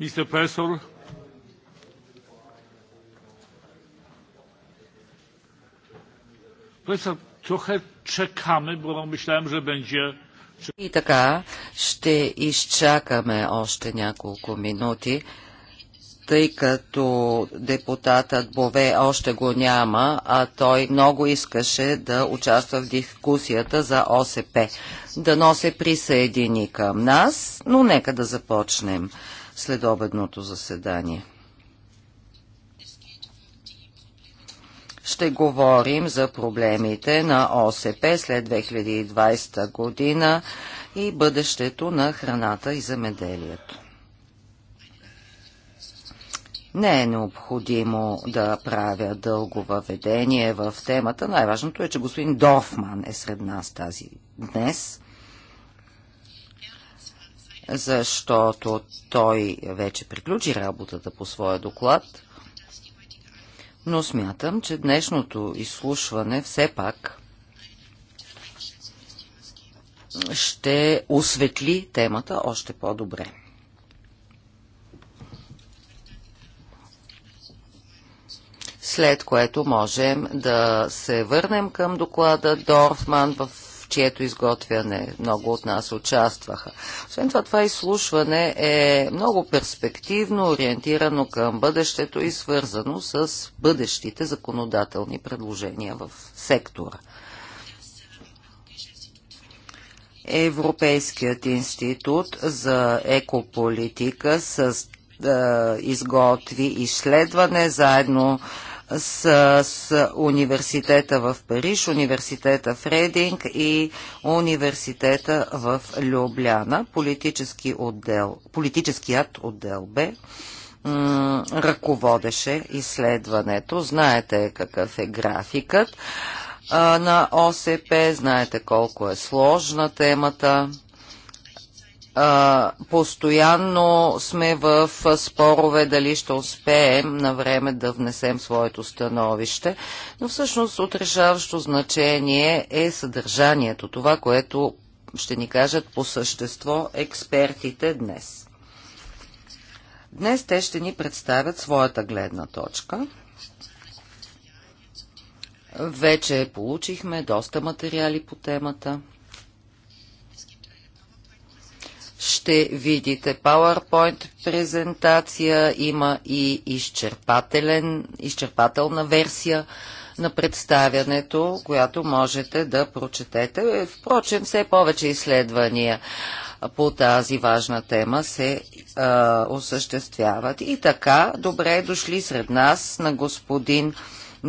Mr. Professor, Professor, trochę czekamy, bo myślałem, że będzie... И така, ще изчакаме още няколко минути, тъй като депутатът Бове още го няма, а той много искаше да участва в дискусията за ОСП. Да но се присъедини към нас, но нека да започнем следобедното заседание. Ще говорим за проблемите на ОСП след 2020 година и бъдещето на храната и замеделието. Не е необходимо да правя дълго въведение в темата. Най-важното е, че господин Дорфман е сред нас тази днес защото той вече приключи работата по своя доклад, но смятам, че днешното изслушване все пак ще осветли темата още по-добре. след което можем да се върнем към доклада Дорфман в чието изготвяне много от нас участваха. Освен това, това изслушване е много перспективно, ориентирано към бъдещето и свързано с бъдещите законодателни предложения в сектора. Европейският институт за екополитика с е, изготви изследване заедно с, с университета в Париж, университета в Рединг и университета в Любляна, политически отдел, политическият отдел Б ръководеше изследването. Знаете какъв е графикът на ОСП, знаете колко е сложна темата а, постоянно сме в спорове дали ще успеем на време да внесем своето становище, но всъщност отрешаващо значение е съдържанието, това, което ще ни кажат по същество експертите днес. Днес те ще ни представят своята гледна точка. Вече получихме доста материали по темата. ще видите PowerPoint презентация, има и изчерпателен, изчерпателна версия на представянето, която можете да прочетете. Впрочем, все повече изследвания по тази важна тема се а, осъществяват. И така, добре дошли сред нас на господин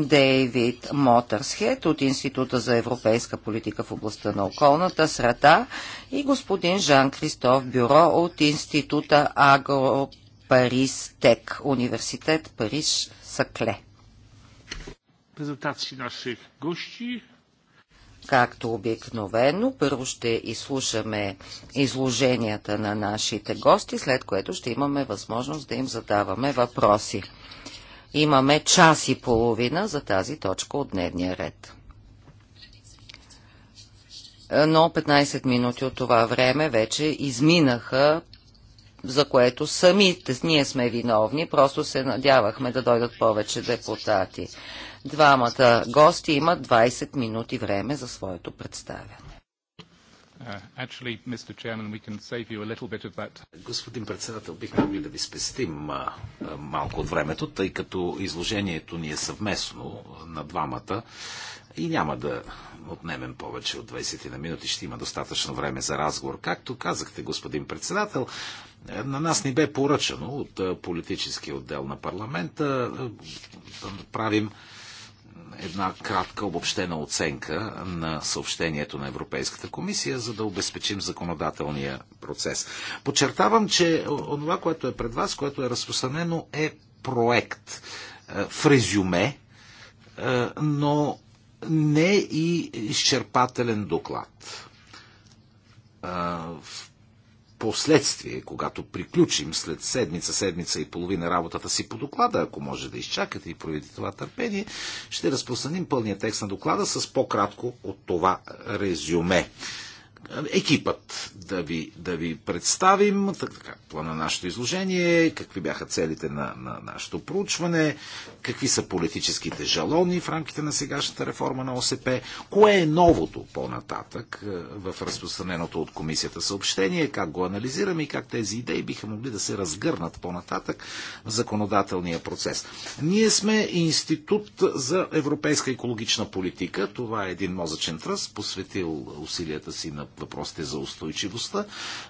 Дейвид Мотърсхед от Института за европейска политика в областта на околната среда и господин Жан-Кристоф Бюро от Института Агро Парис Тек, Университет Париж Сакле. Презентации наших гости. Както обикновено, първо ще изслушаме изложенията на нашите гости, след което ще имаме възможност да им задаваме въпроси. Имаме час и половина за тази точка от дневния ред. Но 15 минути от това време вече изминаха, за което самите ние сме виновни, просто се надявахме да дойдат повече депутати. Двамата гости имат 20 минути време за своето представяне. Uh, actually, Mr. Chairman, we can save you a little bit of that. Господин председател, бихме могли да ви спестим а, малко от времето, тъй като изложението ни е съвместно на двамата и няма да отнемем повече от 20 на минути. Ще има достатъчно време за разговор. Както казахте, господин председател, е, на нас ни бе поръчано от политическия отдел на парламента да направим една кратка обобщена оценка на съобщението на Европейската комисия, за да обезпечим законодателния процес. Подчертавам, че онова, което е пред вас, което е разпространено, е проект е, в резюме, е, но не и изчерпателен доклад. Е, последствие, когато приключим след седмица, седмица и половина работата си по доклада, ако може да изчакате и проявите това търпение, ще разпространим пълния текст на доклада с по-кратко от това резюме. Екипът да ви, да ви представим така, плана на нашето изложение, какви бяха целите на, на нашето проучване, какви са политическите жалони в рамките на сегашната реформа на ОСП, кое е новото по-нататък е, в разпространеното от комисията съобщение, как го анализираме и как тези идеи биха могли да се разгърнат по-нататък в законодателния процес. Ние сме институт за европейска екологична политика. Това е един мозъчен тръст, посветил усилията си на въпросите за устойчивост устойчивостта.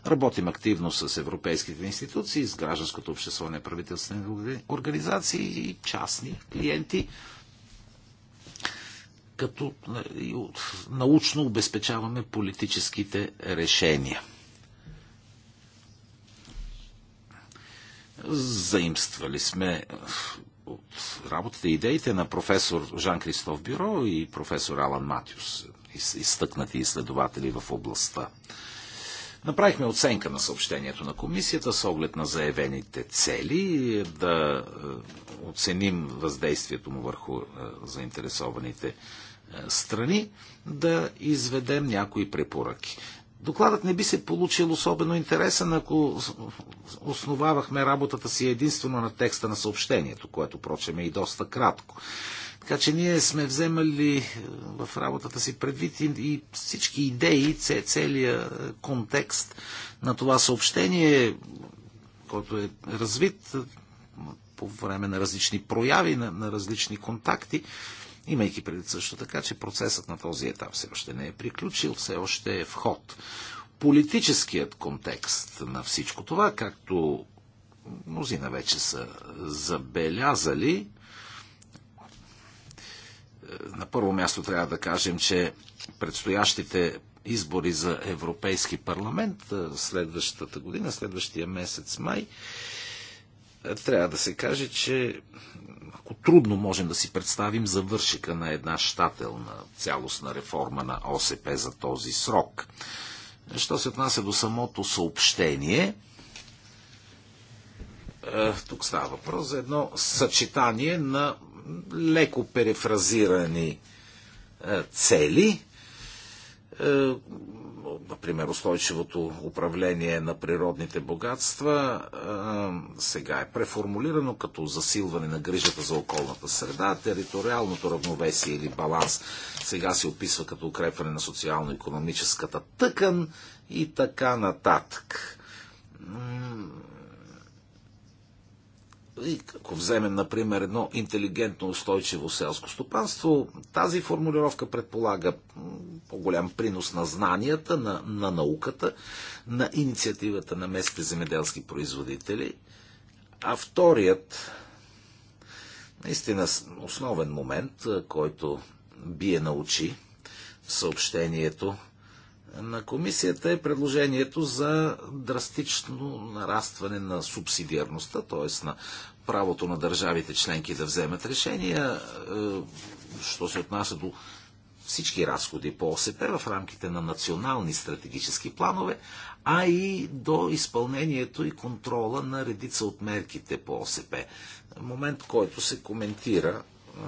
Работим активно с европейските институции, с гражданското общество, неправителствени организации и частни клиенти като е, научно обезпечаваме политическите решения. Заимствали сме е, от работата и идеите на професор Жан-Кристоф Бюро и професор Алан Матиус, изтъкнати изследователи в областта. Направихме оценка на съобщението на комисията с оглед на заявените цели, да е, оценим въздействието му върху е, заинтересованите е, страни, да изведем някои препоръки. Докладът не би се получил особено интересен, ако основавахме работата си единствено на текста на съобщението, което, прочем, е и доста кратко. Така че ние сме вземали е, в работата си предвид и всички идеи, целият е, контекст на това съобщение, който е развит е, по време на различни прояви, на, на различни контакти, имайки предвид също така, че процесът на този етап все още не е приключил, все още е в ход. Политическият контекст на всичко това, както мнозина вече са забелязали, на първо място трябва да кажем, че предстоящите избори за Европейски парламент следващата година, следващия месец май, трябва да се каже, че ако трудно можем да си представим завършика на една щателна цялостна реформа на ОСП за този срок. Що се отнася до самото съобщение, тук става въпрос за едно съчетание на леко перефразирани е, цели. Е, например, устойчивото управление на природните богатства е, сега е преформулирано като засилване на грижата за околната среда, териториалното равновесие или баланс сега се описва като укрепване на социално-економическата тъкан и така нататък и ако вземем, например, едно интелигентно устойчиво селско стопанство, тази формулировка предполага по-голям принос на знанията, на, на науката, на инициативата на местните земеделски производители. А вторият, наистина основен момент, който бие на очи в съобщението на комисията е предложението за драстично нарастване на субсидиарността, т.е. на правото на държавите членки да вземат решения, е, що се отнася до всички разходи по ОСП в рамките на национални стратегически планове, а и до изпълнението и контрола на редица от мерките по ОСП. Момент, който се коментира е,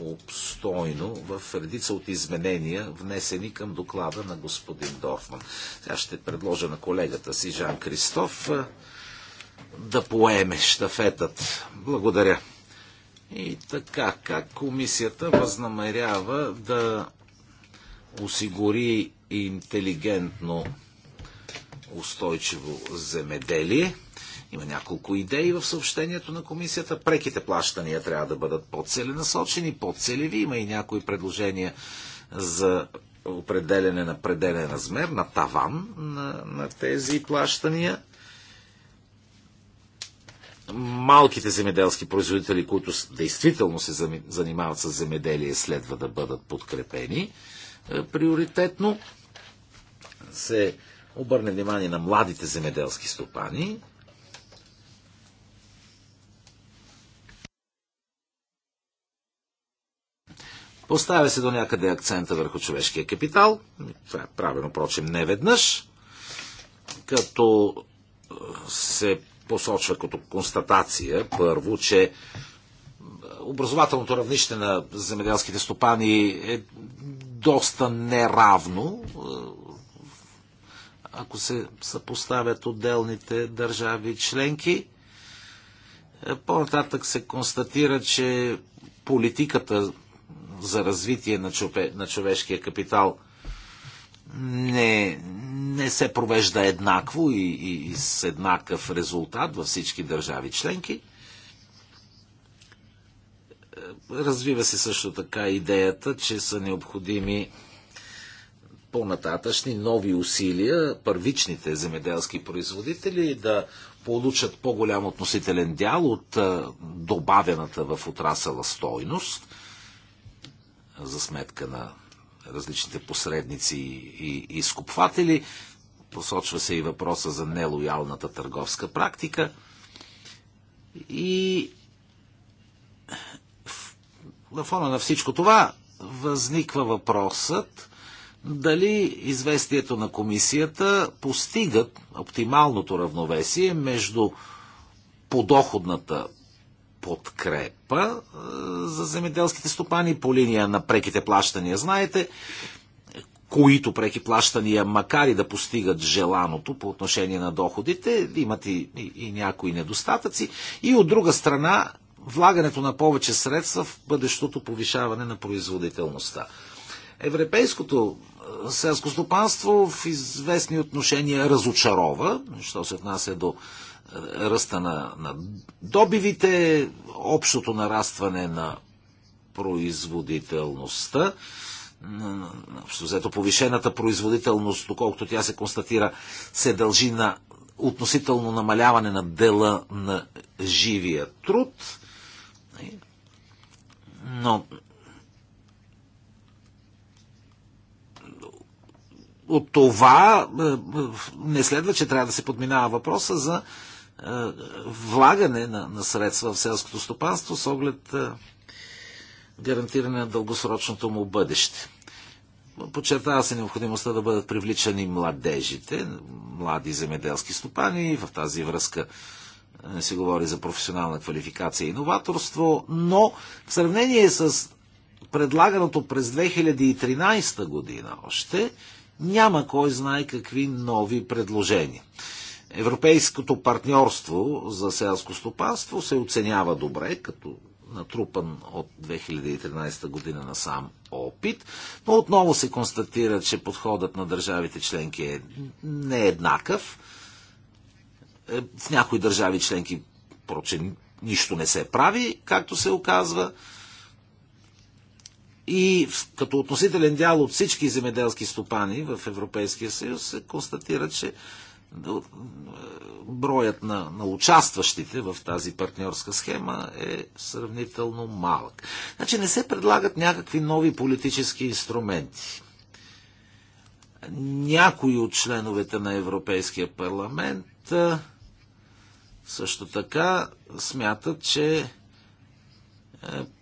обстойно в редица от изменения, внесени към доклада на господин Дорфман. Сега ще предложа на колегата си Жан Кристоф да поеме штафетът. Благодаря. И така, как комисията възнамерява да осигури интелигентно устойчиво земеделие – има няколко идеи в съобщението на комисията. Преките плащания трябва да бъдат по-целенасочени, по-целеви. Има и някои предложения за определене на пределен размер, на таван на, на тези плащания. Малките земеделски производители, които действително се занимават с земеделие, следва да бъдат подкрепени е, приоритетно. Се обърне внимание на младите земеделски стопани, Оставя се до някъде акцента върху човешкия капитал. Това е правено, прочим, не веднъж. Като е, се посочва като констатация, първо, че е, образователното равнище на земеделските стопани е доста неравно, е, ако се съпоставят отделните държави членки. По-нататък се констатира, че политиката за развитие на, чупе, на човешкия капитал не, не се провежда еднакво и, и, и с еднакъв резултат във всички държави членки. Развива се също така идеята, че са необходими по-нататъчни нови усилия първичните земеделски производители да получат по-голям относителен дял от добавената в отрасъла стойност – за сметка на различните посредници и изкупватели. Посочва се и въпроса за нелоялната търговска практика. И на фона на всичко това възниква въпросът дали известието на комисията постигат оптималното равновесие между подоходната подкрепа е, за земеделските стопани по линия на преките плащания. Знаете, които преки плащания, макар и да постигат желаното по отношение на доходите, имат и, и, и някои недостатъци. И от друга страна, влагането на повече средства в бъдещото повишаване на производителността. Европейското е, селско стопанство в известни отношения разочарова, що се отнася до ръста на, на добивите, общото нарастване на производителността, взето повишената производителност, доколкото тя се констатира, се дължи на относително намаляване на дела на живия труд. Но от това е, е, не следва, че трябва да се подминава въпроса за е, влагане на, на средства в селското стопанство с оглед е, гарантиране на дългосрочното му бъдеще. Подчертава се необходимостта да бъдат привличани младежите, млади земеделски стопани. В тази връзка не се говори за професионална квалификация и новаторство, но в сравнение с предлаганото през 2013 година още, няма кой знае какви нови предложения. Европейското партньорство за селско стопанство се оценява добре, като натрупан от 2013 година на сам опит, но отново се констатира, че подходът на държавите членки е не еднакъв. Е, в някои държави членки, проче, нищо не се прави, както се оказва. И като относителен дял от всички земеделски стопани в Европейския съюз се констатира, че броят на, на участващите в тази партньорска схема е сравнително малък. Значи не се предлагат някакви нови политически инструменти. Някои от членовете на Европейския парламент също така смятат, че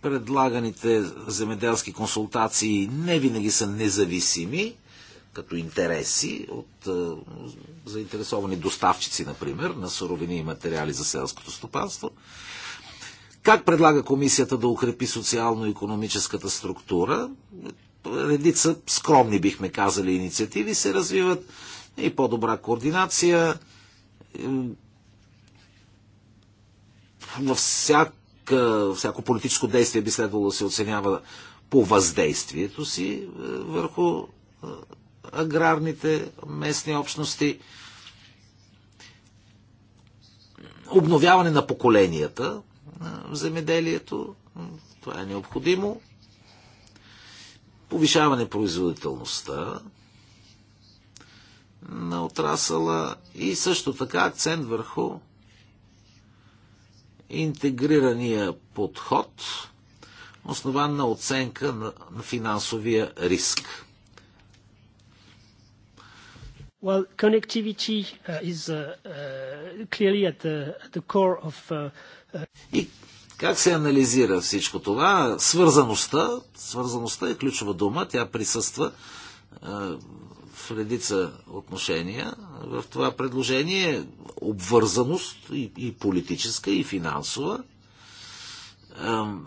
предлаганите земеделски консултации не винаги са независими като интереси от е, заинтересовани доставчици, например, на суровини и материали за селското стопанство. Как предлага комисията да укрепи социално-економическата структура? Редица скромни, бихме казали, инициативи се развиват и по-добра координация. Във всяка, всяко политическо действие би следвало да се оценява по въздействието си е, върху е, аграрните местни общности, обновяване на поколенията в земеделието, това е необходимо, повишаване производителността на отрасъла и също така акцент върху интегрирания подход, основан на оценка на, на финансовия риск. Well, connectivity uh, is uh, uh, clearly at the, at the core of... И как се анализира всичко това? Свързаността, свързаността е ключова дума, тя присъства в редица отношения в това предложение обвързаност и, и политическа, и финансова.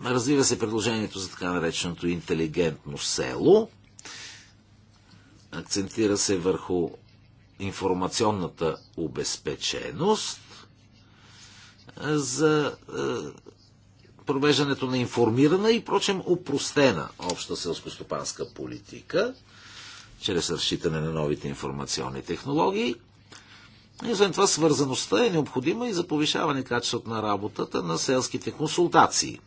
Развива се предложението за така нареченото интелигентно село. Акцентира се върху информационната обезпеченост, за провеждането на информирана и, прочем, упростена обща селскостопанска политика, чрез разчитане на новите информационни технологии. И освен това, свързаността е необходима и за повишаване качеството на работата на селските консултации,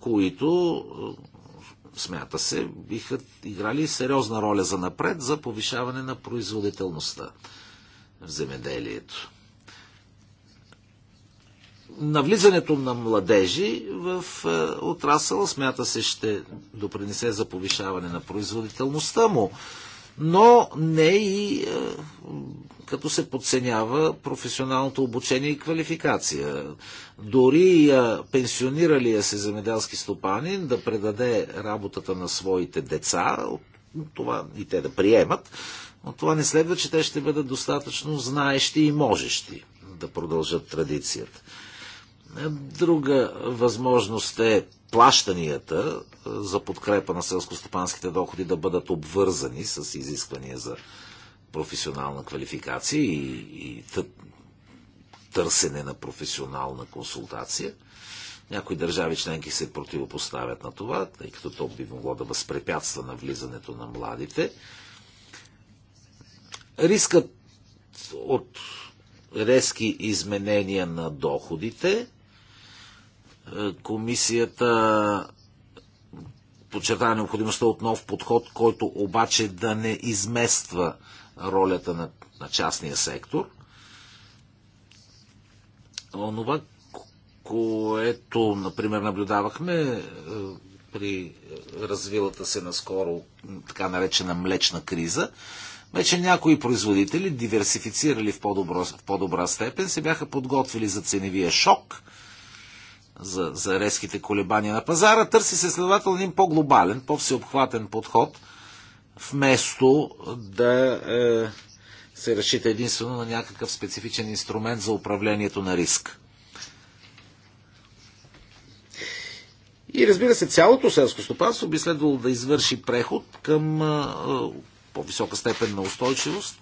които смята се, биха играли сериозна роля за напред за повишаване на производителността в земеделието. Навлизането на младежи в е, отрасъла смята се ще допринесе за повишаване на производителността му но не и е, като се подценява професионалното обучение и квалификация. Дори е, пенсиониралия се земеделски стопанин да предаде работата на своите деца, това и те да приемат, но това не следва, че те ще бъдат достатъчно знаещи и можещи да продължат традицията. Друга възможност е плащанията за подкрепа на селскостопанските доходи да бъдат обвързани с изисквания за професионална квалификация и, и търсене на професионална консултация. Някои държави членки се противопоставят на това, тъй като то би могло да възпрепятства на влизането на младите. Рискът от резки изменения на доходите е, комисията подчертава необходимостта от нов подход, който обаче да не измества ролята на, на частния сектор. Онова, което, например, наблюдавахме е, при развилата се наскоро така наречена млечна криза, вече някои производители, диверсифицирали в по-добра по, степен, се бяха подготвили за ценевия шок – за, за резките колебания на пазара. Търси се следователно един по-глобален, по-всеобхватен подход, вместо да е, се разчита единствено на някакъв специфичен инструмент за управлението на риск. И разбира се, цялото селско стопанство би следвало да извърши преход към е, по-висока степен на устойчивост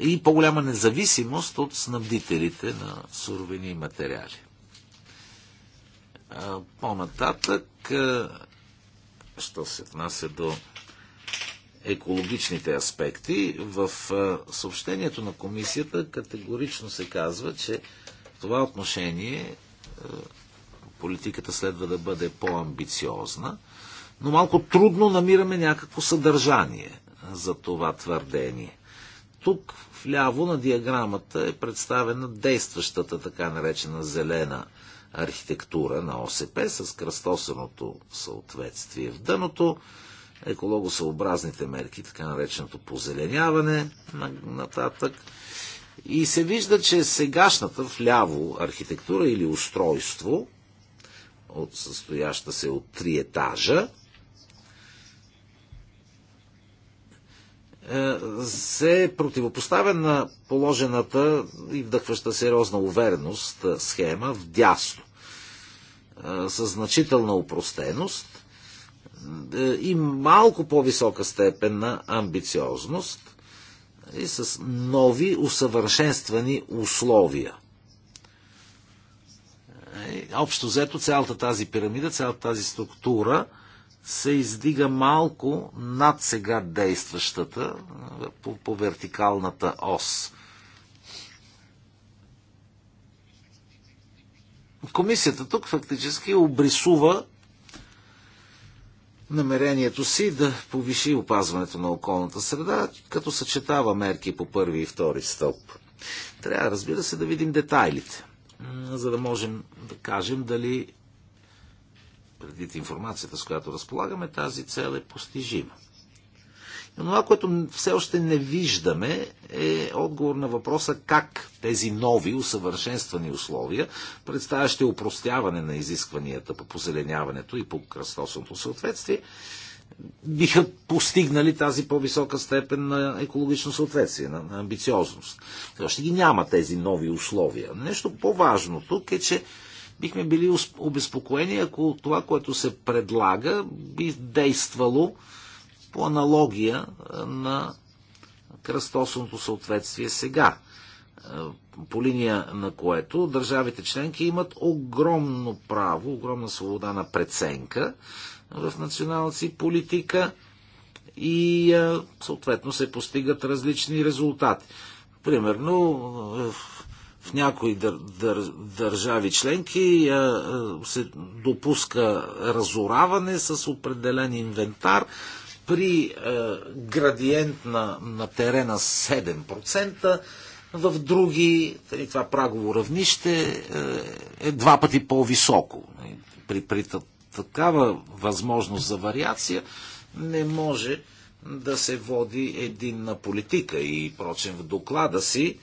и по-голяма независимост от снабдителите на суровини и материали. По-нататък, що се отнася до екологичните аспекти, в съобщението на комисията категорично се казва, че в това отношение политиката следва да бъде по-амбициозна, но малко трудно намираме някакво съдържание за това твърдение. Тук вляво на диаграмата е представена действащата така наречена зелена архитектура на ОСП с кръстосаното съответствие в дъното, екологосъобразните мерки, така нареченото позеленяване нататък. И се вижда, че сегашната вляво архитектура или устройство, от състояща се от три етажа, е, се противопоставя на положената и вдъхваща сериозна увереност е, схема в дясно със значителна упростеност е, и малко по-висока степен на амбициозност и с нови усъвършенствани условия. Е, общо взето цялата тази пирамида, цялата тази структура се издига малко над сега действащата по, по вертикалната ос. Комисията тук фактически обрисува намерението си да повиши опазването на околната среда, като съчетава мерки по първи и втори стълб. Трябва, разбира се, да видим детайлите, за да можем да кажем дали предвид информацията, с която разполагаме, тази цел е постижима. Но това, което все още не виждаме, е отговор на въпроса как тези нови усъвършенствани условия, представящи упростяване на изискванията по позеленяването и по кръстосното съответствие, биха постигнали тази по-висока степен на екологично съответствие, на, на амбициозност. Още ги няма тези нови условия. Нещо по-важно тук е, че бихме били обезпокоени, ако това, което се предлага, би действало по аналогия е, на кръстосното съответствие сега, е, по линия на което държавите членки имат огромно право, огромна свобода на преценка в националната си политика и е, съответно се постигат различни резултати. Примерно в някои дър, дър, държави членки се допуска разораване с определен инвентар, при е, градиент на, на терена 7%, в други, нали, това прагово равнище е, е два пъти по-високо. Нали, при, при такава възможност за вариация не може да се води единна политика. И, прочен, в доклада си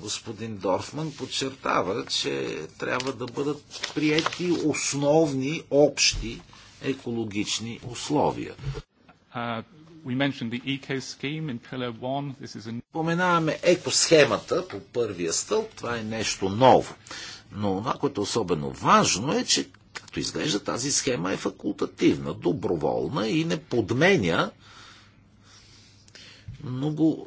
господин Дорфман подчертава, че трябва да бъдат приети основни, общи екологични условия. Uh, we mentioned the ECO scheme in pillar one. This is a... Споменаваме екосхемата по първия стълб. Това е нещо ново. Но това, което е особено важно е, че като изглежда тази схема е факултативна, доброволна и не подменя много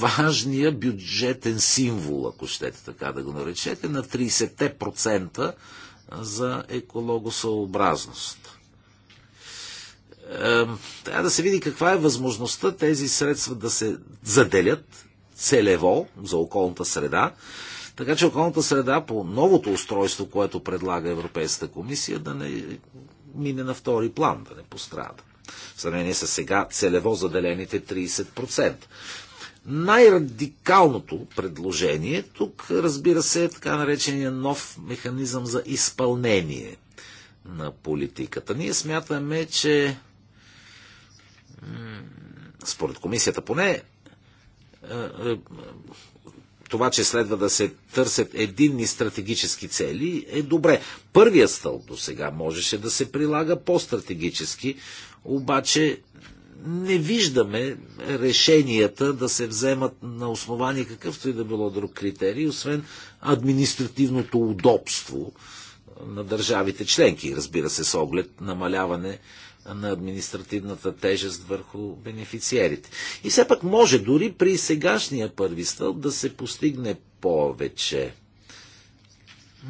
важния бюджетен символ, ако щете така да го наречете, на 30% за екологосъобразност трябва да се види каква е възможността тези средства да се заделят целево за околната среда, така че околната среда по новото устройство, което предлага Европейската комисия, да не мине на втори план, да не пострада. В сравнение с сега целево заделените 30%. Най-радикалното предложение тук, разбира се, е така наречения нов механизъм за изпълнение на политиката. Ние смятаме, че според комисията поне, е, е, това, че следва да се търсят единни стратегически цели, е добре. Първият стълб до сега можеше да се прилага по-стратегически, обаче не виждаме решенията да се вземат на основание какъвто и да било друг критерий, освен административното удобство на държавите членки, разбира се, с оглед намаляване на административната тежест върху бенефициерите. И все пак може дори при сегашния първи стълб да се постигне повече.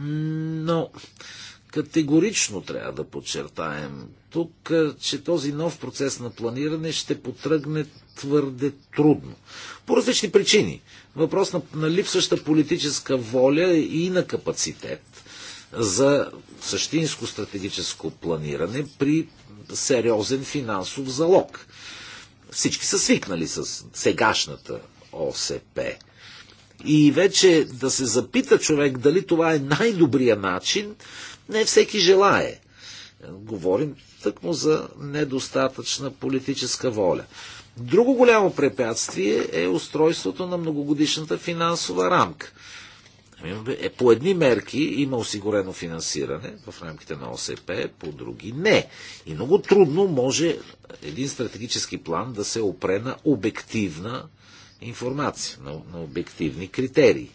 Но категорично трябва да подчертаем тук, че този нов процес на планиране ще потръгне твърде трудно. По различни причини. Въпрос на, на липсваща политическа воля и на капацитет за същинско стратегическо планиране при сериозен финансов залог. Всички са свикнали с сегашната ОСП. И вече да се запита човек дали това е най-добрия начин, не всеки желае. Говорим тъкмо за недостатъчна политическа воля. Друго голямо препятствие е устройството на многогодишната финансова рамка. Е, по едни мерки има осигурено финансиране в рамките на ОСП, по други не. И много трудно може един стратегически план да се опре на обективна информация, на, на обективни критерии.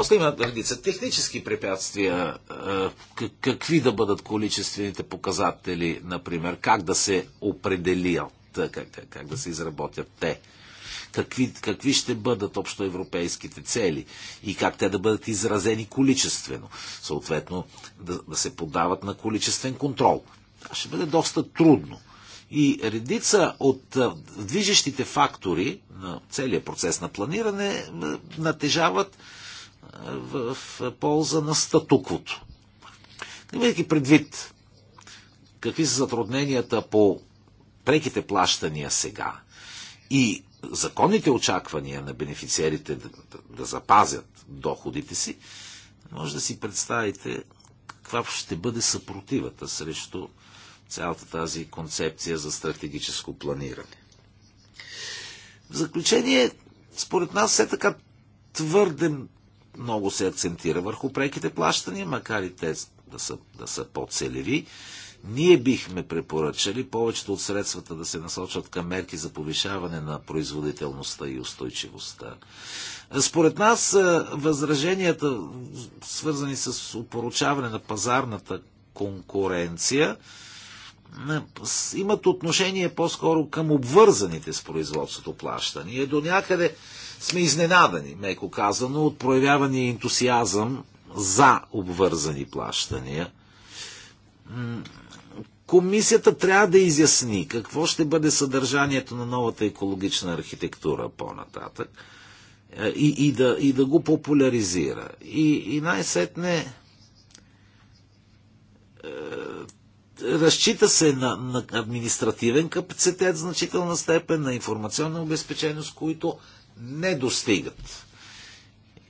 После има редица технически препятствия, какви да бъдат количествените показатели, например, как да се определят, как, как да се изработят те какви, какви ще бъдат общоевропейските цели и как те да бъдат изразени количествено. Съответно, да, да се подават на количествен контрол. Това ще бъде доста трудно. И редица от движещите фактори на целият процес на планиране натежават в полза на статуквото. Имайки предвид какви са затрудненията по преките плащания сега и законните очаквания на бенефициерите да, да, да запазят доходите си, може да си представите каква ще бъде съпротивата срещу цялата тази концепция за стратегическо планиране. В заключение, според нас все така твърде много се акцентира върху преките плащания, макар и те да са, да са по-целеви. Ние бихме препоръчали повечето от средствата да се насочат към мерки за повишаване на производителността и устойчивостта. Според нас е, възраженията, свързани с опоручаване на пазарната конкуренция, имат отношение по-скоро към обвързаните с производството плащания. До някъде сме изненадани, меко казано, от проявявания ентусиазъм за обвързани плащания. Комисията трябва да изясни какво ще бъде съдържанието на новата екологична архитектура по-нататък е, и, и, да, и да го популяризира. И, и най-сетне е, разчита се на, на административен капацитет в значителна степен, на информационна обезпеченост, които не достигат.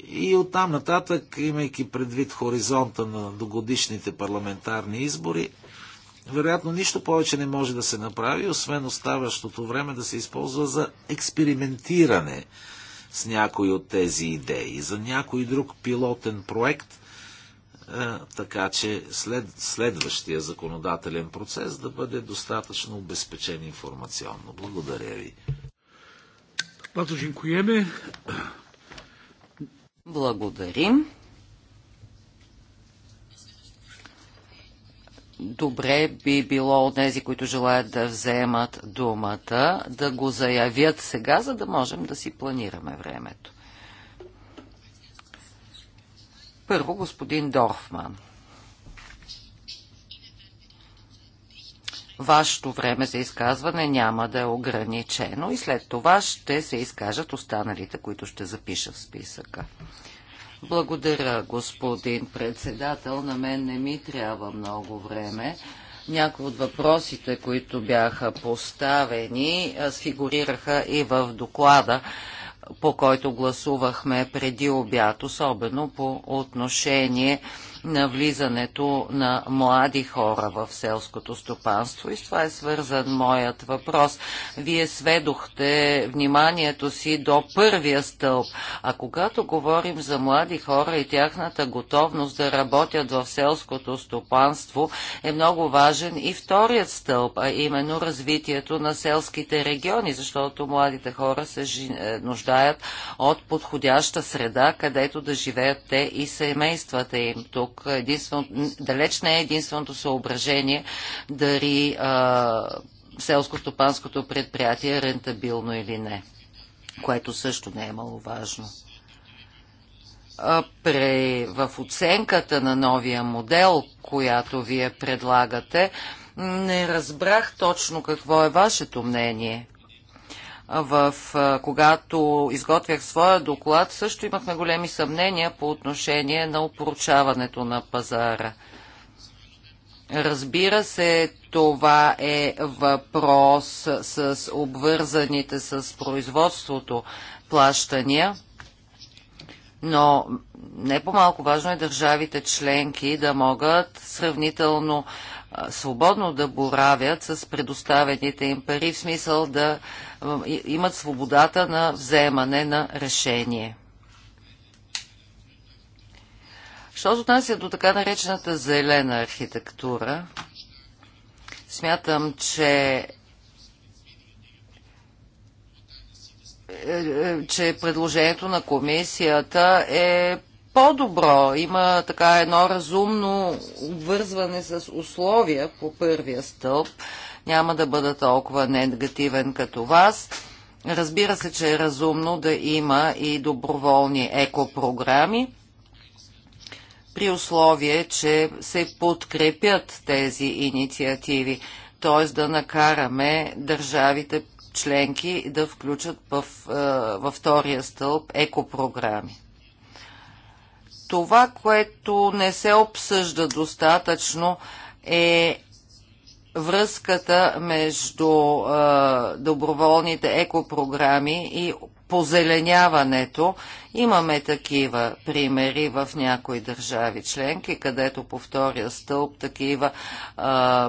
И оттам нататък, имайки предвид хоризонта на догодишните парламентарни избори, вероятно нищо повече не може да се направи, освен оставащото време да се използва за експериментиране с някои от тези идеи, за някой друг пилотен проект, е, така че след, следващия законодателен процес да бъде достатъчно обезпечен информационно. Благодаря ви. Благодарим. Добре би било от тези, които желаят да вземат думата, да го заявят сега, за да можем да си планираме времето. Първо, господин Дорфман. Вашето време за изказване няма да е ограничено и след това ще се изкажат останалите, които ще запиша в списъка. Благодаря, господин председател. На мен не ми трябва много време. Някои от въпросите, които бяха поставени, фигурираха и в доклада по който гласувахме преди обяд, особено по отношение на влизането на млади хора в селското стопанство. И с това е свързан моят въпрос. Вие сведохте вниманието си до първия стълб. А когато говорим за млади хора и тяхната готовност да работят в селското стопанство, е много важен и вторият стълб, а именно развитието на селските региони, защото младите хора се е, нуждаят от подходяща среда, където да живеят те и семействата им. Тук тук единствено, далеч не е единственото съображение дали селско-стопанското предприятие е рентабилно или не, което също не е маловажно. Пре, в оценката на новия модел, която вие предлагате, не разбрах точно какво е вашето мнение в, когато изготвях своя доклад, също имахме големи съмнения по отношение на опоручаването на пазара. Разбира се, това е въпрос с обвързаните с производството плащания, но не по-малко важно е държавите членки да могат сравнително свободно да боравят с предоставените им пари, в смисъл да имат свободата на вземане на решение. Що се отнася до така наречената зелена архитектура, смятам, че е, е, че предложението на комисията е по-добро. Има така едно разумно обвързване с условия по първия стълб. Няма да бъда толкова негативен като вас. Разбира се, че е разумно да има и доброволни екопрограми при условие, че се подкрепят тези инициативи, т.е. да накараме държавите членки да включат в, е, във втория стълб екопрограми. Това, което не се обсъжда достатъчно е връзката между е, доброволните екопрограми и позеленяването. Имаме такива примери в някои държави членки, където по втория стълб такива е,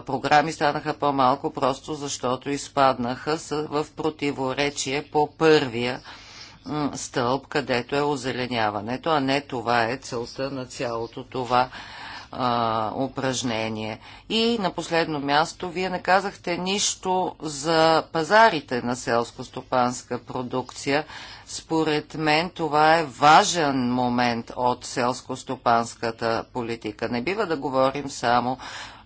програми станаха по-малко, просто защото изпаднаха в противоречие по първия стълб, където е озеленяването, а не това е целта на цялото това а, упражнение. И на последно място, вие не казахте нищо за пазарите на селско-стопанска продукция. Според мен това е важен момент от селско-стопанската политика. Не бива да говорим само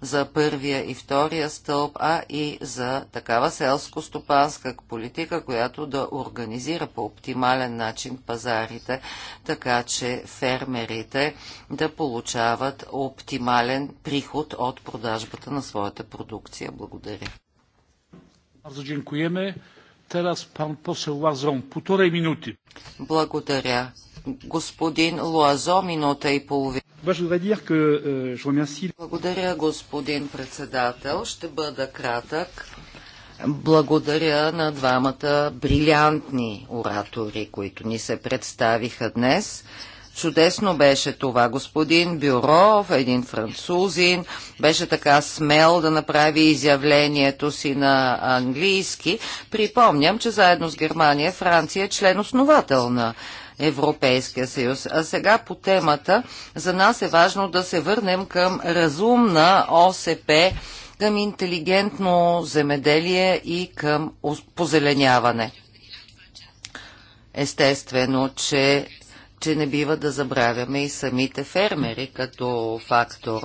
за първия и втория стълб, а и за такава селско-стопанска политика, която да организира по оптимален начин пазарите, така че фермерите да получават оптимален приход от продажбата на своята продукция. Благодаря. Bardzo dziękujemy. Teraz pan poseł Łazą. Półtorej minuty. Благодаря. Господин Луазо, минута и половина. Euh, Благодаря, господин председател. Ще бъда кратък. Благодаря на двамата брилянтни оратори, които ни се представиха днес. Чудесно беше това. Господин Бюров, един французин, беше така смел да направи изявлението си на английски. Припомням, че заедно с Германия Франция е член основател на Европейския съюз. А сега по темата за нас е важно да се върнем към разумна ОСП, към интелигентно земеделие и към позеленяване. Естествено, че, че не бива да забравяме и самите фермери като фактор.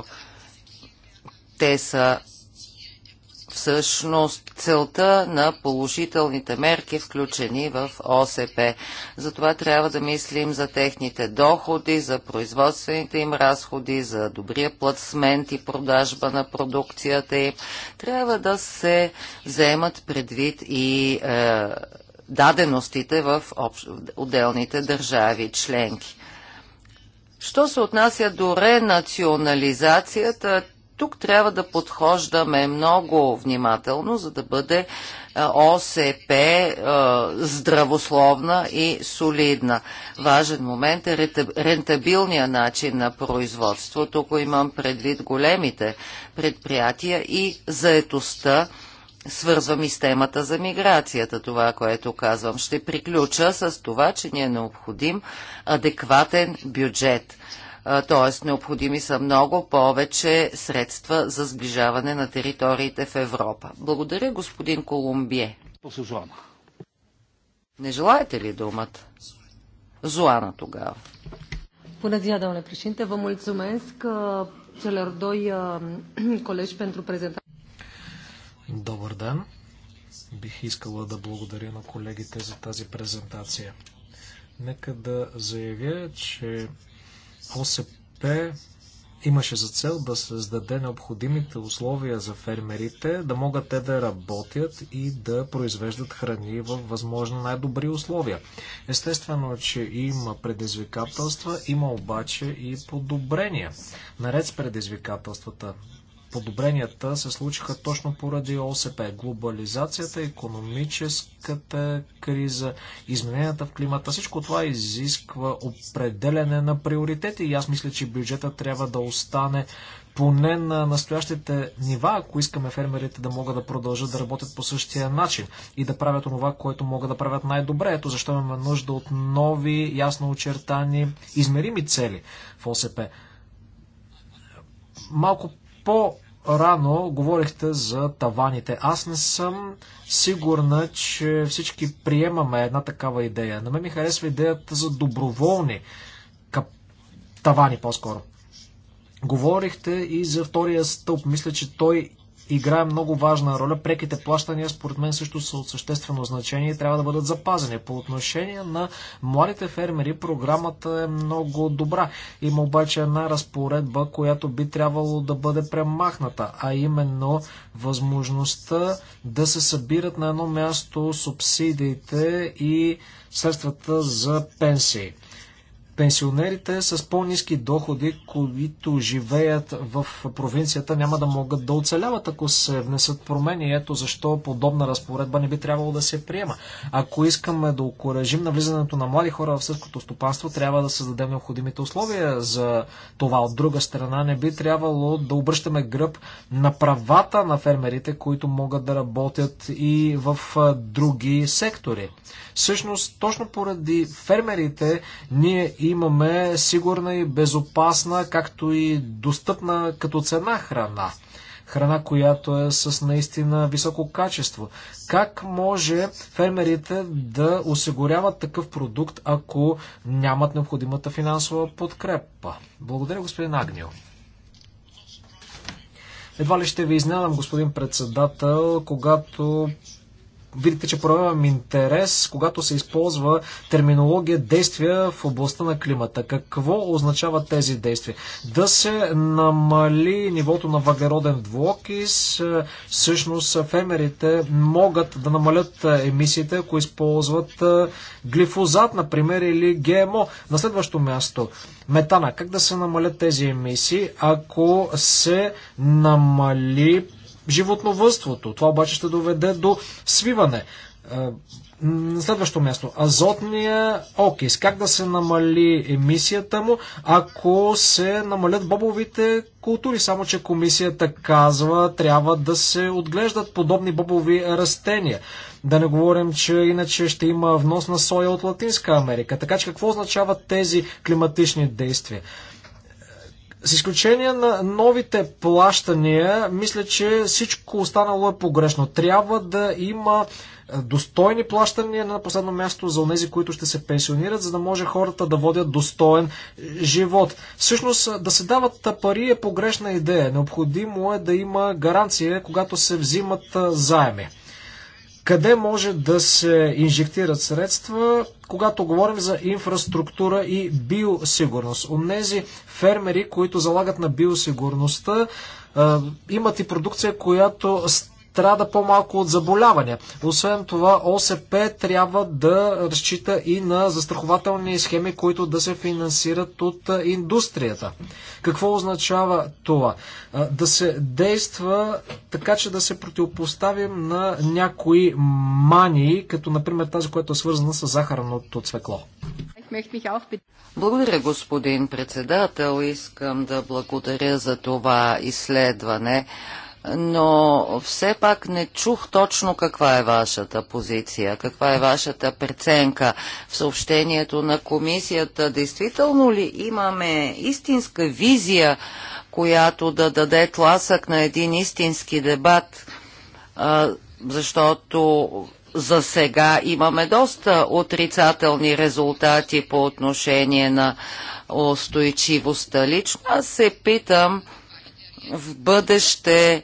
Те са всъщност целта на положителните мерки, включени в ОСП. Затова трябва да мислим за техните доходи, за производствените им разходи, за добрия плацмент и продажба на продукцията им. Трябва да се вземат предвид и е, даденостите в общ... отделните държави членки. Що се отнася до ренационализацията, тук трябва да подхождаме много внимателно, за да бъде е, ОСП е, здравословна и солидна. Важен момент е рентабилния начин на производство. Тук имам предвид големите предприятия и заетостта, свързвам и с темата за миграцията, това, което казвам. Ще приключа с това, че ни е необходим адекватен бюджет т.е. необходими са много повече средства за сближаване на териториите в Европа. Благодаря, господин Колумбие. Не желаете ли думата? Зоана тогава. Bună ziua, domnule președinte. Vă mulțumesc celor doi colegi pentru prezentare. Добър ден. Бих искала да благодаря на колегите за тази презентация. Нека да заявя, че ОСП имаше за цел да създаде необходимите условия за фермерите, да могат те да работят и да произвеждат храни в възможно най-добри условия. Естествено, че има предизвикателства, има обаче и подобрения. Наред с предизвикателствата, подобренията се случиха точно поради ОСП. Глобализацията, економическата криза, измененията в климата, всичко това изисква определене на приоритети и аз мисля, че бюджета трябва да остане поне на настоящите нива, ако искаме фермерите да могат да продължат да работят по същия начин и да правят това, което могат да правят най-добре. Ето защо имаме нужда от нови, ясно очертани, измерими цели в ОСП. Малко по-рано говорихте за таваните. Аз не съм сигурна, че всички приемаме една такава идея. На мен ми харесва идеята за доброволни кап... тавани по-скоро. Говорихте и за втория стълб. Мисля, че той играе много важна роля. Преките плащания, според мен, също са от съществено значение и трябва да бъдат запазени. По отношение на младите фермери, програмата е много добра. Има обаче една разпоредба, която би трябвало да бъде премахната, а именно възможността да се събират на едно място субсидиите и средствата за пенсии пенсионерите с по-низки доходи, които живеят в провинцията, няма да могат да оцеляват, ако се внесат промени. Ето защо подобна разпоредба не би трябвало да се приема. Ако искаме да окоръжим навлизането на млади хора в сърското стопанство, трябва да създадем необходимите условия за това. От друга страна, не би трябвало да обръщаме гръб на правата на фермерите, които могат да работят и в други сектори. Всъщност, точно поради фермерите, ние имаме сигурна и безопасна, както и достъпна като цена храна. Храна, която е с наистина високо качество. Как може фермерите да осигуряват такъв продукт, ако нямат необходимата финансова подкрепа? Благодаря, господин Агнио. Едва ли ще ви изненадам, господин председател, когато видите, че проявявам интерес, когато се използва терминология действия в областта на климата. Какво означават тези действия? Да се намали нивото на въглероден двуокис. Всъщност фермерите могат да намалят емисиите, ако използват глифозат, например, или ГМО. На следващо място, метана. Как да се намалят тези емисии, ако се намали животновътството. Това обаче ще доведе до свиване. Е, на следващо място, азотния окис. Как да се намали емисията му, ако се намалят бобовите култури? Само, че комисията казва, трябва да се отглеждат подобни бобови растения. Да не говорим, че иначе ще има внос на соя от Латинска Америка. Така че какво означават тези климатични действия? С изключение на новите плащания, мисля, че всичко останало е погрешно. Трябва да има достойни плащания на последно място за тези, които ще се пенсионират, за да може хората да водят достоен живот. Всъщност да се дават пари е погрешна идея. Необходимо е да има гаранция, когато се взимат заеми къде може да се инжектират средства, когато говорим за инфраструктура и биосигурност. Онези фермери, които залагат на биосигурността, имат и продукция, която страда по-малко от заболявания. Освен това, ОСП трябва да разчита и на застрахователни схеми, които да се финансират от индустрията. Какво означава това? Да се действа така, че да се противопоставим на някои мании, като например тази, която е свързана с захарното цвекло. Благодаря, господин председател. Искам да благодаря за това изследване но все пак не чух точно каква е вашата позиция, каква е вашата преценка в съобщението на комисията. Действително ли имаме истинска визия, която да даде тласък на един истински дебат, защото за сега имаме доста отрицателни резултати по отношение на устойчивостта. Лично аз се питам в бъдеще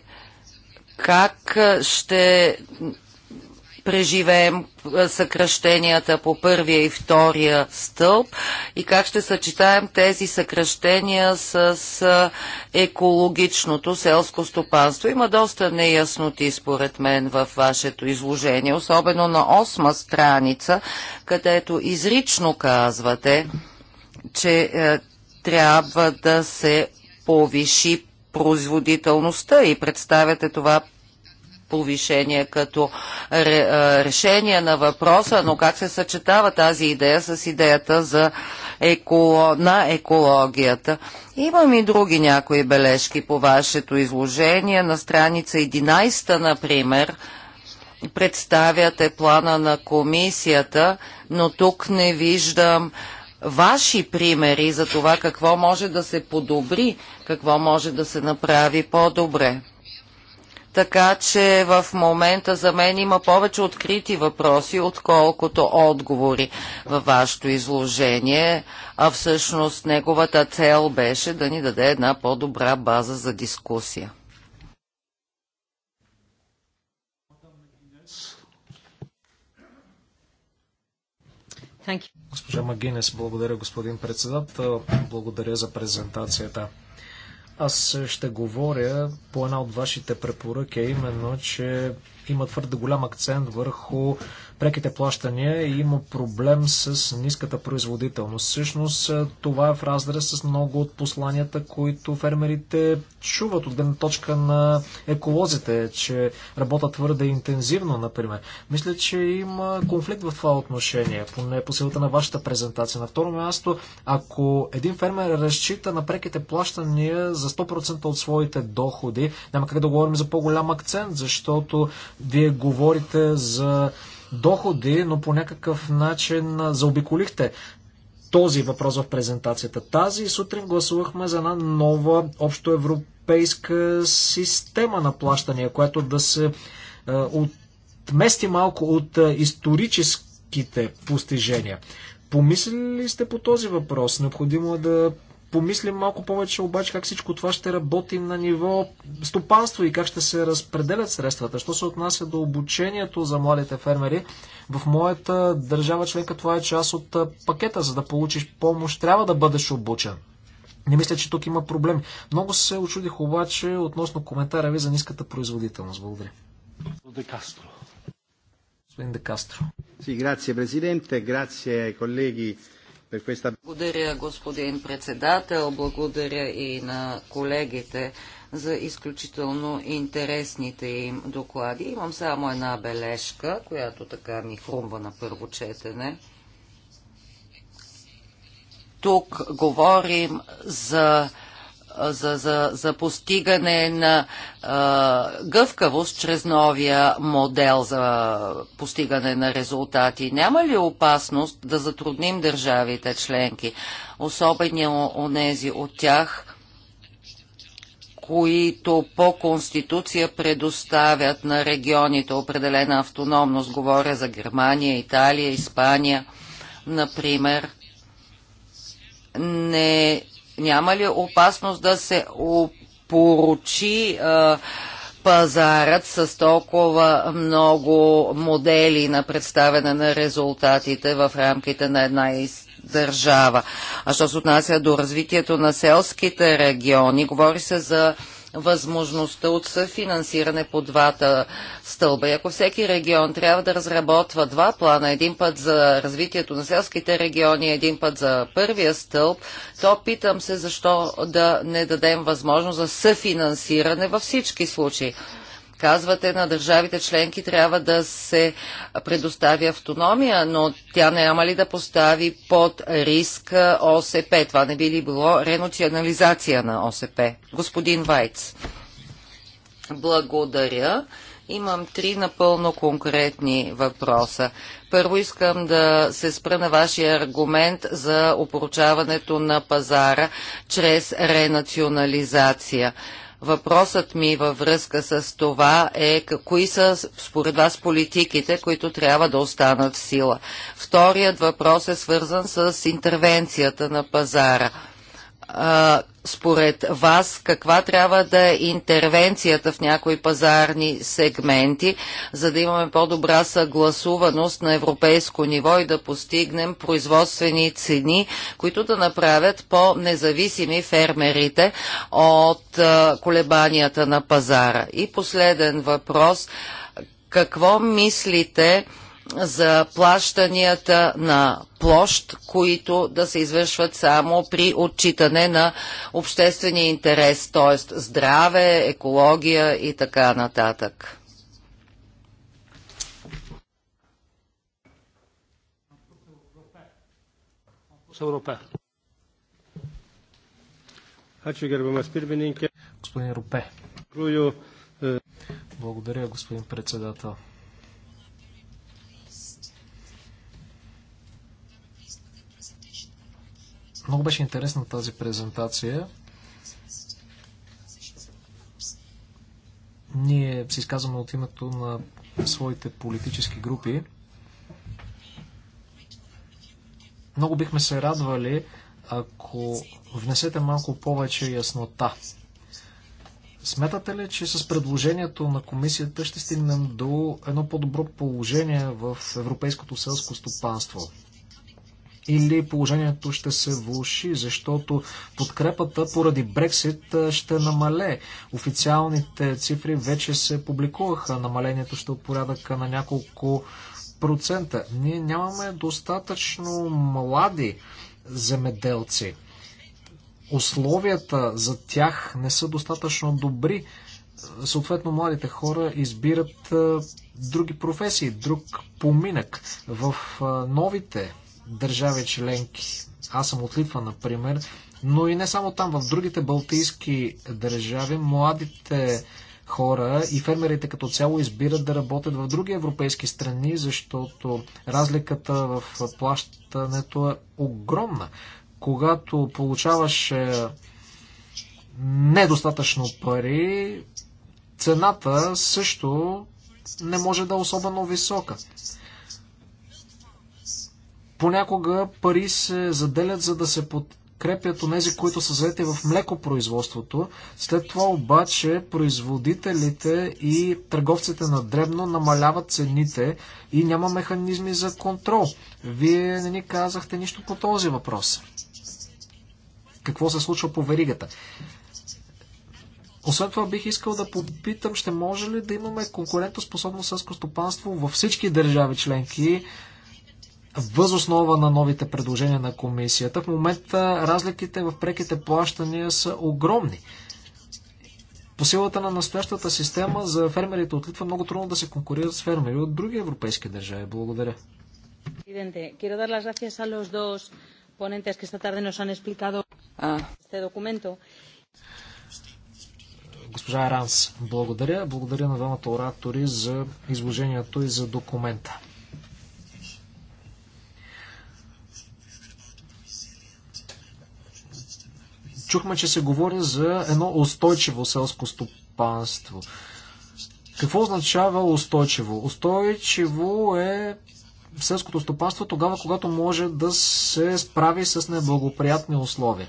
как ще преживеем съкръщенията по първия и втория стълб и как ще съчетаем тези съкръщения с екологичното селско стопанство. Има доста неясноти според мен в вашето изложение, особено на осма страница, където изрично казвате, че е, трябва да се повиши производителността и представяте това повишение като решение на въпроса, но как се съчетава тази идея с идеята за еко... на екологията? Имам и други някои бележки по вашето изложение. На страница 11, например, представяте плана на комисията, но тук не виждам ваши примери за това какво може да се подобри, какво може да се направи по-добре. Така че в момента за мен има повече открити въпроси, отколкото отговори във вашето изложение, а всъщност неговата цел беше да ни даде една по-добра база за дискусия. Thank you. Госпожа Магинес, благодаря господин председател, благодаря за презентацията. Аз ще говоря по една от вашите препоръки, именно, че има твърде голям акцент върху преките плащания и има проблем с ниската производителност. Всъщност е, това е в разрез с много от посланията, които фермерите чуват от гледна точка на еколозите, че работят твърде интензивно, например. Мисля, че има конфликт в това отношение, поне по силата на вашата презентация. На второ място, ако един фермер разчита на преките плащания за 100% от своите доходи, няма как да говорим за по-голям акцент, защото вие говорите за доходи, но по някакъв начин заобиколихте този въпрос в презентацията. Тази сутрин гласувахме за една нова общоевропейска система на плащания, която да се е, отмести малко от е, историческите постижения. Помислили ли сте по този въпрос? Необходимо е да помислим малко повече обаче как всичко това ще работи на ниво стопанство и как ще се разпределят средствата. Що се отнася до обучението за младите фермери, в моята държава членка това е част от пакета. За да получиш помощ, трябва да бъдеш обучен. Не мисля, че тук има проблеми. Много се очудих обаче относно коментара ви за ниската производителност. Благодаря. Де Кастро. Господин Де Кастро. Sì, grazie Presidente, grazie colleghi благодаря, господин председател. Благодаря и на колегите за изключително интересните им доклади. Имам само една бележка, която така ми хрумва на първо четене. Тук говорим за за, за, за постигане на а, гъвкавост чрез новия модел за постигане на резултати? Няма ли опасност да затрудним държавите членки, особено онези от тях, които по Конституция предоставят на регионите определена автономност. Говоря за Германия, Италия, Испания, например. Не няма ли опасност да се опоручи а, пазарът с толкова много модели на представяне на резултатите в рамките на една държава. А що се отнася до развитието на селските региони, говори се за възможността от съфинансиране по двата стълба. И ако всеки регион трябва да разработва два плана, един път за развитието на селските региони, един път за първия стълб, то питам се защо да не дадем възможност за съфинансиране във всички случаи. Казвате на държавите членки трябва да се предостави автономия, но тя няма ли да постави под риск ОСП? Това не би ли било ренационализация на ОСП? Господин Вайц. Благодаря. Имам три напълно конкретни въпроса. Първо искам да се спра на вашия аргумент за опоручаването на пазара чрез ренационализация. Въпросът ми във връзка с това е кои са според вас политиките, които трябва да останат в сила. Вторият въпрос е свързан с интервенцията на пазара според вас каква трябва да е интервенцията в някои пазарни сегменти, за да имаме по-добра съгласуваност на европейско ниво и да постигнем производствени цени, които да направят по-независими фермерите от колебанията на пазара. И последен въпрос. Какво мислите? за плащанията на площ, които да се извършват само при отчитане на обществения интерес, т.е. здраве, екология и така нататък. Значи, господин Рупе. Е. Благодаря, господин председател. Много беше интересна тази презентация. Ние се изказваме от името на своите политически групи. Много бихме се радвали, ако внесете малко повече яснота. Смятате ли, че с предложението на комисията ще стигнем до едно по-добро положение в европейското селско стопанство? или положението ще се влуши, защото подкрепата поради Брексит ще намале. Официалните цифри вече се публикуваха. Намалението ще е порядъка на няколко процента. Ние нямаме достатъчно млади земеделци. Условията за тях не са достатъчно добри. Съответно, младите хора избират други професии, друг поминък. В новите държави членки. Аз съм от Литва, например, но и не само там, в другите балтийски държави младите хора и фермерите като цяло избират да работят в други европейски страни, защото разликата в плащането е огромна. Когато получаваш недостатъчно пари, цената също не може да е особено висока. Понякога пари се заделят, за да се подкрепят онези, които са заети в млекопроизводството. След това обаче производителите и търговците на дребно намаляват цените и няма механизми за контрол. Вие не ни казахте нищо по този въпрос. Какво се случва по веригата? Освен това бих искал да попитам, ще може ли да имаме конкурентоспособно сълско стопанство във всички държави членки, възоснова на новите предложения на комисията. В момента разликите в преките плащания са огромни. По силата на настоящата система за фермерите от Литва много трудно да се конкурират с фермери от други европейски държави. Благодаря. Госпожа Аранс, благодаря. Благодаря на двамата оратори за изложението и за документа. Чухме, че се говори за едно устойчиво селско стопанство. Какво означава устойчиво? Устойчиво е селското стопанство тогава, когато може да се справи с неблагоприятни условия.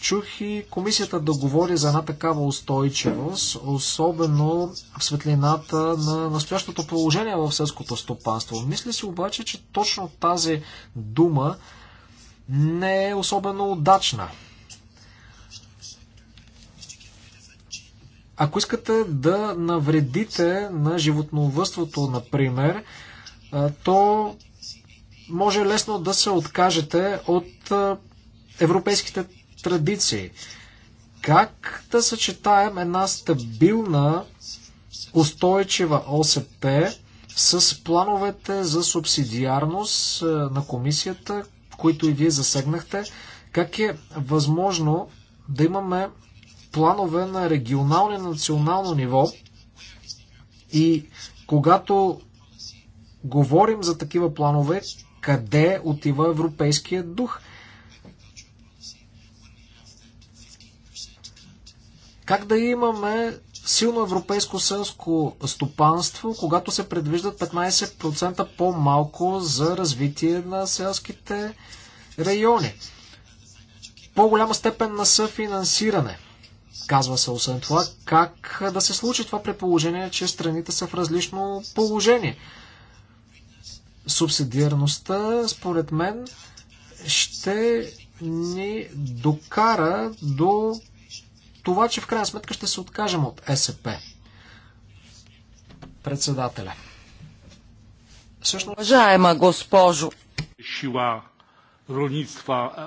Чух и комисията да говори за една такава устойчивост, особено в светлината на настоящото положение в селското стопанство. Мисля си обаче, че точно тази дума не е особено удачна. Ако искате да навредите на животновътството, например, то може лесно да се откажете от европейските традиции. Как да съчетаем една стабилна, устойчива ОСП с плановете за субсидиарност на комисията, които и вие засегнахте? Как е възможно да имаме планове на регионално и национално ниво. И когато говорим за такива планове, къде отива европейския дух? Как да имаме силно европейско селско стопанство, когато се предвиждат 15% по-малко за развитие на селските райони? По-голяма степен на съфинансиране – Казва се освен това как да се случи това предположение, че страните са в различно положение. Субсидиарността, според мен, ще ни докара до това, че в крайна сметка ще се откажем от СП. Председателя. Уважаема госпожо, сила rolnictwa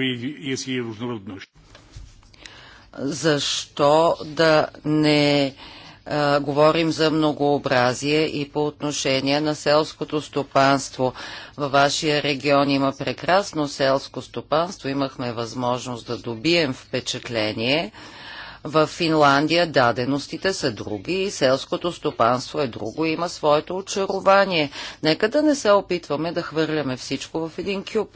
и jest защо да не а, говорим за многообразие и по отношение на селското стопанство. Във вашия регион има прекрасно селско стопанство, имахме възможност да добием впечатление. В Финландия даденостите са други и селското стопанство е друго и има своето очарование. Нека да не се опитваме да хвърляме всичко в един кюб.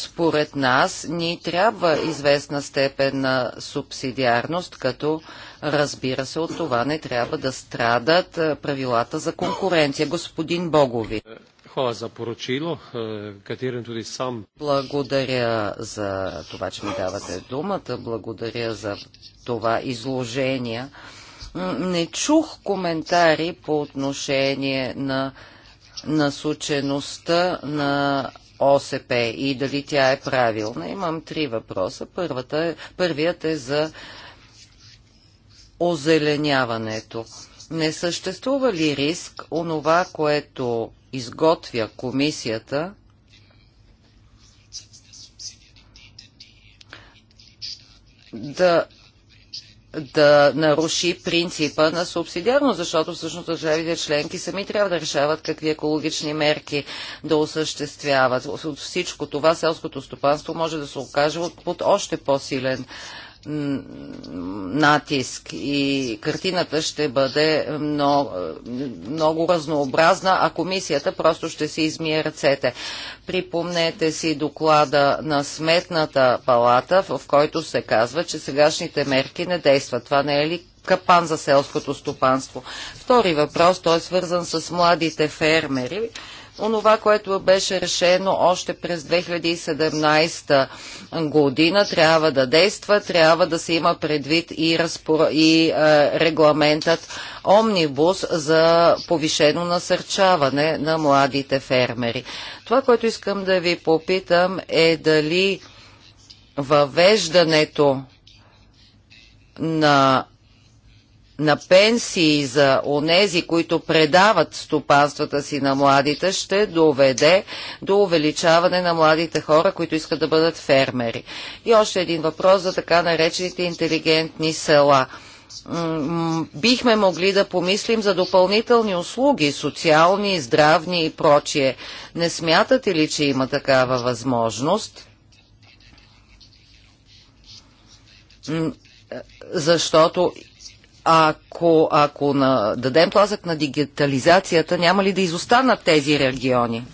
Според нас ни трябва известна степен на субсидиарност, като разбира се от това не трябва да страдат е, правилата за конкуренция. Господин Богови. Хвала за поручило, е, туди сам. Благодаря за това, че ми давате думата. Благодаря за това изложение. Не чух коментари по отношение на насочеността на ОСП и дали тя е правилна. Имам три въпроса. Първата е, първият е за озеленяването. Не съществува ли риск онова, което изготвя комисията, да да наруши принципа на субсидиарност, защото всъщност държавите членки сами трябва да решават какви екологични мерки да осъществяват. От всичко това селското стопанство може да се окаже под още по-силен натиск и картината ще бъде много, много разнообразна, а комисията просто ще си измие ръцете. Припомнете си доклада на Сметната палата, в който се казва, че сегашните мерки не действат. Това не е ли капан за селското стопанство? Втори въпрос, той е свързан с младите фермери онова, което беше решено още през 2017 година, трябва да действа, трябва да се има предвид и, разпор... и е, регламентът Омнибус за повишено насърчаване на младите фермери. Това, което искам да ви попитам е дали въвеждането на на пенсии за онези, които предават стопанствата си на младите, ще доведе до увеличаване на младите хора, които искат да бъдат фермери. И още един въпрос за така наречените интелигентни села бихме могли да помислим за допълнителни услуги, социални, здравни и прочие. Не смятате ли, че има такава възможност? Е, защото ако, ако на, дадем тласък на дигитализацията, няма ли да изостанат тези региони?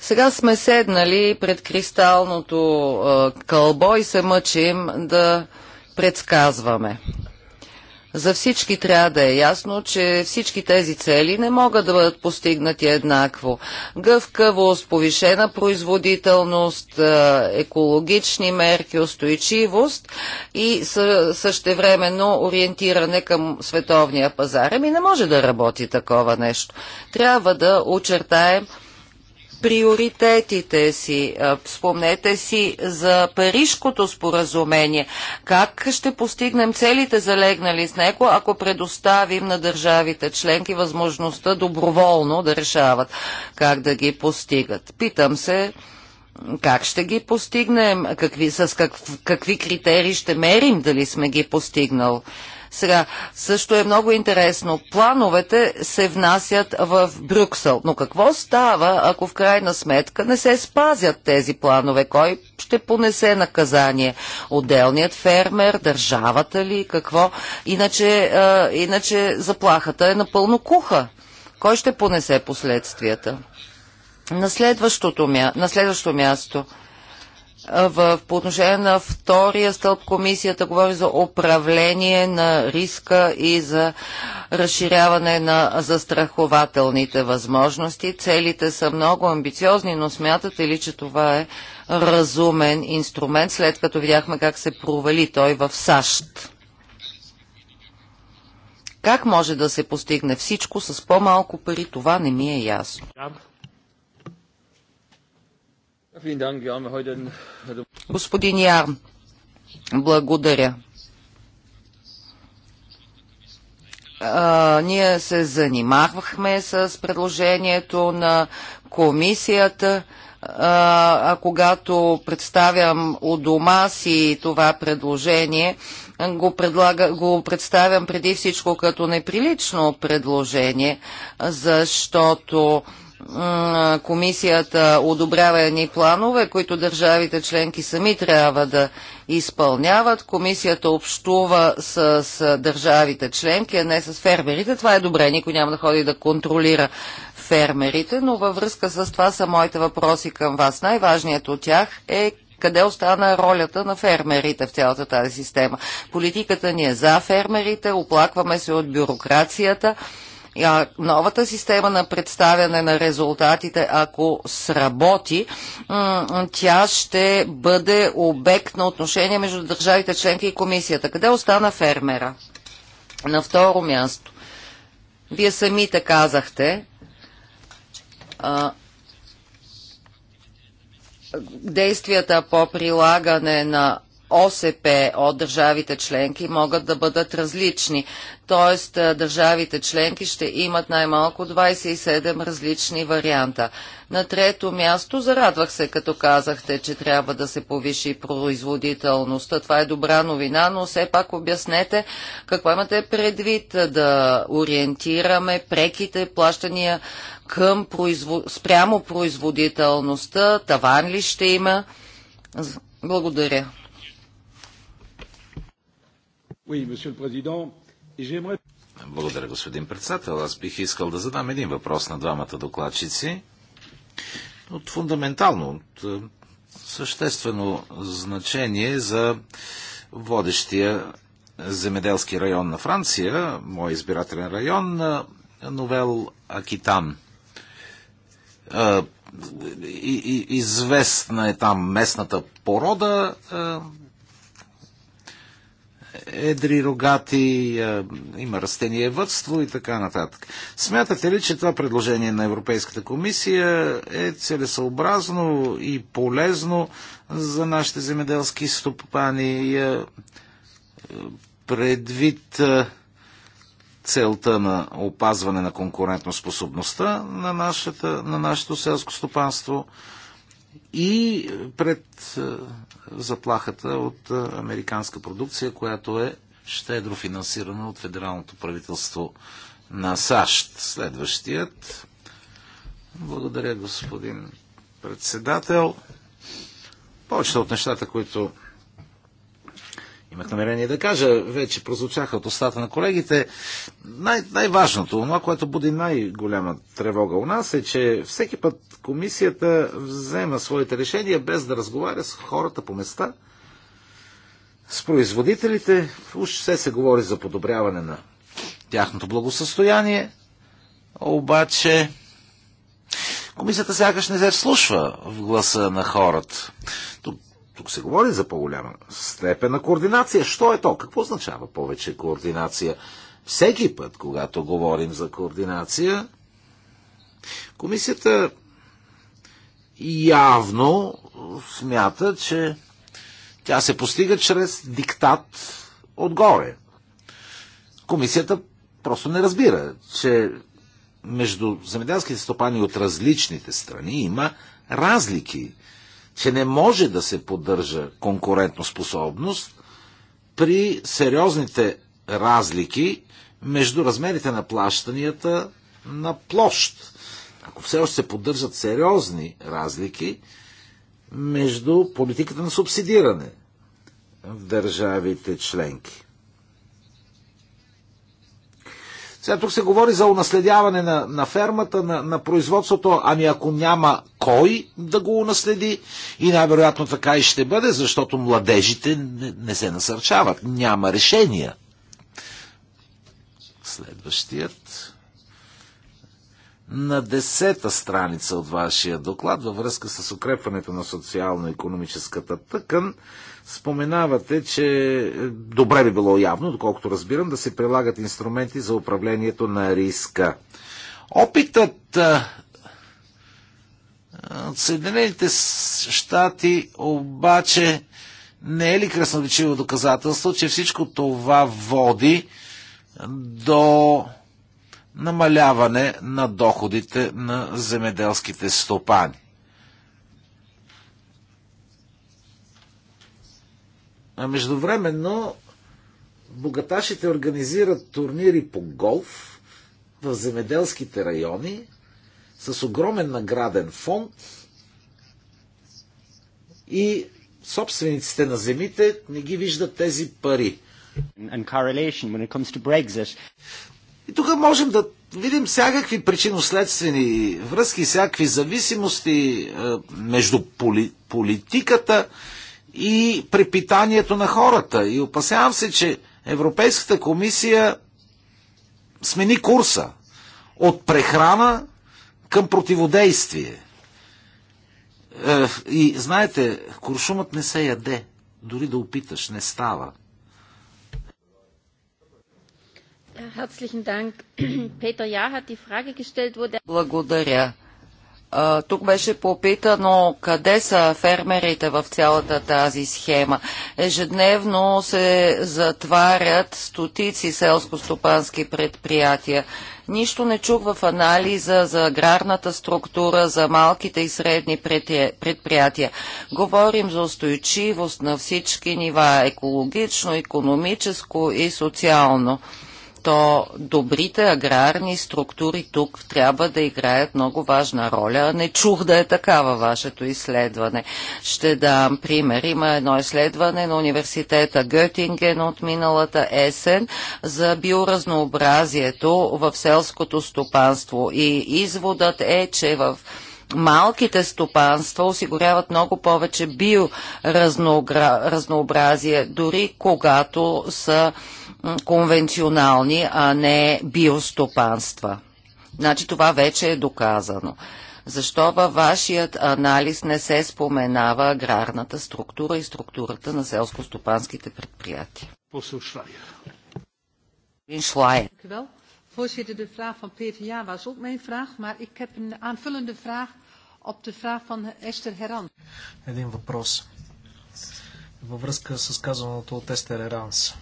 Сега сме седнали пред кристалното а, кълбо и се мъчим да предсказваме. За всички трябва да е ясно, че всички тези цели не могат да бъдат постигнати еднакво. Гъвкавост, повишена производителност, екологични мерки, устойчивост и същевременно ориентиране към световния пазар. Ами не може да работи такова нещо. Трябва да очертаем приоритетите си. Спомнете си за Парижкото споразумение. Как ще постигнем целите залегнали с него, ако предоставим на държавите членки възможността доброволно да решават как да ги постигат? Питам се, как ще ги постигнем, какви, с как, какви критерии ще мерим дали сме ги постигнал. Сега, също е много интересно. Плановете се внасят в Брюксел. Но какво става, ако в крайна сметка не се спазят тези планове? Кой ще понесе наказание? Отделният фермер, държавата ли, какво? Иначе, а, иначе заплахата е напълно куха. Кой ще понесе последствията? На следващото, мя... на следващото място – в, по отношение на втория стълб комисията говори за управление на риска и за разширяване на застрахователните възможности. Целите са много амбициозни, но смятате ли, че това е разумен инструмент, след като видяхме как се провали той в САЩ? Как може да се постигне всичко с по-малко пари, това не ми е ясно. Господин Яр, благодаря. А, ние се занимавахме с предложението на комисията, а, а когато представям у дома си това предложение, го, предлага, го представям преди всичко като неприлично предложение, защото а, комисията одобрява едни планове, които държавите членки сами трябва да изпълняват. Комисията общува с, държавите членки, а не с фермерите. Това е добре, никой няма да ходи да контролира фермерите, но във връзка с това са моите въпроси към вас. Най-важният от тях е къде остана ролята на фермерите в цялата тази система. Политиката ни е за фермерите, оплакваме се от бюрокрацията а новата система на представяне на резултатите, ако сработи, тя ще бъде обект на отношение между държавите членки и комисията. Къде остана фермера? На второ място. Вие самите казахте, а, действията по прилагане на ОСП от държавите членки могат да бъдат различни. Тоест държавите членки ще имат най-малко 27 различни варианта. На трето място зарадвах се, като казахте, че трябва да се повиши производителността. Това е добра новина, но все пак обяснете какво имате предвид да ориентираме преките плащания към произво... спрямо производителността. Таван ли ще има? Благодаря. Благодаря, господин председател. Аз бих искал да задам един въпрос на двамата докладчици. От фундаментално, от е, съществено значение за водещия земеделски район на Франция, мой избирателен район, е, Новел Акитан. Е, и, и, известна е там местната порода, едри рогати, е, има въдство и така нататък. Смятате ли, че това предложение на Европейската комисия е целесъобразно и полезно за нашите земеделски стопани е, е, предвид целта на опазване на конкурентоспособността на, нашата, на нашето селско стопанство? и пред е, заплахата от е, американска продукция, която е щедро финансирана от федералното правителство на САЩ. Следващият. Благодаря, господин председател. Повечето от нещата, които имах намерение да кажа, вече прозвучаха от устата на колегите. Най- най-важното, това, което буди най-голяма тревога у нас е, че всеки път комисията взема своите решения без да разговаря с хората по места, с производителите. Уж все се говори за подобряване на тяхното благосъстояние, обаче комисията сякаш не се вслушва в гласа на хората тук се говори за по-голяма степен на координация. Що е то? Какво означава повече координация? Всеки път, когато говорим за координация, комисията явно смята, че тя се постига чрез диктат отгоре. Комисията просто не разбира, че между земеделските стопани от различните страни има разлики че не може да се поддържа конкурентоспособност при сериозните разлики между размерите на плащанията на площ. Ако все още се поддържат сериозни разлики между политиката на субсидиране в държавите членки. Сега тук се говори за унаследяване на, на фермата, на, на производството, ами ако няма кой да го унаследи, и най-вероятно така и ще бъде, защото младежите не, не се насърчават. Няма решения. Следващият. На десета страница от вашия доклад във връзка с укрепването на социално-економическата тъкан Споменавате, че добре би било явно, доколкото разбирам, да се прилагат инструменти за управлението на риска. Опитът от Съединените щати обаче не е ли красноречиво доказателство, че всичко това води до намаляване на доходите на земеделските стопани? А междувременно богаташите организират турнири по голф в земеделските райони с огромен награден фонд и собствениците на земите не ги виждат тези пари. И тук можем да видим всякакви причинно-следствени връзки, всякакви зависимости е, между поли, политиката, и препитанието на хората. И опасявам се, че Европейската комисия смени курса от прехрана към противодействие. Е, и знаете, куршумът не се яде. Дори да опиташ, не става. Е, Благодаря тук беше попитано къде са фермерите в цялата тази схема. Ежедневно се затварят стотици селско-стопански предприятия. Нищо не чух в анализа за аграрната структура, за малките и средни предприятия. Говорим за устойчивост на всички нива – екологично, економическо и социално то добрите аграрни структури тук трябва да играят много важна роля. Не чух да е такава вашето изследване. Ще дам пример. Има едно изследване на университета Гетинген от миналата есен за биоразнообразието в селското стопанство. И изводът е, че в малките стопанства осигуряват много повече биоразнообразие, дори когато са конвенционални, а не биостопанства. Значи това вече е доказано. Защо във вашият анализ не се споменава аграрната структура и структурата на селско-стопанските предприятия? Шлайер. Voorzitter, de vraag van Peter Ja was ook mijn vraag, maar ik heb een aanvullende vraag op de vraag van Esther Един въпрос. Във връзка с казаното от Естер Еранс.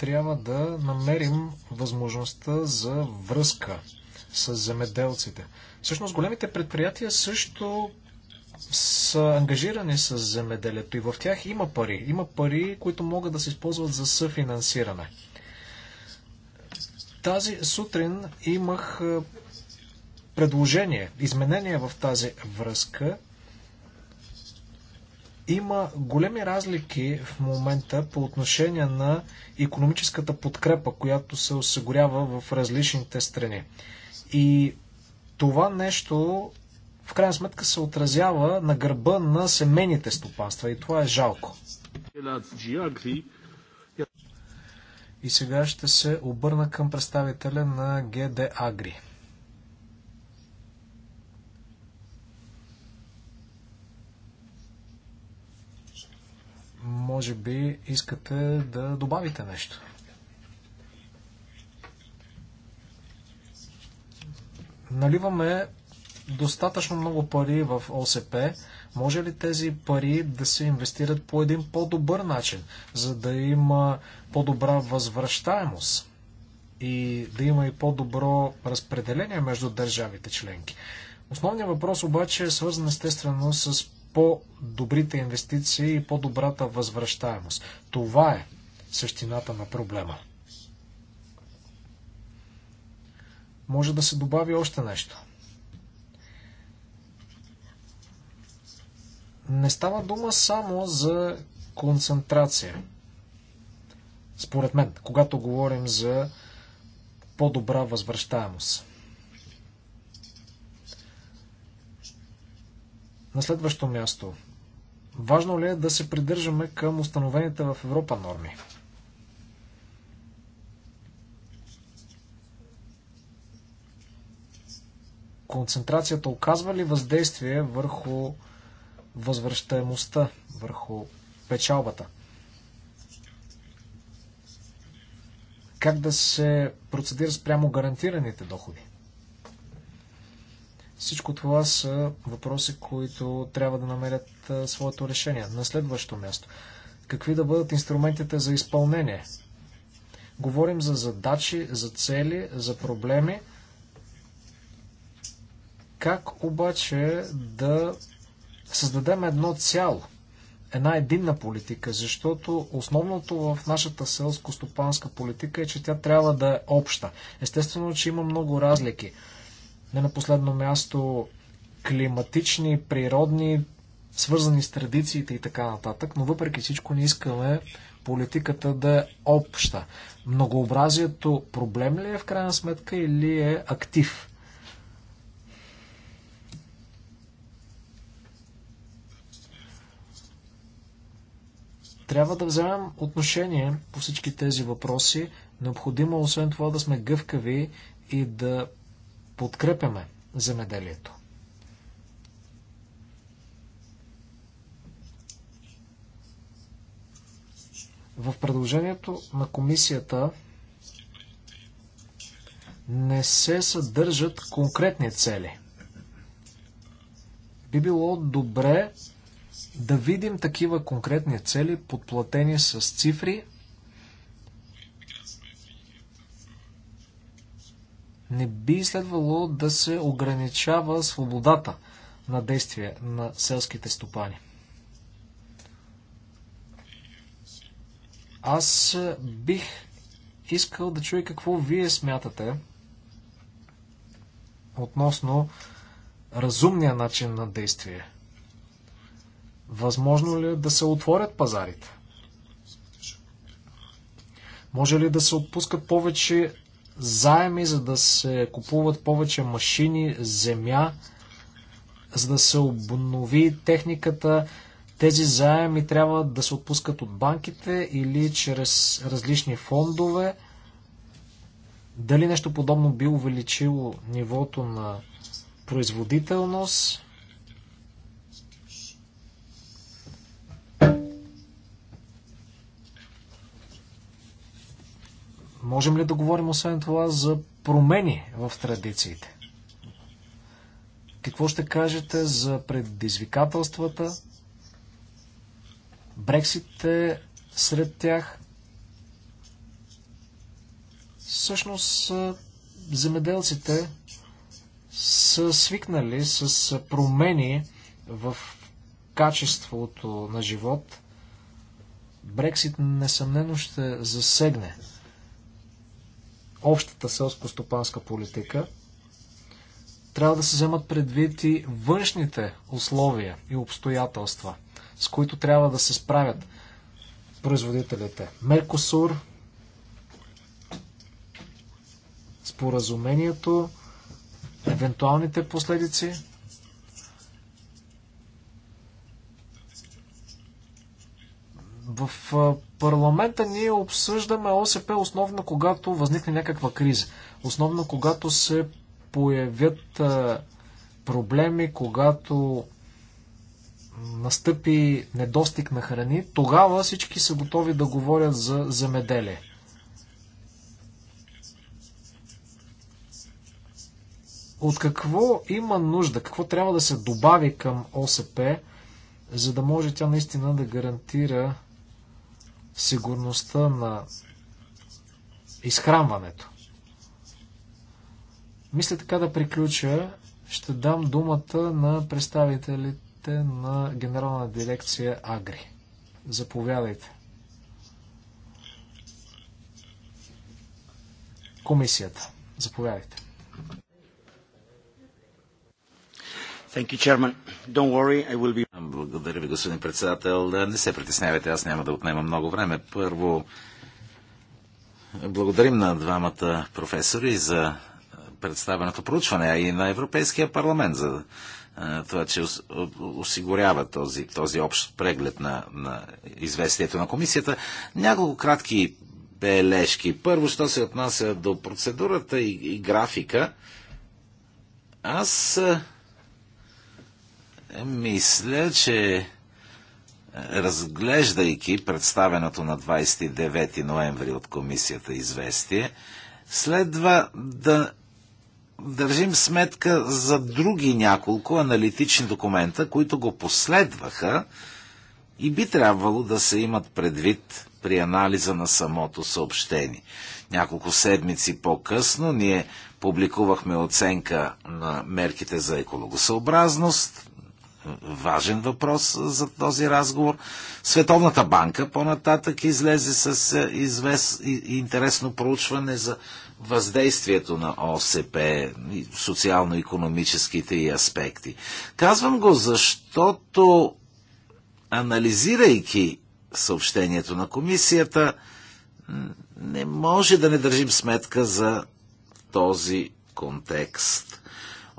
трябва да намерим възможността за връзка с земеделците. Всъщност големите предприятия също са ангажирани с земеделието и в тях има пари. Има пари, които могат да се използват за съфинансиране. Тази сутрин имах предложение, изменение в тази връзка – има големи разлики в момента по отношение на економическата подкрепа, която се осигурява в различните страни. И това нещо в крайна сметка се отразява на гърба на семейните стопанства и това е жалко. И сега ще се обърна към представителя на ГД Агри. Може би искате да добавите нещо. Наливаме достатъчно много пари в ОСП. Може ли тези пари да се инвестират по един по-добър начин, за да има по-добра възвръщаемост и да има и по-добро разпределение между държавите членки? Основният въпрос обаче е свързан естествено с по-добрите инвестиции и по-добрата възвръщаемост. Това е същината на проблема. Може да се добави още нещо. Не става дума само за концентрация. Според мен, когато говорим за по-добра възвръщаемост. На следващо място. Важно ли е да се придържаме към установените в Европа норми? Концентрацията оказва ли въздействие върху възвръщаемостта, върху печалбата? Как да се процедира спрямо гарантираните доходи? Всичко това са въпроси, които трябва да намерят своето решение. На следващо място. Какви да бъдат инструментите за изпълнение? Говорим за задачи, за цели, за проблеми. Как обаче да създадем едно цяло, една единна политика, защото основното в нашата селско-стопанска политика е, че тя трябва да е обща. Естествено, че има много разлики не на последно място климатични, природни, свързани с традициите и така нататък, но въпреки всичко не искаме политиката да е обща. Многообразието проблем ли е в крайна сметка или е актив? Трябва да вземем отношение по всички тези въпроси. Необходимо е освен това да сме гъвкави и да подкрепяме земеделието. В предложението на комисията не се съдържат конкретни цели. Би било добре да видим такива конкретни цели, подплатени с цифри – Не би следвало да се ограничава свободата на действие на селските стопани. Аз е, бих искал да чуя какво вие смятате относно разумния начин на действие. Възможно ли е да се отворят пазарите? Може ли да се отпускат повече заеми, за да се купуват повече машини, земя, за да се обнови техниката. Тези заеми трябва да се отпускат от банките или чрез различни фондове. Дали нещо подобно би увеличило нивото на производителност? Можем ли да говорим освен това за промени в традициите? Какво ще кажете за предизвикателствата? Брексит е сред тях. Всъщност, земеделците са свикнали с промени в качеството на живот. Брексит несъмнено ще засегне общата селско-стопанска политика, трябва да се вземат предвид и външните условия и обстоятелства, с които трябва да се справят производителите. Меркосур, споразумението, евентуалните последици. В парламента ние обсъждаме ОСП основно когато възникне някаква криза. Основно когато се появят проблеми, когато настъпи недостиг на храни, тогава всички са готови да говорят за земеделие. От какво има нужда, какво трябва да се добави към ОСП, за да може тя наистина да гарантира сигурността на изхранването. Мисля така да приключа. Ще дам думата на представителите на Генерална дирекция Агри. Заповядайте. Комисията. Заповядайте. Благодаря ви, господин председател. Не се притеснявайте, аз няма да отнема много време. Първо, благодарим на двамата професори за представеното проучване, а и на Европейския парламент за това, че осигурява този, този общ преглед на, на известието на комисията. Няколко кратки бележки. Първо, що се отнася до процедурата и, и графика, аз мисля, че е, разглеждайки представеното на 29 ноември от комисията известие, следва да държим сметка за други няколко аналитични документа, които го последваха и би трябвало да се имат предвид при анализа на самото съобщение. Няколко седмици по-късно ние публикувахме оценка на мерките за екологосъобразност, важен въпрос за този разговор. Световната банка по-нататък излезе с е, извес, интересно проучване за въздействието на ОСП, социално-економическите и аспекти. Казвам го, защото анализирайки съобщението на комисията, не може да не държим сметка за този контекст.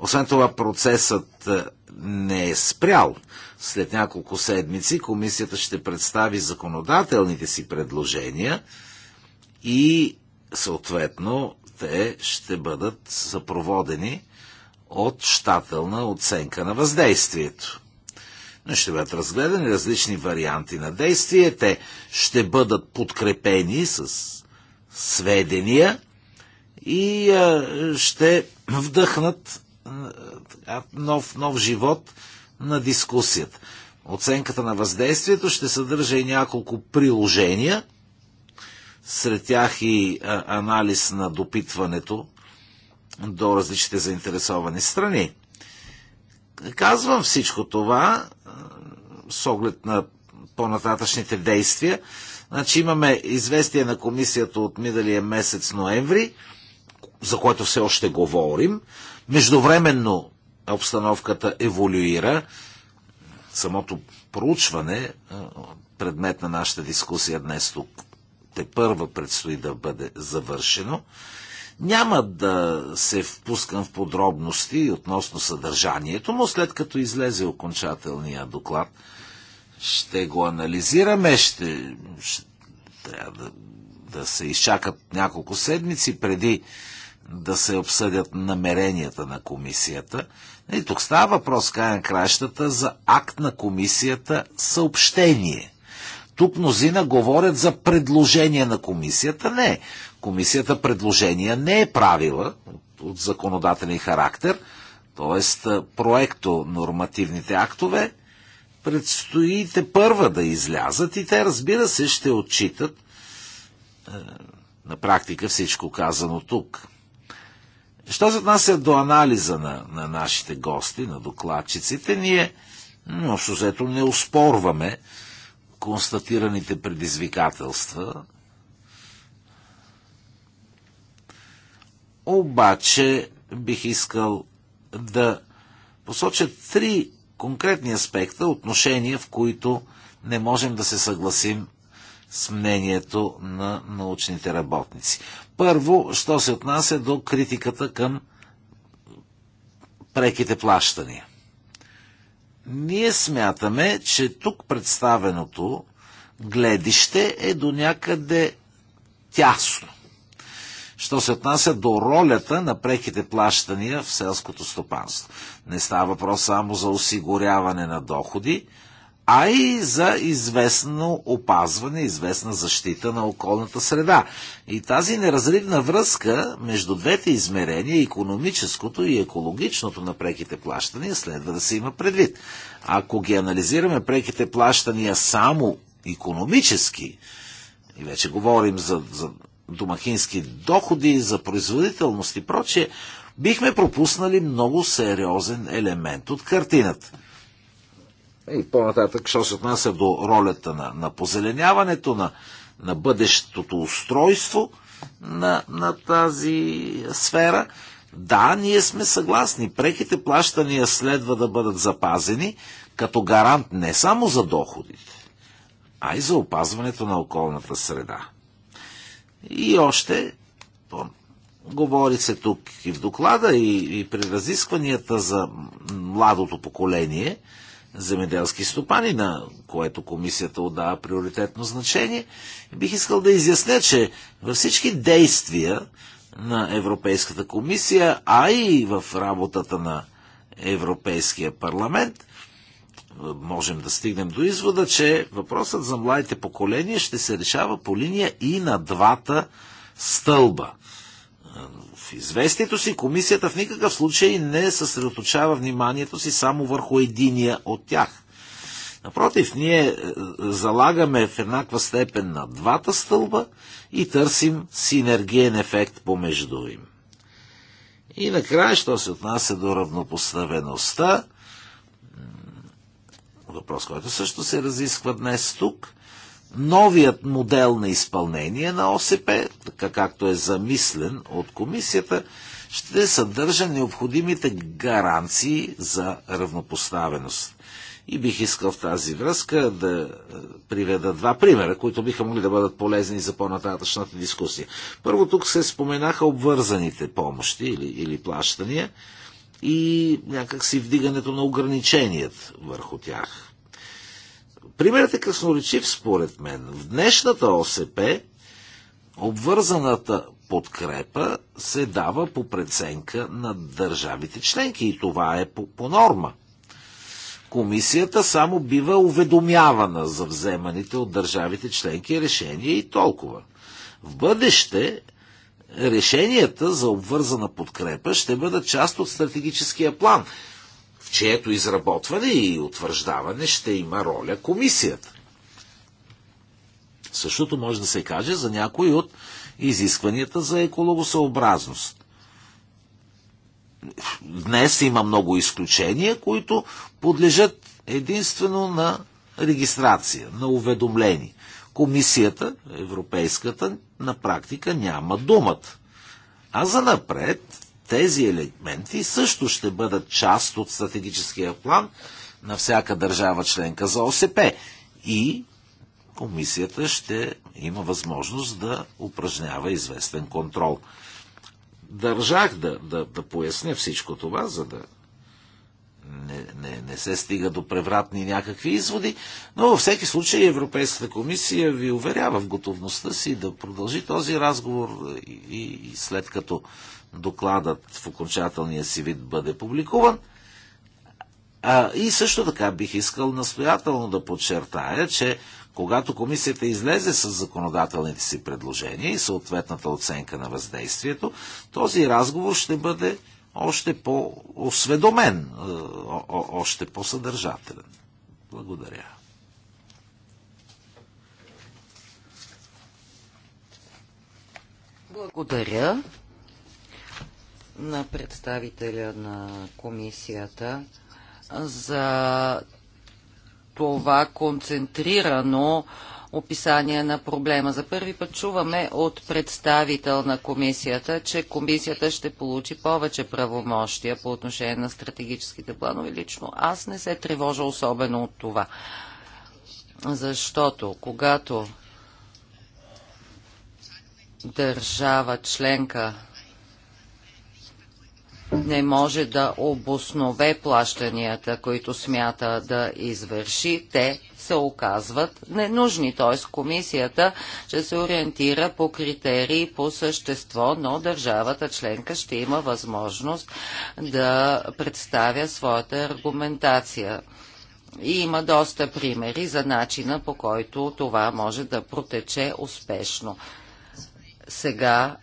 Освен това, процесът е, не е спрял. След няколко седмици комисията ще представи законодателните си предложения и съответно те ще бъдат съпроводени от щателна оценка на въздействието. Но ще бъдат разгледани различни варианти на действие, те ще бъдат подкрепени с сведения и е, ще вдъхнат нов, нов живот на дискусията. Оценката на въздействието ще съдържа и няколко приложения, сред тях и анализ на допитването до различните заинтересовани страни. Казвам всичко това с оглед на по-нататъчните действия. Значи имаме известие на комисията от миналия месец ноември, за което все още говорим, Междувременно обстановката еволюира. Самото проучване, предмет на нашата дискусия днес тук, те първа предстои да бъде завършено. Няма да се впускам в подробности относно съдържанието, но след като излезе окончателния доклад, ще го анализираме, ще, ще трябва да, да се изчакат няколко седмици преди да се обсъдят намеренията на комисията. И тук става въпрос, край кращата, за акт на комисията съобщение. Тук мнозина говорят за предложение на комисията. Не. Комисията предложение не е правила от законодателен характер, т.е. проекто нормативните актове предстои те първа да излязат и те, разбира се, ще отчитат на практика всичко казано тук. Що се отнася до анализа на, на нашите гости, на докладчиците, ние общо взето не успорваме констатираните предизвикателства. Обаче бих искал да посоча три конкретни аспекта, отношения, в които не можем да се съгласим с мнението на научните работници. Първо, що се отнася до критиката към преките плащания. Ние смятаме, че тук представеното гледище е до някъде тясно. Що се отнася до ролята на преките плащания в селското стопанство. Не става въпрос само за осигуряване на доходи, а и за известно опазване, известна защита на околната среда. И тази неразривна връзка между двете измерения, економическото и екологичното на преките плащания, следва да се има предвид. Ако ги анализираме преките плащания само економически, и вече говорим за, за домахински доходи, за производителност и прочее, бихме пропуснали много сериозен елемент от картината и по-нататък, що се отнася до ролята на, на позеленяването, на, на бъдещото устройство на, на тази сфера, да, ние сме съгласни. Преките плащания следва да бъдат запазени като гарант не само за доходите, а и за опазването на околната среда. И още, говори се тук и в доклада, и, и при разискванията за младото поколение – земеделски стопани, на което комисията отдава приоритетно значение. Бих искал да изясня, че във всички действия на Европейската комисия, а и в работата на Европейския парламент, можем да стигнем до извода, че въпросът за младите поколения ще се решава по линия и на двата стълба известието си комисията в никакъв случай не съсредоточава вниманието си само върху единия от тях. Напротив, ние е, залагаме в еднаква степен на двата стълба и търсим синергиен ефект помежду им. И накрая, що се отнася до равнопоставеността, въпрос, който също се разисква днес тук – новият модел на изпълнение на ОСП, така както е замислен от комисията, ще съдържа необходимите гаранции за равнопоставеност. И бих искал в тази връзка да е, приведа два примера, които биха могли да бъдат полезни за по-нататъчната дискусия. Първо тук се споменаха обвързаните помощи или, или плащания и някакси вдигането на ограниченият върху тях примерът е красноречив според мен. В днешната ОСП обвързаната подкрепа се дава по преценка на държавите членки и това е по, по норма. Комисията само бива уведомявана за вземаните от държавите членки решения и толкова. В бъдеще решенията за обвързана подкрепа ще бъдат част от стратегическия план – в чието изработване и утвърждаване ще има роля комисията. Същото може да се каже за някои от изискванията за екологосъобразност. Днес има много изключения, които подлежат единствено на регистрация, на уведомление. Комисията, европейската, на практика няма думата. А за напред тези елементи също ще бъдат част от стратегическия план на всяка държава членка за ОСП. И комисията ще има възможност да упражнява известен контрол. Държах да, да, да поясня всичко това, за да не, не, не се стига до превратни някакви изводи, но във всеки случай Европейската комисия ви уверява в готовността си да продължи този разговор и, и след като докладът в окончателния си вид бъде публикуван. А, и също така бих искал настоятелно да подчертая, че когато комисията излезе с законодателните си предложения и съответната оценка на въздействието, този разговор ще бъде още по-осведомен, е, още по-съдържателен. Благодаря. Благодаря на представителя на комисията за това концентрирано описание на проблема. За първи път чуваме от представител на комисията, че комисията ще получи повече правомощия по отношение на стратегическите планове. Лично аз не се тревожа особено от това. Защото когато държава членка не може да обоснове плащанията, които смята да извърши, те се оказват ненужни. Т.е. комисията ще се ориентира по критерии по същество, но държавата членка ще има възможност да представя своята аргументация. И има доста примери за начина по който това може да протече успешно. Сега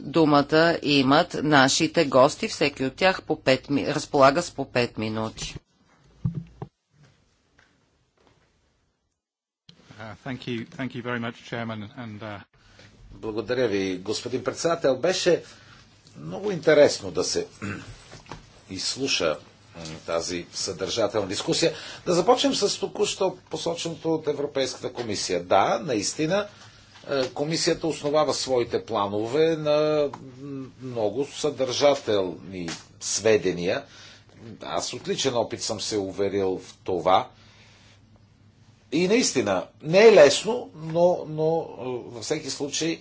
Думата имат нашите гости, всеки от тях по 5, разполага с по 5 минути. Uh, thank you, thank you much, chairman, and, uh... Благодаря ви, господин председател. Беше много интересно да се изслуша тази съдържателна дискусия. Да започнем с току-що посоченото от Европейската комисия. Да, наистина, е, комисията основава своите планове на много съдържателни сведения. Аз отличен опит съм се уверил в това. И наистина, не е лесно, но, но е, във всеки случай е,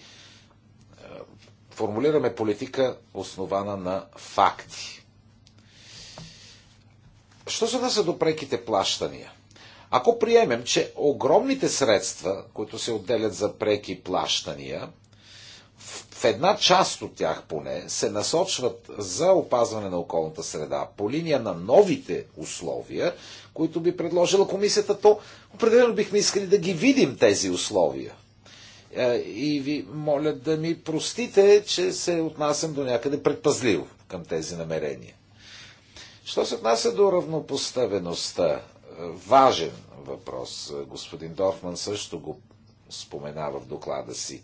формулираме политика основана на факти. Що се да са допреките плащания? Ако приемем, че огромните средства, които се отделят за преки плащания, в една част от тях поне се насочват за опазване на околната среда по линия на новите условия, които би предложила комисията, то определено бихме искали да ги видим тези условия. Е, и ви моля да ми простите, че се отнасям до някъде предпазливо към тези намерения. Що се отнася до равнопоставеността, важен въпрос. Господин Дорфман също го споменава в доклада си.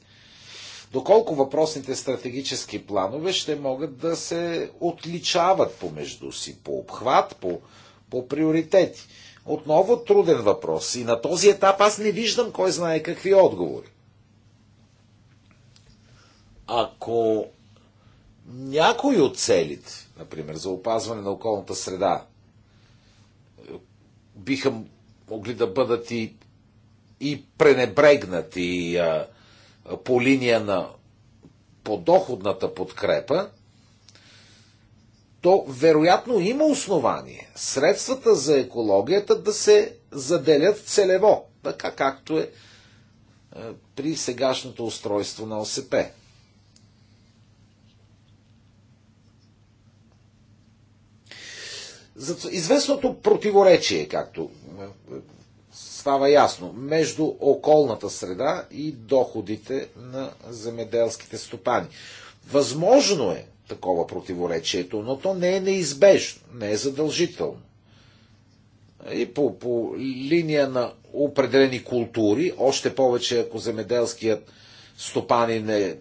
Доколко въпросните стратегически планове ще могат да се отличават помежду си по обхват, по, по приоритети? Отново труден въпрос и на този етап аз не виждам кой знае какви отговори. Ако някой от целите, например за опазване на околната среда, биха могли да бъдат и, и пренебрегнати а, по линия на подоходната подкрепа, то вероятно има основание средствата за екологията да се заделят целево, така както е при сегашното устройство на ОСП. за известното противоречие, както е, става ясно, между околната среда и доходите на земеделските стопани. Възможно е такова противоречието, но то не е неизбежно, не е задължително. И по, по линия на определени култури, още повече ако земеделският стопанин е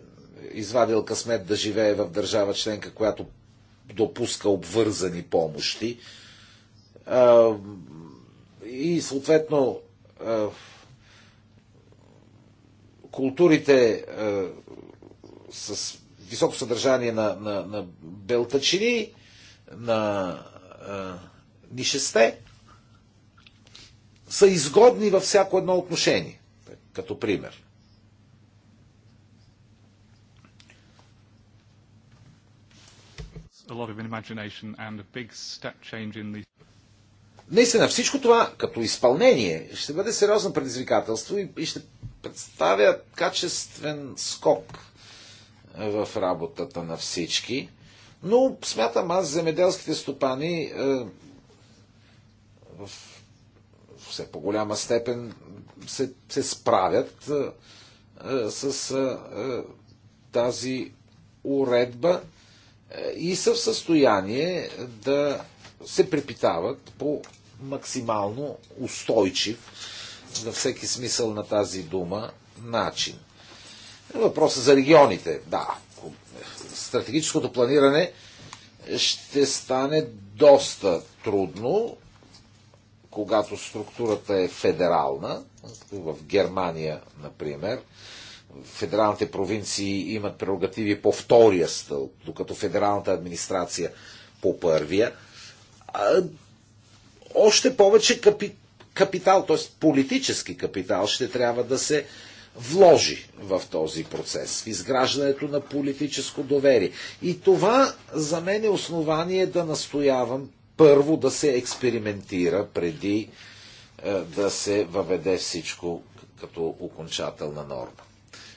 извадил късмет да живее в държава членка, която допуска обвързани помощи. И съответно културите с високо съдържание на, на, на белтачини, на нишесте, са изгодни във всяко едно отношение, като пример. a lot of imagination and a big step change in the... Наистина, всичко това като изпълнение ще бъде сериозно предизвикателство и, и ще представя качествен скок в работата на всички. Но смятам аз, земеделските стопани е, в все по-голяма степен се, се справят е, е с е, е, тази уредба. Е, и са в състояние да се препитават по максимално устойчив, за всеки смисъл на тази дума, начин. Въпросът за регионите. Да, стратегическото планиране ще стане доста трудно, когато структурата е федерална, в Германия, например, федералните провинции имат прерогативи по втория стълб, докато федералната администрация по първия. А, още повече капи, капитал, т.е. политически капитал ще трябва да се вложи в този процес, в изграждането на политическо доверие. И това за мен е основание да настоявам първо да се експериментира преди е, да се въведе всичко като окончателна норма.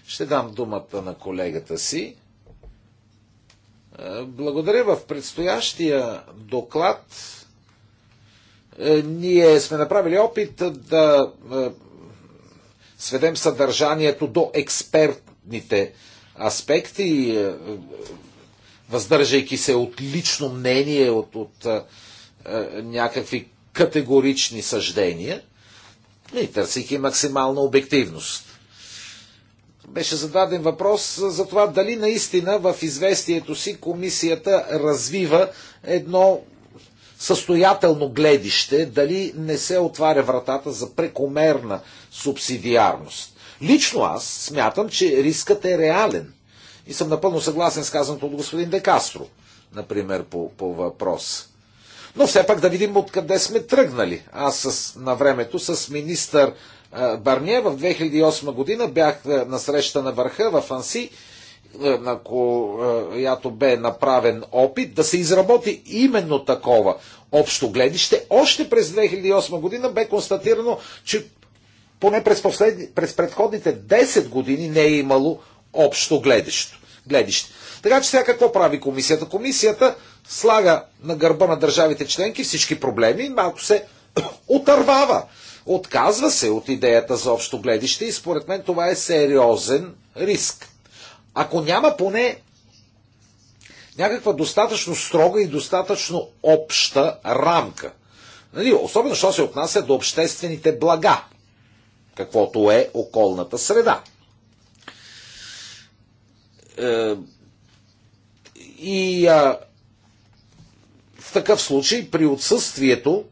Ще дам думата на колегата си. Е, благодаря в предстоящия доклад. Е, ние сме направили опит да е, сведем съдържанието до експертните аспекти, въздържайки се от лично мнение, от, от някакви категорични съждения и търсейки максимална обективност беше зададен въпрос за това дали наистина в известието си комисията развива едно състоятелно гледище, дали не се отваря вратата за прекомерна субсидиарност. Лично аз смятам, че рискът е реален. И съм напълно съгласен с казаното от господин Декастро, например, по, по въпрос. Но все пак да видим откъде сме тръгнали. Аз с, на времето с министър Барния в 2008 година бях е, на среща на върха в Анси, е, на която бе направен опит да се изработи именно такова общо гледище. Още през 2008 година бе констатирано, че поне през, през предходните 10 години не е имало общо гледище. гледище. Така че сега какво прави комисията? Комисията слага на гърба на държавите членки всички проблеми и малко се отървава Отказва се от идеята за общо гледище и според мен това е сериозен риск. Ако няма поне някаква достатъчно строга и достатъчно обща рамка. Нали, особено, що се отнася до обществените блага, каквото е околната среда. Е, и а, в такъв случай, при отсъствието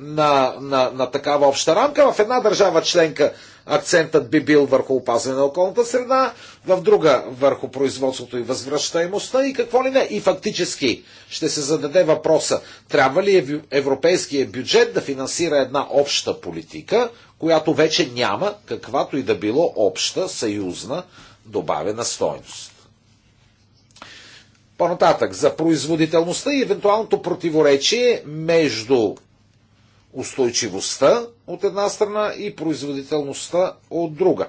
на, на, на такава обща рамка. В една държава членка акцентът би бил върху опазване на околната среда, в друга върху производството и възвръщаемостта и какво ли не. И фактически ще се зададе въпроса, трябва ли европейския бюджет да финансира една обща политика, която вече няма каквато и да било обща, съюзна, добавена стойност. По-нататък, за производителността и евентуалното противоречие между устойчивостта от една страна и производителността от друга.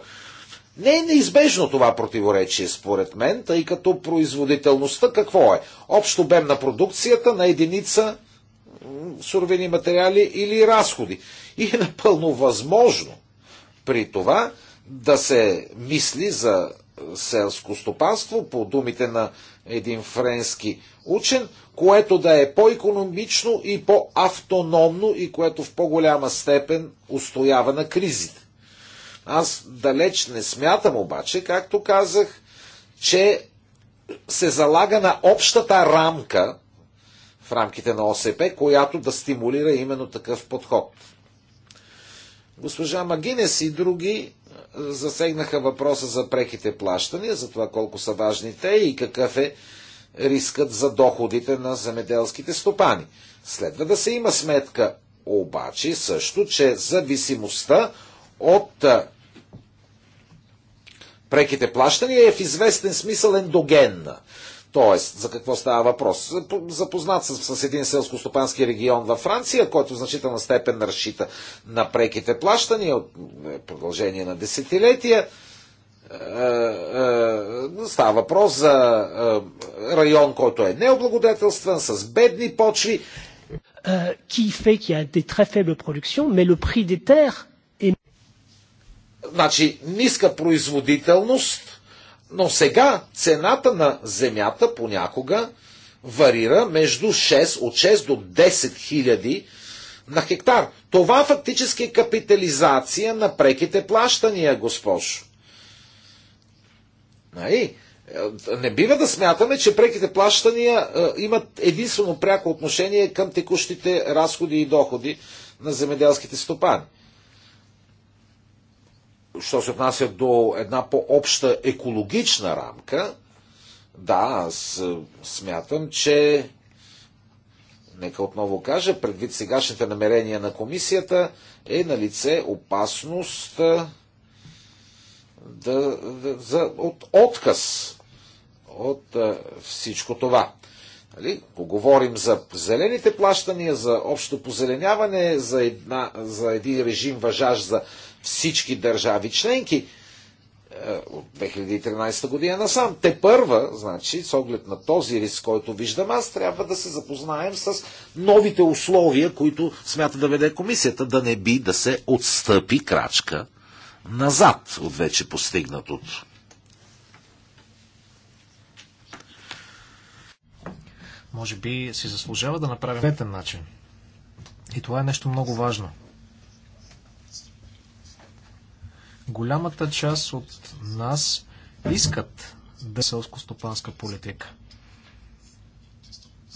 Не е неизбежно това противоречие, според мен, тъй като производителността какво е? Общо обем на продукцията на единица суровини материали или разходи. И е напълно възможно при това да се мисли за селско стопанство, по думите на един френски учен, което да е по-економично и по-автономно и което в по-голяма степен устоява на кризите. Аз далеч не смятам обаче, както казах, че се залага на общата рамка в рамките на ОСП, която да стимулира именно такъв подход. Госпожа Магинес и други засегнаха въпроса за преките плащания, за това колко са важните и какъв е рискът за доходите на земеделските стопани. Следва да се има сметка обаче също, че зависимостта от преките плащания е в известен смисъл ендогенна. Тоест, за какво става въпрос? Запознат с, с един селско-стопански регион във Франция, който в значителна степен разчита на преките плащания от е, продължение на десетилетия. Е, е, става въпрос за район, който е необлагодетелстван, с бедни почви. Ки fait qu'il y a des très faibles productions, mais le prix des terres Значи, ниска производителност – но сега цената на земята понякога варира между 6, от 6 до 10 хиляди на хектар. Това фактически е капитализация на преките плащания, госпожо. Най- нали? Не бива да смятаме, че преките плащания е, имат единствено пряко отношение към текущите разходи и доходи на земеделските стопани що се отнася до една по-обща екологична рамка, да, аз е, смятам, че нека отново кажа, предвид сегашните намерения на комисията, е на лице опасност е, да, да, за, от отказ от а, е, всичко това. Нали? Поговорим за зелените плащания, за общо позеленяване, за, една, за един режим въжаж за всички държави членки е, от 2013 година насам. Те първа, значи, с оглед на този риск, който виждам аз, трябва да се запознаем с новите условия, които смята да веде комисията, да не би да се отстъпи крачка назад от вече постигнатото. Може би си заслужава да направим петен начин. И това е нещо много важно. Голямата част от нас искат да е селско-стопанска политика.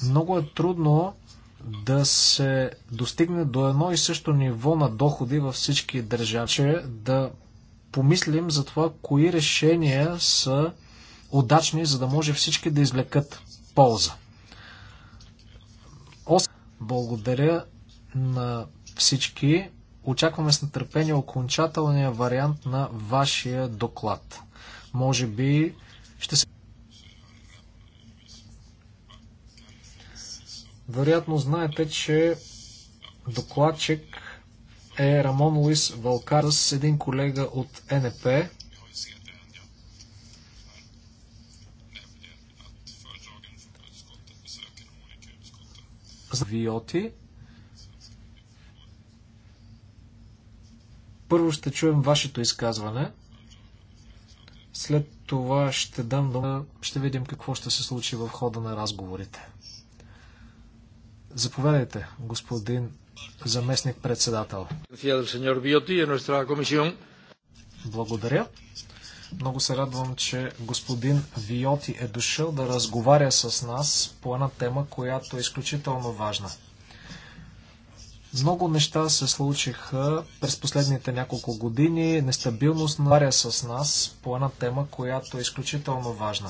Много е трудно да се достигне до едно и също ниво на доходи във всички държачи, да помислим за това, кои решения са удачни, за да може всички да извлекат полза. Благодаря на всички. Очакваме с нетърпение окончателния вариант на вашия доклад. Може би ще се. Вероятно знаете, че докладчик е Рамон Луис с един колега от НП. Виоти. Първо ще чуем вашето изказване. След това ще дам дума, ще видим какво ще се случи в хода на разговорите. Заповядайте, господин заместник председател. Е Благодаря. Много се радвам, че господин Виоти е дошъл да разговаря с нас по една тема, която е изключително важна. Много неща се случиха през последните няколко години. Нестабилност наваря с нас по една тема, която е изключително важна.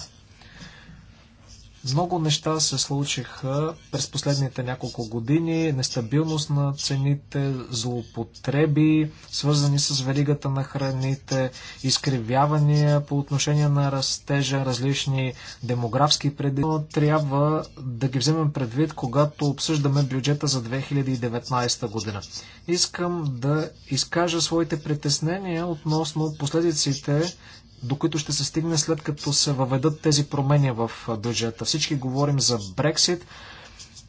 Много неща се случиха през последните няколко години. Нестабилност на цените, злоупотреби, свързани с веригата на храните, изкривявания по отношение на растежа, различни демографски преди. Трябва да ги вземем предвид, когато обсъждаме бюджета за 2019 година. Искам да изкажа своите притеснения относно последиците до които ще се стигне след като се въведат тези промени в бюджета. Всички говорим за Брексит.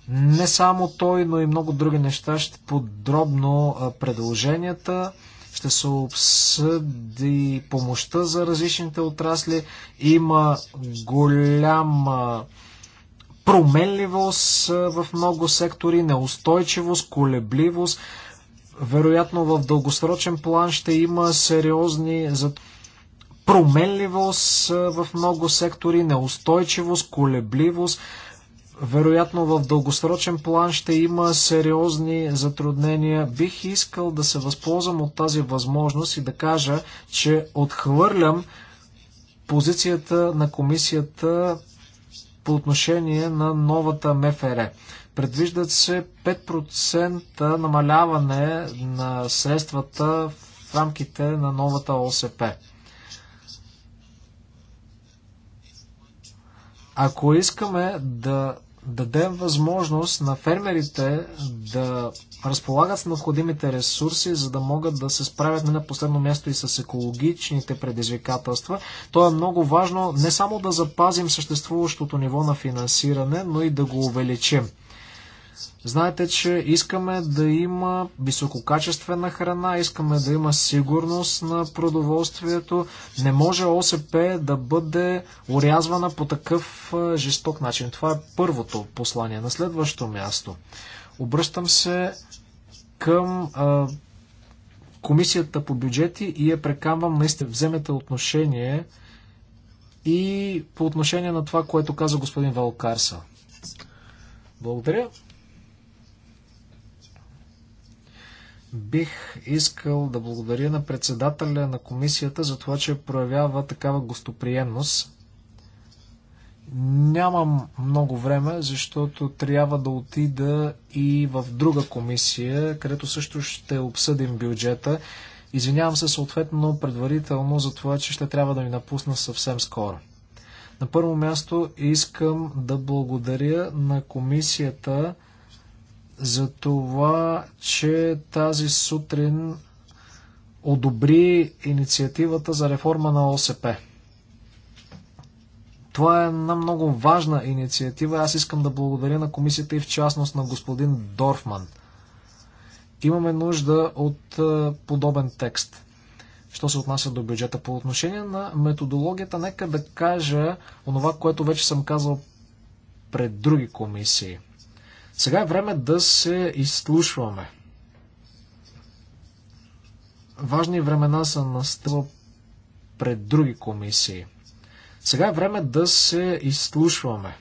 Не само той, но и много други неща. Ще подробно предложенията ще се обсъди помощта за различните отрасли. Има голяма променливост в много сектори, неустойчивост, колебливост. Вероятно в дългосрочен план ще има сериозни затворения променливост в много сектори, неустойчивост, колебливост. Вероятно в дългосрочен план ще има сериозни затруднения. Бих искал да се възползвам от тази възможност и да кажа, че отхвърлям позицията на комисията по отношение на новата МФР. Предвиждат се 5% намаляване на средствата в рамките на новата ОСП. Ако искаме да дадем възможност на фермерите да разполагат с необходимите ресурси, за да могат да се справят не на последно място и с екологичните предизвикателства. То е много важно не само да запазим съществуващото ниво на финансиране, но и да го увеличим. Знаете, че искаме да има висококачествена храна, искаме да има сигурност на продоволствието. Не може ОСП да бъде урязвана по такъв жесток начин. Това е първото послание. На следващо място. Обръщам се към а, комисията по бюджети и я прекамвам наистина вземете отношение и по отношение на това, което каза господин Валкарса. Благодаря. Бих искал да благодаря на председателя на комисията за това, че проявява такава гостоприемност. Нямам много време, защото трябва да отида и в друга комисия, където също ще обсъдим бюджета. Извинявам се съответно предварително за това, че ще трябва да ми напусна съвсем скоро. На първо място искам да благодаря на комисията за това, че тази сутрин одобри инициативата за реформа на ОСП. Това е една много важна инициатива. Аз искам да благодаря на комисията и в частност на господин Дорфман. Имаме нужда от е, подобен текст. Що се отнася до бюджета по отношение на методологията, нека да кажа онова, което вече съм казал пред други комисии – сега е време да се изслушваме. Важни времена са настъпва пред други комисии. Сега е време да се изслушваме.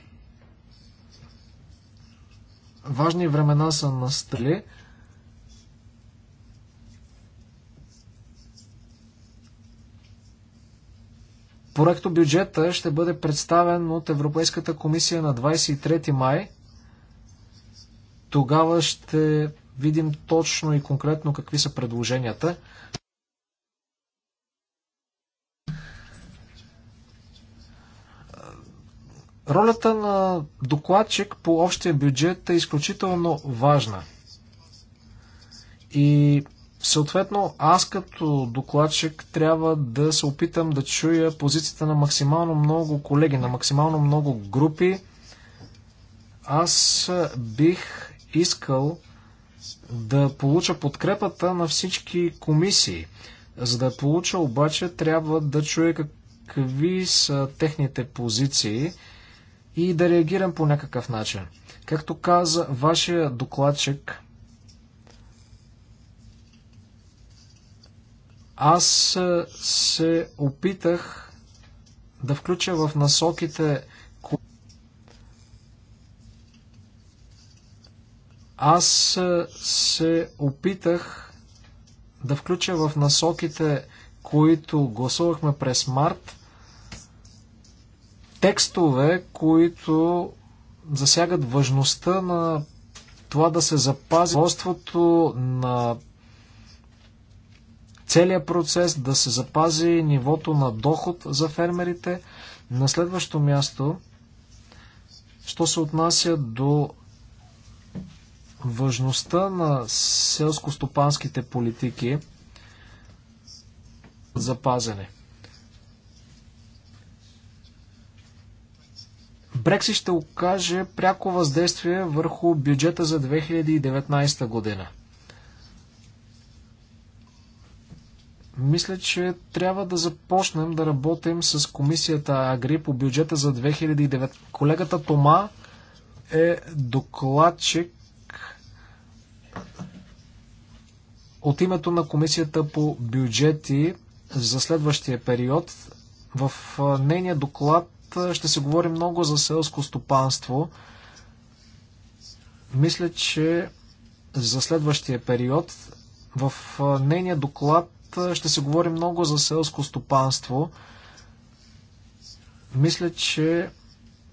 Важни времена са настали. Проекто бюджета ще бъде представен от Европейската комисия на 23 май тогава ще видим точно и конкретно какви са предложенията. Ролята на докладчик по общия бюджет е изключително важна. И съответно аз като докладчик трябва да се опитам да чуя позицията на максимално много колеги, на максимално много групи. Аз бих искал да получа подкрепата на всички комисии. За да я получа обаче трябва да чуя какви са техните позиции и да реагирам по някакъв начин. Както каза вашия докладчик, аз се опитах да включа в насоките, Аз е, се опитах да включа в насоките, които гласувахме през март, текстове, които засягат важността на това да се запази производството на целият процес, да се запази нивото на доход за фермерите. На следващо място, що се отнася до важността на селско-стопанските политики запазене. Брексит ще окаже пряко въздействие върху бюджета за 2019 година. Мисля, че трябва да започнем да работим с комисията Агри по бюджета за 2009. Колегата Тома е докладчик от името на Комисията по бюджети за следващия период, в нейния доклад ще се говори много за селско стопанство. Мисля, че за следващия период в нейния доклад ще се говори много за селско стопанство. Мисля, че е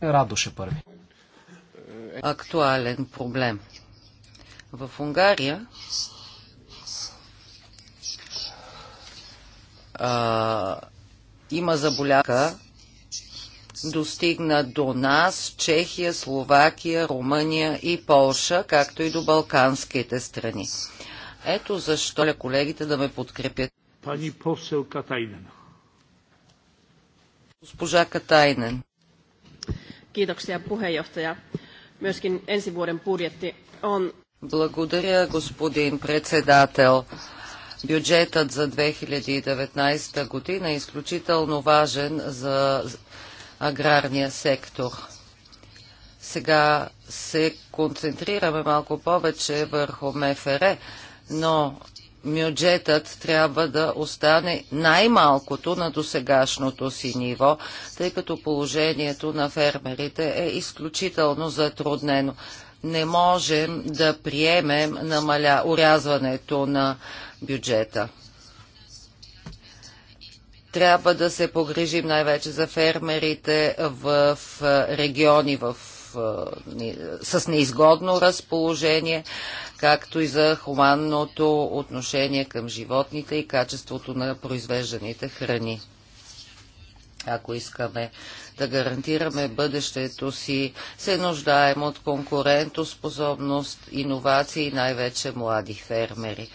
Радоше първи. Актуален проблем. В Унгария а, има заболяка, достигна до нас Чехия, Словакия, Румъния и Полша, както и до балканските страни. Ето защо ля колегите да ме подкрепят. Пани посел Катайнен. Госпожа Катайнен. Kiitoksia puheenjohtaja. Myöskin ensi vuoden budjetti on благодаря, господин председател. Бюджетът за 2019 година е изключително важен за аграрния сектор. Сега се концентрираме малко повече върху МФР, но бюджетът трябва да остане най-малкото на досегашното си ниво, тъй като положението на фермерите е изключително затруднено не можем да приемем намаля, урязването на бюджета. Трябва да се погрижим най-вече за фермерите в региони в, с неизгодно разположение, както и за хуманното отношение към животните и качеството на произвежданите храни ако искаме да гарантираме бъдещето си, се нуждаем от конкурентоспособност, иновации и най-вече млади фермери.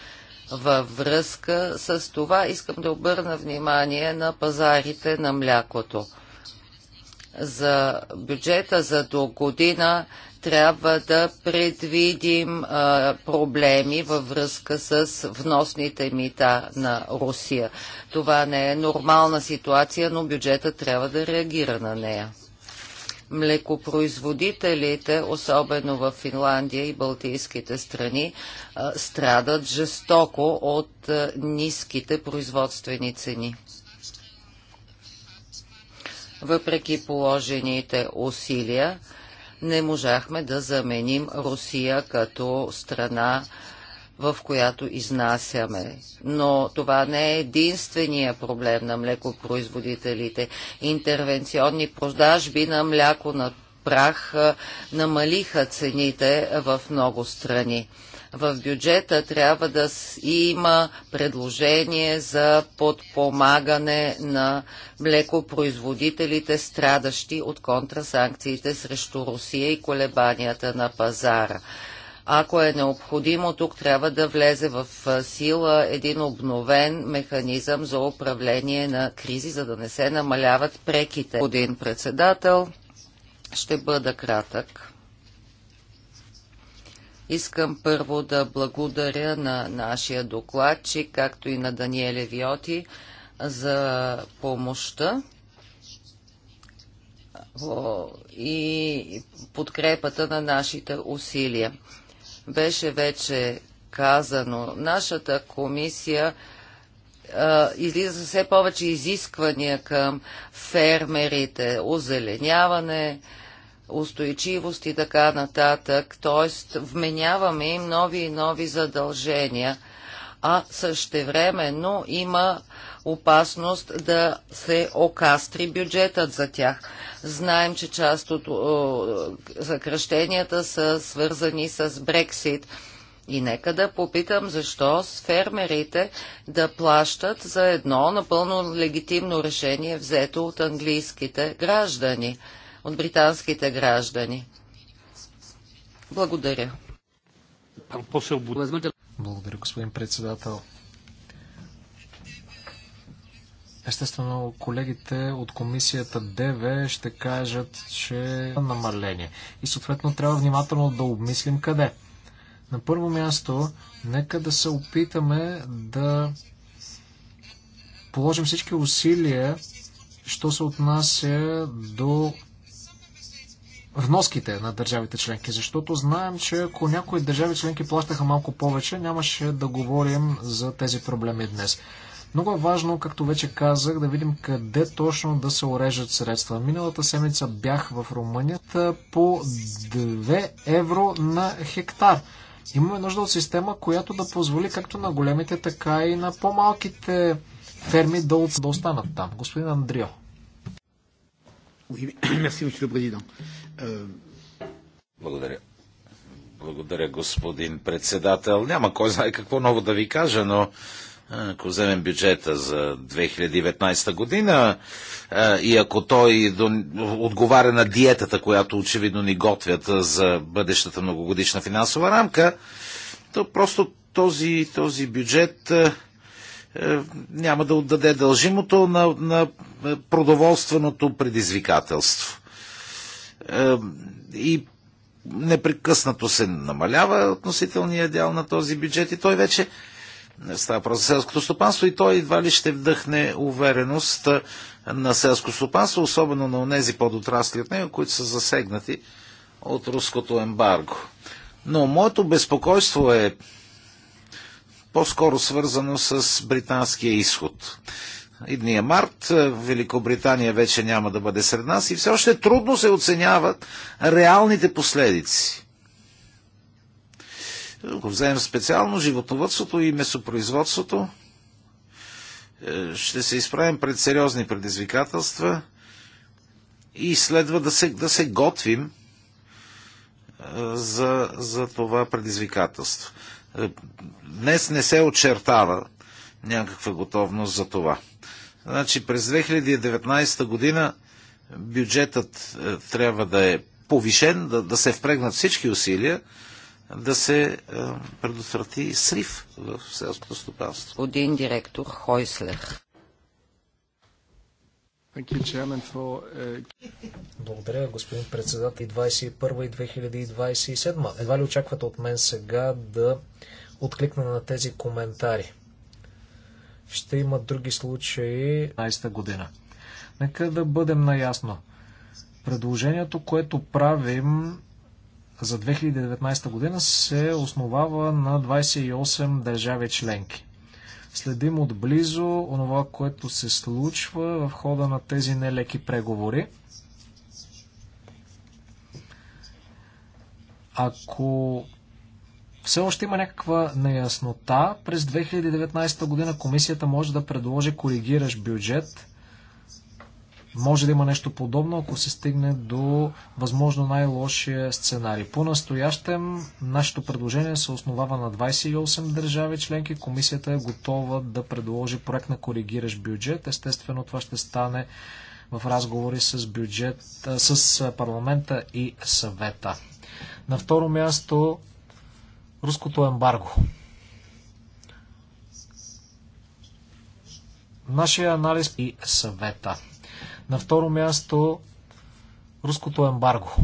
Във връзка с това искам да обърна внимание на пазарите на млякото. За бюджета за до година трябва да предвидим а, проблеми във връзка с вносните мита на Русия. Това не е нормална ситуация, но бюджета трябва да реагира на нея. Млекопроизводителите, особено в Финландия и Балтийските страни, а, страдат жестоко от а, ниските производствени цени въпреки положените усилия, не можахме да заменим Русия като страна, в която изнасяме. Но това не е единствения проблем на млекопроизводителите. Интервенционни продажби на мляко на прах намалиха цените в много страни в бюджета трябва да има предложение за подпомагане на млекопроизводителите, страдащи от контрасанкциите срещу Русия и колебанията на пазара. Ако е необходимо, тук трябва да влезе в сила един обновен механизъм за управление на кризи, за да не се намаляват преките. Господин председател, ще бъда кратък. Искам първо да благодаря на нашия докладчик, както и на Даниеле Виоти за помощта и подкрепата на нашите усилия. Беше вече казано, нашата комисия излиза все повече изисквания към фермерите, озеленяване, устойчивост и така нататък. т.е. вменяваме им нови и нови задължения, а същевременно има опасност да се окастри бюджетът за тях. Знаем, че част от съкръщенията са свързани с Брексит. И нека да попитам защо с фермерите да плащат за едно напълно легитимно решение, взето от английските граждани от британските граждани. Благодаря. Благодаря, господин председател. Естествено, колегите от комисията ДВ ще кажат, че е намаление. И съответно трябва внимателно да обмислим къде. На първо място, нека да се опитаме да положим всички усилия, що се отнася до вноските на държавите членки, защото знаем, че ако някои държави членки плащаха малко повече, нямаше да говорим за тези проблеми днес. Много е важно, както вече казах, да видим къде точно да се орежат средства. Миналата седмица бях в Румънията по 2 евро на хектар. Имаме нужда от система, която да позволи както на големите, така и на по-малките ферми да, останат там. Господин Андрио. merci, monsieur le président. Благодаря. Благодаря, господин председател. Няма кой знае какво ново да ви кажа, но ако вземем бюджета за 2019 година и ако той отговаря на диетата, която очевидно ни готвят за бъдещата многогодишна финансова рамка, то просто този, този бюджет няма да отдаде дължимото на, на продоволственото предизвикателство. Е, и непрекъснато се намалява относителния дял на този бюджет и той вече става въпрос за селското стопанство и той едва ли ще вдъхне увереност е, на селско стопанство, особено на тези подотрасли от него, които са засегнати от руското ембарго. Но моето безпокойство е по-скоро свързано с британския изход идния март Великобритания вече няма да бъде сред нас и все още трудно се оценяват реалните последици. Ако вземем специално животновътството и месопроизводството, е, ще се изправим пред сериозни предизвикателства и следва да се, да се готвим е, за, за това предизвикателство. Е, днес не се очертава някаква готовност за това. Значи през 2019 година бюджетът е, трябва да е повишен, да, да се впрегнат всички усилия, да се е, предотврати срив в селското стопанство. Один директор Хойслер. Е, Благодаря, господин председател. 2021 и 2027. Едва ли очаквате от мен сега да откликна на тези коментари? ще има други случаи 20 година. Нека да бъдем наясно. Предложението, което правим за 2019 година се основава на 28 държави членки. Следим отблизо онова, което се случва в хода на тези нелеки преговори. Ако все още има някаква неяснота. През 2019 година комисията може да предложи коригиращ бюджет. Може да има нещо подобно, ако се стигне до възможно най-лошия сценарий. По-настоящем нашето предложение се основава на 28 държави членки. Комисията е готова да предложи проект на коригиращ бюджет. Естествено, това ще стане в разговори с, бюджет, с парламента и съвета. На второ място руското ембарго. Нашия анализ и съвета. На второ място руското ембарго.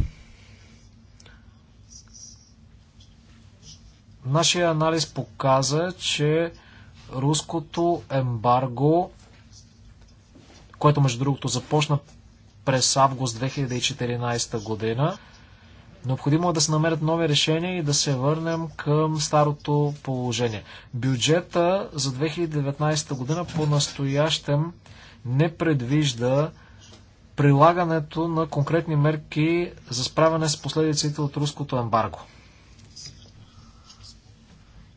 Нашия анализ показа, че руското ембарго, което между другото започна през август 2014 година, Необходимо е да се намерят нови решения и да се върнем към старото положение. Бюджета за 2019 година по-настоящем не предвижда прилагането на конкретни мерки за справяне с последиците от руското ембарго.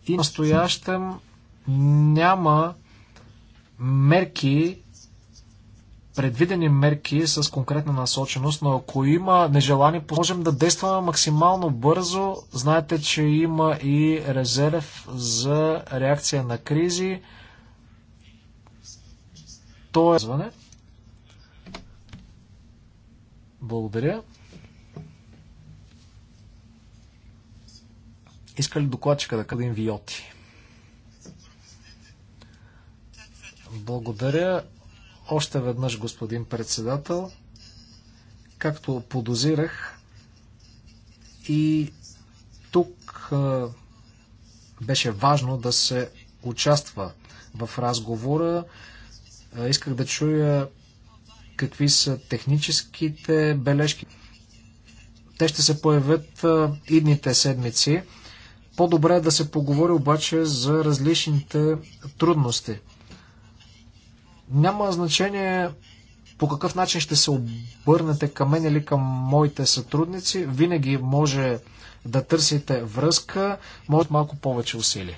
И настоящем няма мерки предвидени мерки с конкретна насоченост, но ако има нежелани, можем да действаме максимално бързо. Знаете, че има и резерв за реакция на кризи. То е звъне. Благодаря. Иска ли докладчика да кадим Виоти? Благодаря. Още веднъж, господин председател, както подозирах, и тук а, беше важно да се участва в разговора. А, исках да чуя какви са техническите бележки. Те ще се появят а, идните седмици. По-добре е да се поговори обаче за различните трудности. Няма значение по какъв начин ще се обърнете към мен или към моите сътрудници. Винаги може да търсите връзка, може малко повече усилия.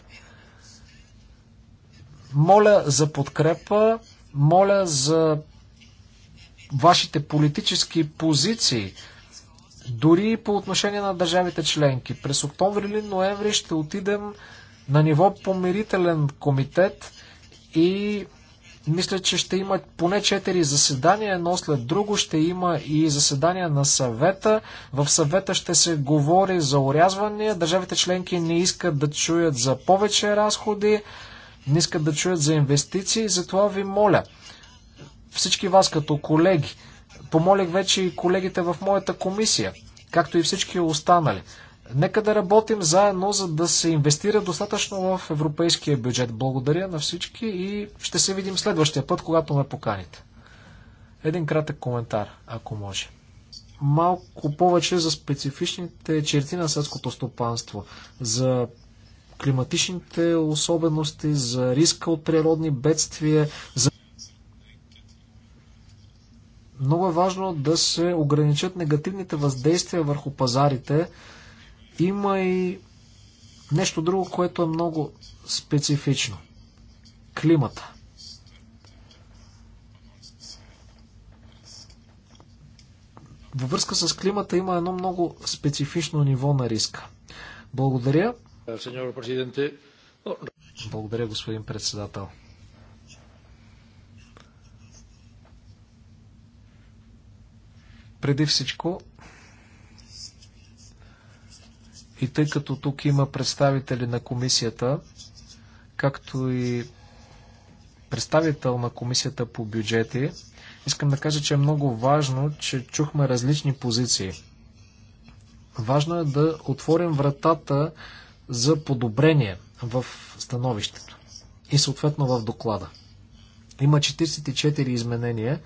Моля за подкрепа, моля за вашите политически позиции, дори по отношение на държавите членки. През октомври или ноември ще отидем на ниво помирителен комитет и мисля, че ще има поне 4 заседания, едно след друго ще има и заседания на съвета. В съвета ще се говори за урязвания. Държавите членки не искат да чуят за повече разходи, не искат да чуят за инвестиции. Затова ви моля, всички вас като колеги, помолих вече и колегите в моята комисия, както и всички останали. Нека да работим заедно, за да се инвестира достатъчно в европейския бюджет. Благодаря на всички и ще се видим следващия път, когато ме поканите. Един кратък коментар, ако може. Малко повече за специфичните черти на съдското стопанство, за климатичните особености, за риска от природни бедствия, за много е важно да се ограничат негативните въздействия върху пазарите, има и нещо друго, което е много специфично. Климата. Във връзка с климата има едно много специфично ниво на риска. Благодаря. Благодаря, господин председател. Преди всичко, и тъй като тук има представители на комисията, както и представител на комисията по бюджети, искам да кажа, че е много важно, че чухме различни позиции. Важно е да отворим вратата за подобрение в становището и съответно в доклада. Има 44 изменения,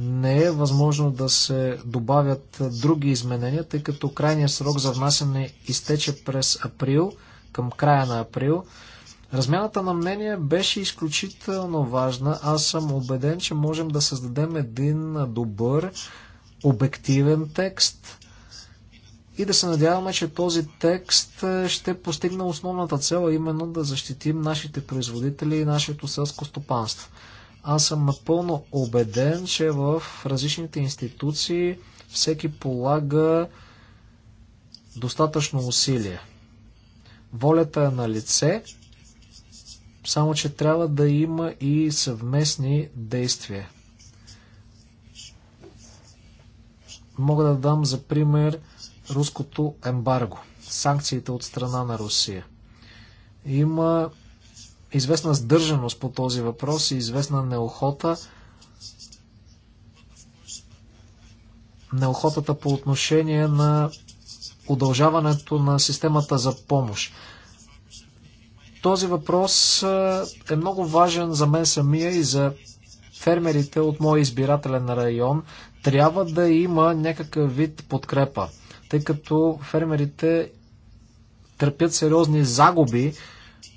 не е възможно да се добавят други изменения, тъй като крайният срок за внасяне изтече през април, към края на април. Размяната на мнение беше изключително важна. Аз съм убеден, че можем да създадем един добър, обективен текст и да се надяваме, че този текст ще постигне основната цел, именно да защитим нашите производители и нашето селско стопанство. Аз съм напълно убеден, че в различните институции всеки полага достатъчно усилие. Волята е на лице, само че трябва да има и съвместни действия. Мога да дам за пример руското ембарго, санкциите от страна на Русия. Има известна сдържаност по този въпрос и известна неохота. Неохотата по отношение на удължаването на системата за помощ. Този въпрос е много важен за мен самия и за фермерите от моя избирателен район. Трябва да има някакъв вид подкрепа, тъй като фермерите търпят сериозни загуби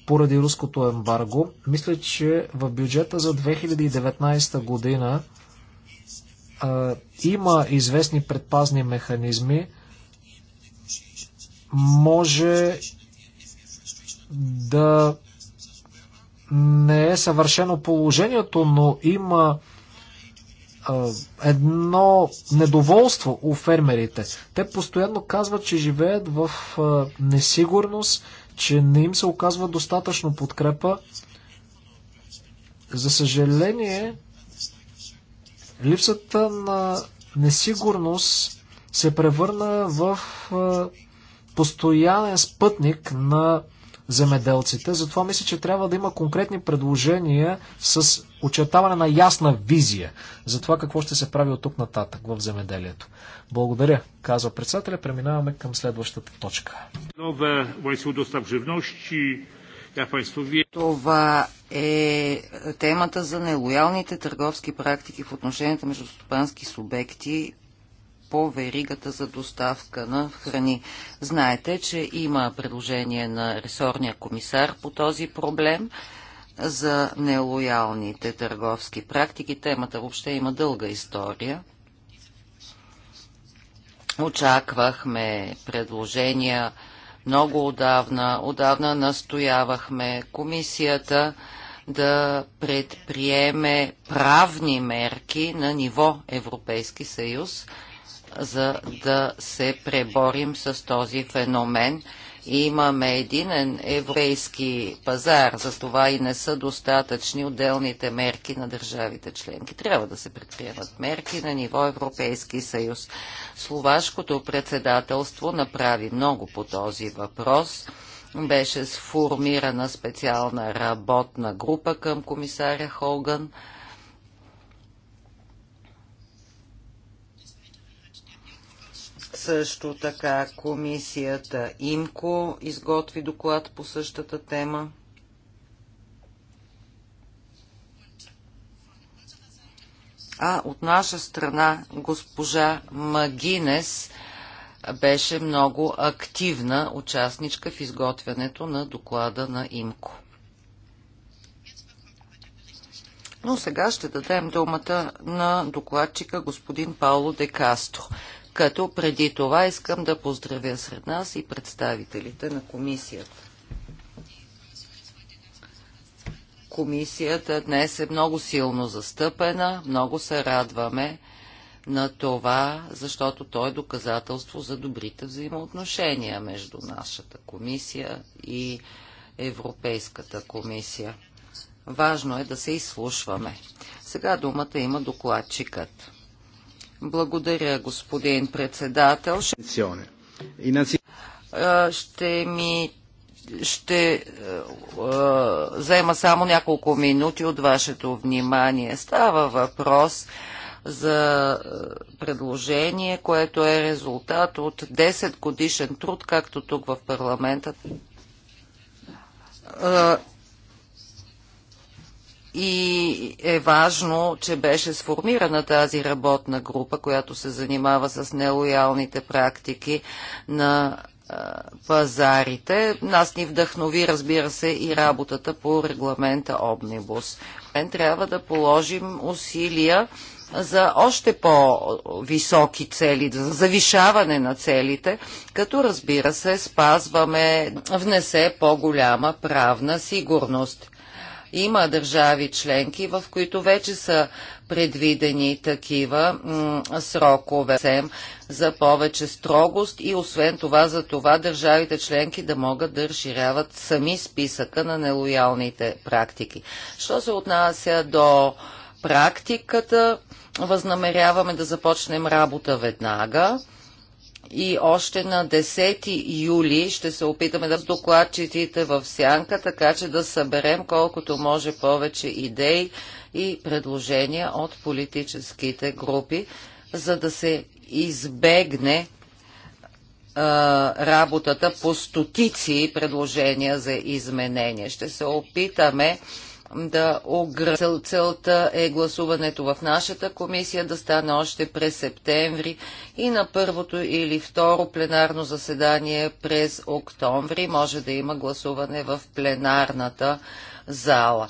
поради руското ембарго. Мисля, че в бюджета за 2019 година а, има известни предпазни механизми. Може да не е съвършено положението, но има едно недоволство у фермерите. Те постоянно казват, че живеят в несигурност, че не им се оказва достатъчно подкрепа. За съжаление, липсата на несигурност се превърна в постоянен спътник на земеделците. Затова мисля, че трябва да има конкретни предложения с очертаване на ясна визия за това какво ще се прави от тук нататък в земеделието. Благодаря, казва председателя. Преминаваме към следващата точка. Това е темата за нелоялните търговски практики в отношенията между стопански субекти по веригата за доставка на храни. Знаете, че има предложение на ресорния комисар по този проблем за нелоялните търговски практики. Темата въобще има дълга история. Очаквахме предложения много отдавна. Отдавна настоявахме комисията да предприеме правни мерки на ниво Европейски съюз за да се преборим с този феномен. Имаме един еврейски пазар, за това и не са достатъчни отделните мерки на държавите членки. Трябва да се предприемат мерки на ниво Европейски съюз. Словашкото председателство направи много по този въпрос беше сформирана специална работна група към комисаря Холган – Също така комисията ИМКО изготви доклад по същата тема. А от наша страна госпожа Магинес беше много активна участничка в изготвянето на доклада на ИМКО. Но сега ще дадем думата на докладчика господин Пауло Декасто като преди това искам да поздравя сред нас и представителите на комисията. Комисията днес е много силно застъпена, много се радваме на това, защото то е доказателство за добрите взаимоотношения между нашата комисия и Европейската комисия. Важно е да се изслушваме. Сега думата има докладчикът. Благодаря, господин председател. Ще ми ще е, само няколко минути от вашето внимание. Става въпрос за предложение, което е резултат от 10 годишен труд, както тук в парламента, и е важно, че беше сформирана тази работна група, която се занимава с нелоялните практики на пазарите. Нас ни вдъхнови, разбира се, и работата по регламента Обнибус. Трябва да положим усилия за още по-високи цели, за завишаване на целите, като разбира се спазваме, внесе по-голяма правна сигурност. Има държави членки, в които вече са предвидени такива срокове за повече строгост и освен това за това държавите членки да могат да разширяват сами списъка на нелоялните практики. Що се отнася до практиката, възнамеряваме да започнем работа веднага и още на 10 юли ще се опитаме да докладчиците в сянка, така че да съберем колкото може повече идеи и предложения от политическите групи, за да се избегне работата по стотици предложения за изменение. Ще се опитаме да огра. целта е гласуването в нашата комисия да стане още през септември и на първото или второ пленарно заседание през октомври може да има гласуване в пленарната зала.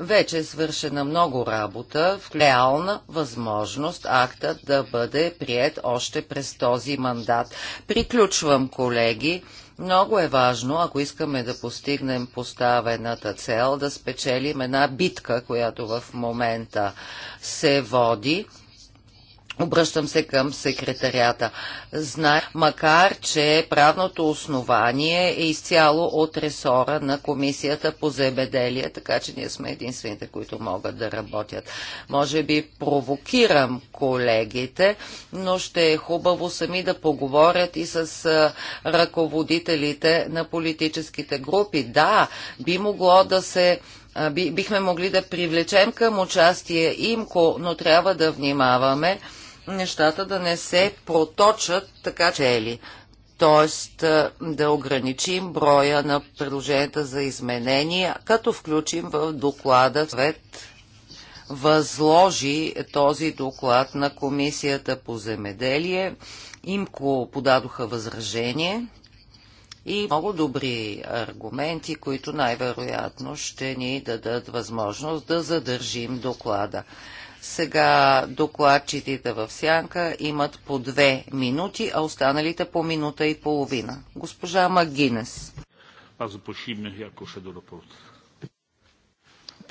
Вече е свършена много работа, в реална възможност акта да бъде прият още през този мандат. Приключвам, колеги. Много е важно, ако искаме да постигнем поставената цел, да спечелим една битка, която в момента се води Обръщам се към секретарията. Знае, макар, че правното основание е изцяло от ресора на Комисията по земеделие, така че ние сме единствените, които могат да работят. Може би провокирам колегите, но ще е хубаво сами да поговорят и с ръководителите на политическите групи. Да, би могло да се бихме могли да привлечем към участие имко, но трябва да внимаваме, нещата да не се проточат така чели. Тоест да ограничим броя на предложенията за изменения, като включим в доклада свет възложи този доклад на Комисията по земеделие. Имко подадоха възражение и много добри аргументи, които най-вероятно ще ни дадат възможност да задържим доклада. Сега докладчиците в сянка имат по две минути, а останалите по минута и половина. Госпожа Магинес. Аз започваме яко ще до рапорта.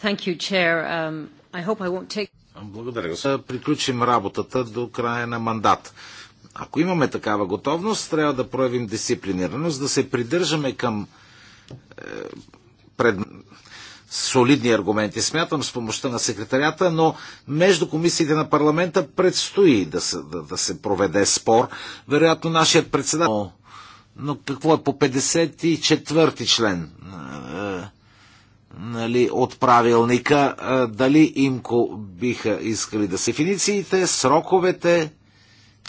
Thank you, Chair. Um, I hope I won't take... Благодаря. Сега приключим работата до края на мандат. Ако имаме такава готовност, трябва да проявим дисциплинираност, да се придържаме към е, пред солидни аргументи, смятам, с помощта на секретарята, но между комисиите на парламента предстои да се, да, да се проведе спор. Вероятно, нашият председател. Но какво е по 54-ти член е, нали, от правилника? Е, дали имко биха искали да се финициите, сроковете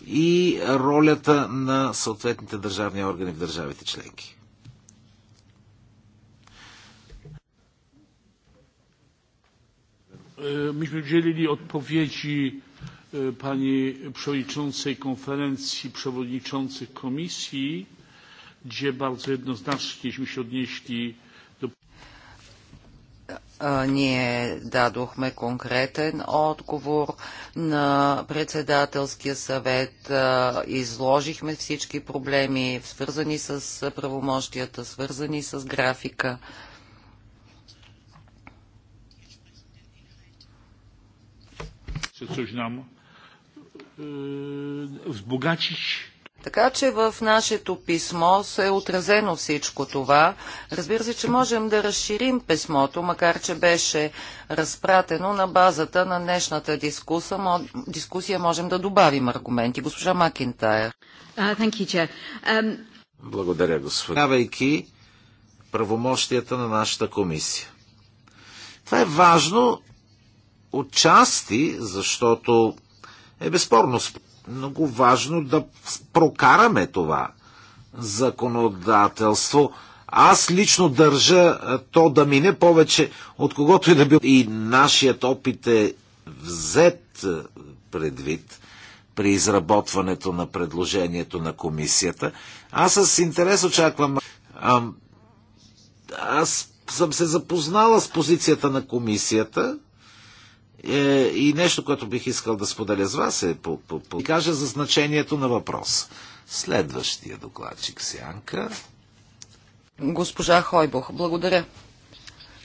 и ролята на съответните държавни органи в държавите членки? myśmy udzielili odpowiedzi pani przewodniczącej konferencji przewodniczących komisji gdzie bardzo jednoznacznieśmy się odnieśli do ние дадохме конкретен отговор на председателския съвет, изложихме всички проблеми, свързани с правомощията, свързани с графика. Chce coś nam wzbogacić. Така че в нашето писмо се е отразено всичко това. Разбира се, че можем да разширим писмото, макар че беше разпратено на базата на днешната дискуса, дискусия. Можем да добавим аргументи. Госпожа Макинтайр. Uh, um... Благодаря, господин. Давайки правомощията на нашата комисия. Това е важно, отчасти, защото е безспорно много важно да прокараме това законодателство. Аз лично държа то да мине повече от когото и да бил. И нашият опит е взет предвид при изработването на предложението на комисията. Аз с интерес очаквам. аз съм се запознала с позицията на комисията е, и нещо, което бих искал да споделя с вас е по, по, по... кажа за значението на въпрос. Следващия докладчик Сянка. Госпожа Хойбох, благодаря.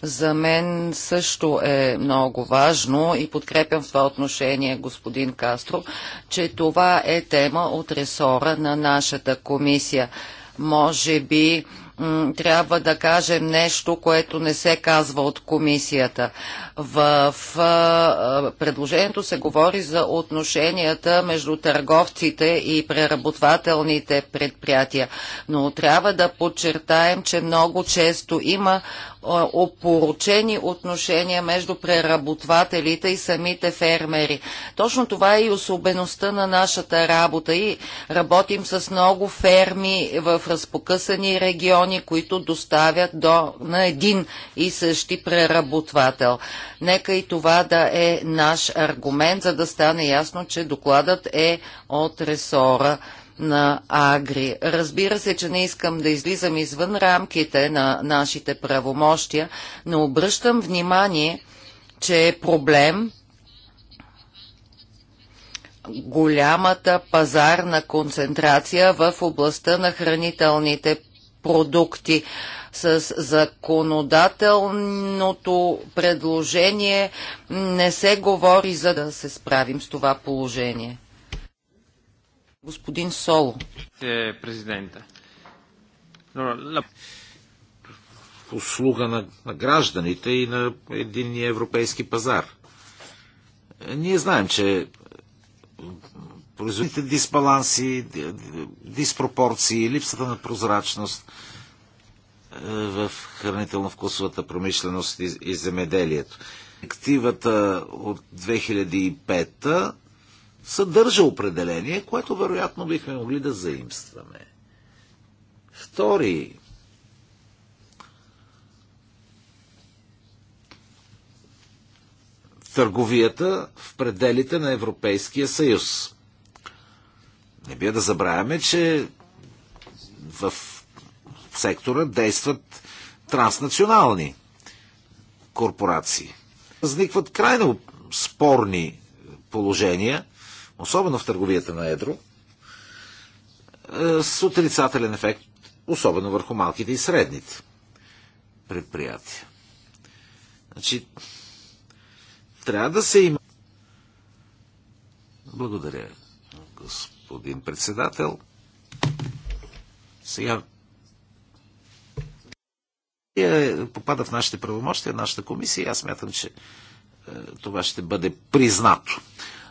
За мен също е много важно и подкрепям в това отношение господин Кастро, че това е тема от ресора на нашата комисия. Може би трябва да кажем нещо, което не се казва от комисията. В предложението се говори за отношенията между търговците и преработвателните предприятия, но трябва да подчертаем, че много често има опоручени отношения между преработвателите и самите фермери. Точно това е и особеността на нашата работа и работим с много ферми в разпокъсани региони, които доставят до, на един и същи преработвател. Нека и това да е наш аргумент, за да стане ясно, че докладът е от ресора на Агри. Разбира се, че не искам да излизам извън рамките на нашите правомощия, но обръщам внимание, че е проблем голямата пазарна концентрация в областта на хранителните продукти. С законодателното предложение не се говори за да се справим с това положение. Господин Соло. Е, президента. Послуга на, на гражданите и на единния европейски пазар. Е, ние знаем, че производите дисбаланси, диспропорции, липсата на прозрачност в хранително-вкусовата промишленост и, и земеделието. Активата от 2005 съдържа определение, което вероятно бихме могли да заимстваме. Втори търговията в пределите на Европейския съюз. Не бие да забравяме, че в сектора действат транснационални корпорации. Възникват крайно спорни положения, особено в търговията на едро, е, с отрицателен ефект, особено върху малките и средните предприятия. Значи, трябва да се има. Благодаря, господин председател. Сега е, попада в нашите правомощия, нашата комисия и аз мятам, че е, това ще бъде признато.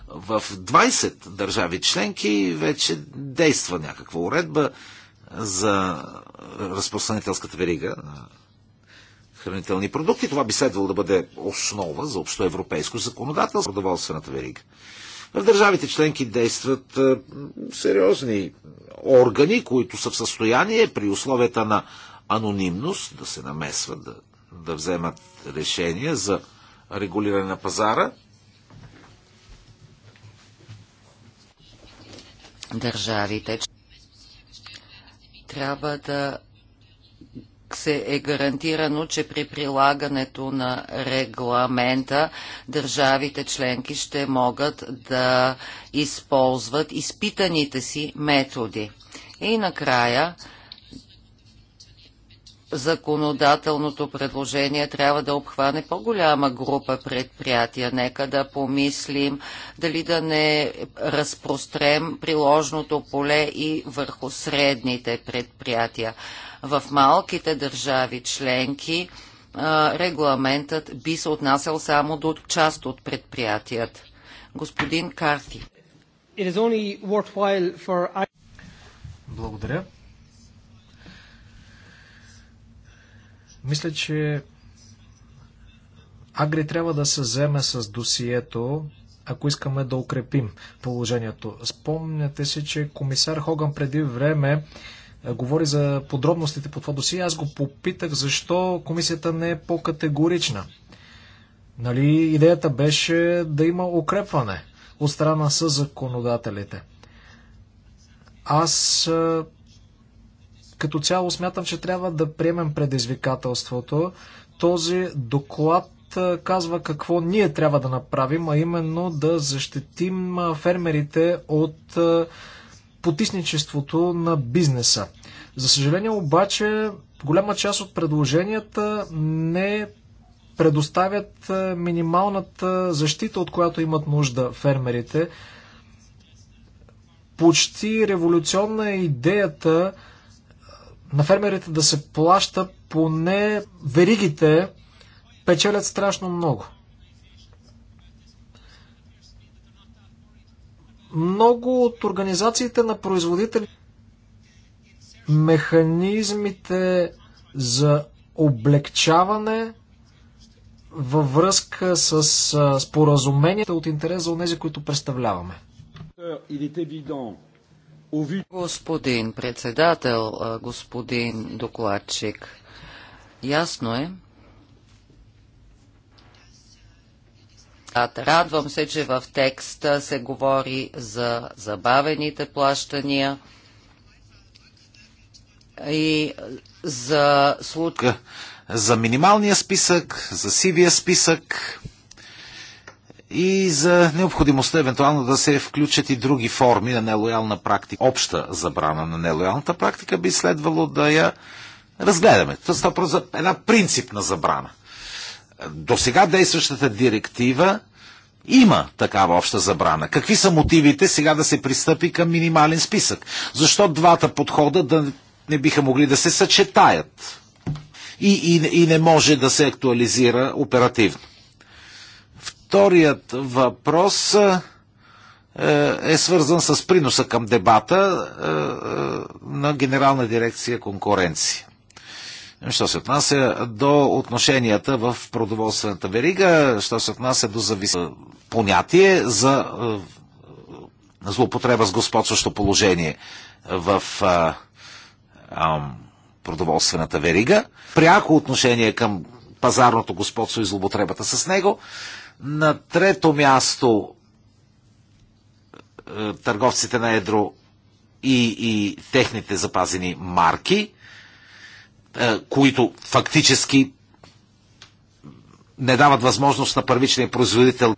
В 20 държави членки вече действа някаква уредба за разпространителската верига на хранителни продукти. Това би следвало да бъде основа за общоевропейско законодателство, продоволствената верига. В държавите членки действат е, сериозни органи, които са в състояние при условията на анонимност, да се намесват, да, да вземат решения за регулиране на пазара. Държавите трябва да се е гарантирано, че при прилагането на регламента държавите членки ще могат да използват изпитаните си методи. И накрая законодателното предложение трябва да обхване по-голяма група предприятия. Нека да помислим дали да не разпрострем приложното поле и върху средните предприятия. В малките държави членки регламентът би се отнасял само до част от предприятията. Господин Карти. For... Благодаря. Мисля, че Агри трябва да се вземе с досието, ако искаме да укрепим положението. Спомняте си, че комисар Хоган преди време говори за подробностите по това досие. Аз го попитах защо комисията не е по-категорична. Нали, идеята беше да има укрепване от страна с законодателите. Аз като цяло смятам, че трябва да приемем предизвикателството. Този доклад казва какво ние трябва да направим, а именно да защитим фермерите от потисничеството на бизнеса. За съжаление обаче, голяма част от предложенията не предоставят минималната защита, от която имат нужда фермерите. Почти революционна е идеята на фермерите да се плаща, поне веригите печелят страшно много. Много от организациите на производители механизмите за облегчаване във връзка с споразуменията от интерес за тези, които представляваме. Е, Господин председател, господин докладчик, ясно е, А радвам се, че в текста се говори за забавените плащания и за случка. За минималния списък, за сивия списък и за необходимостта евентуално да се включат и други форми на нелоялна практика. Обща забрана на нелоялната практика би следвало да я разгледаме. Това става просто за една принципна забрана. До сега действащата директива има такава обща забрана. Какви са мотивите сега да се пристъпи към минимален списък? Защо двата подхода да не биха могли да се съчетаят? И, и, и не може да се актуализира оперативно. Вторият въпрос е, е свързан с приноса към дебата е, е, на Генерална дирекция конкуренция. Що се отнася до отношенията в продоволствената верига, що се отнася до завис... понятие за злоупотреба с господстващо положение в а, а, продоволствената верига, пряко отношение към пазарното господство и злоупотребата с него, на трето място е, търговците на едро и, и техните запазени марки, е, които фактически не дават възможност на първичния производител.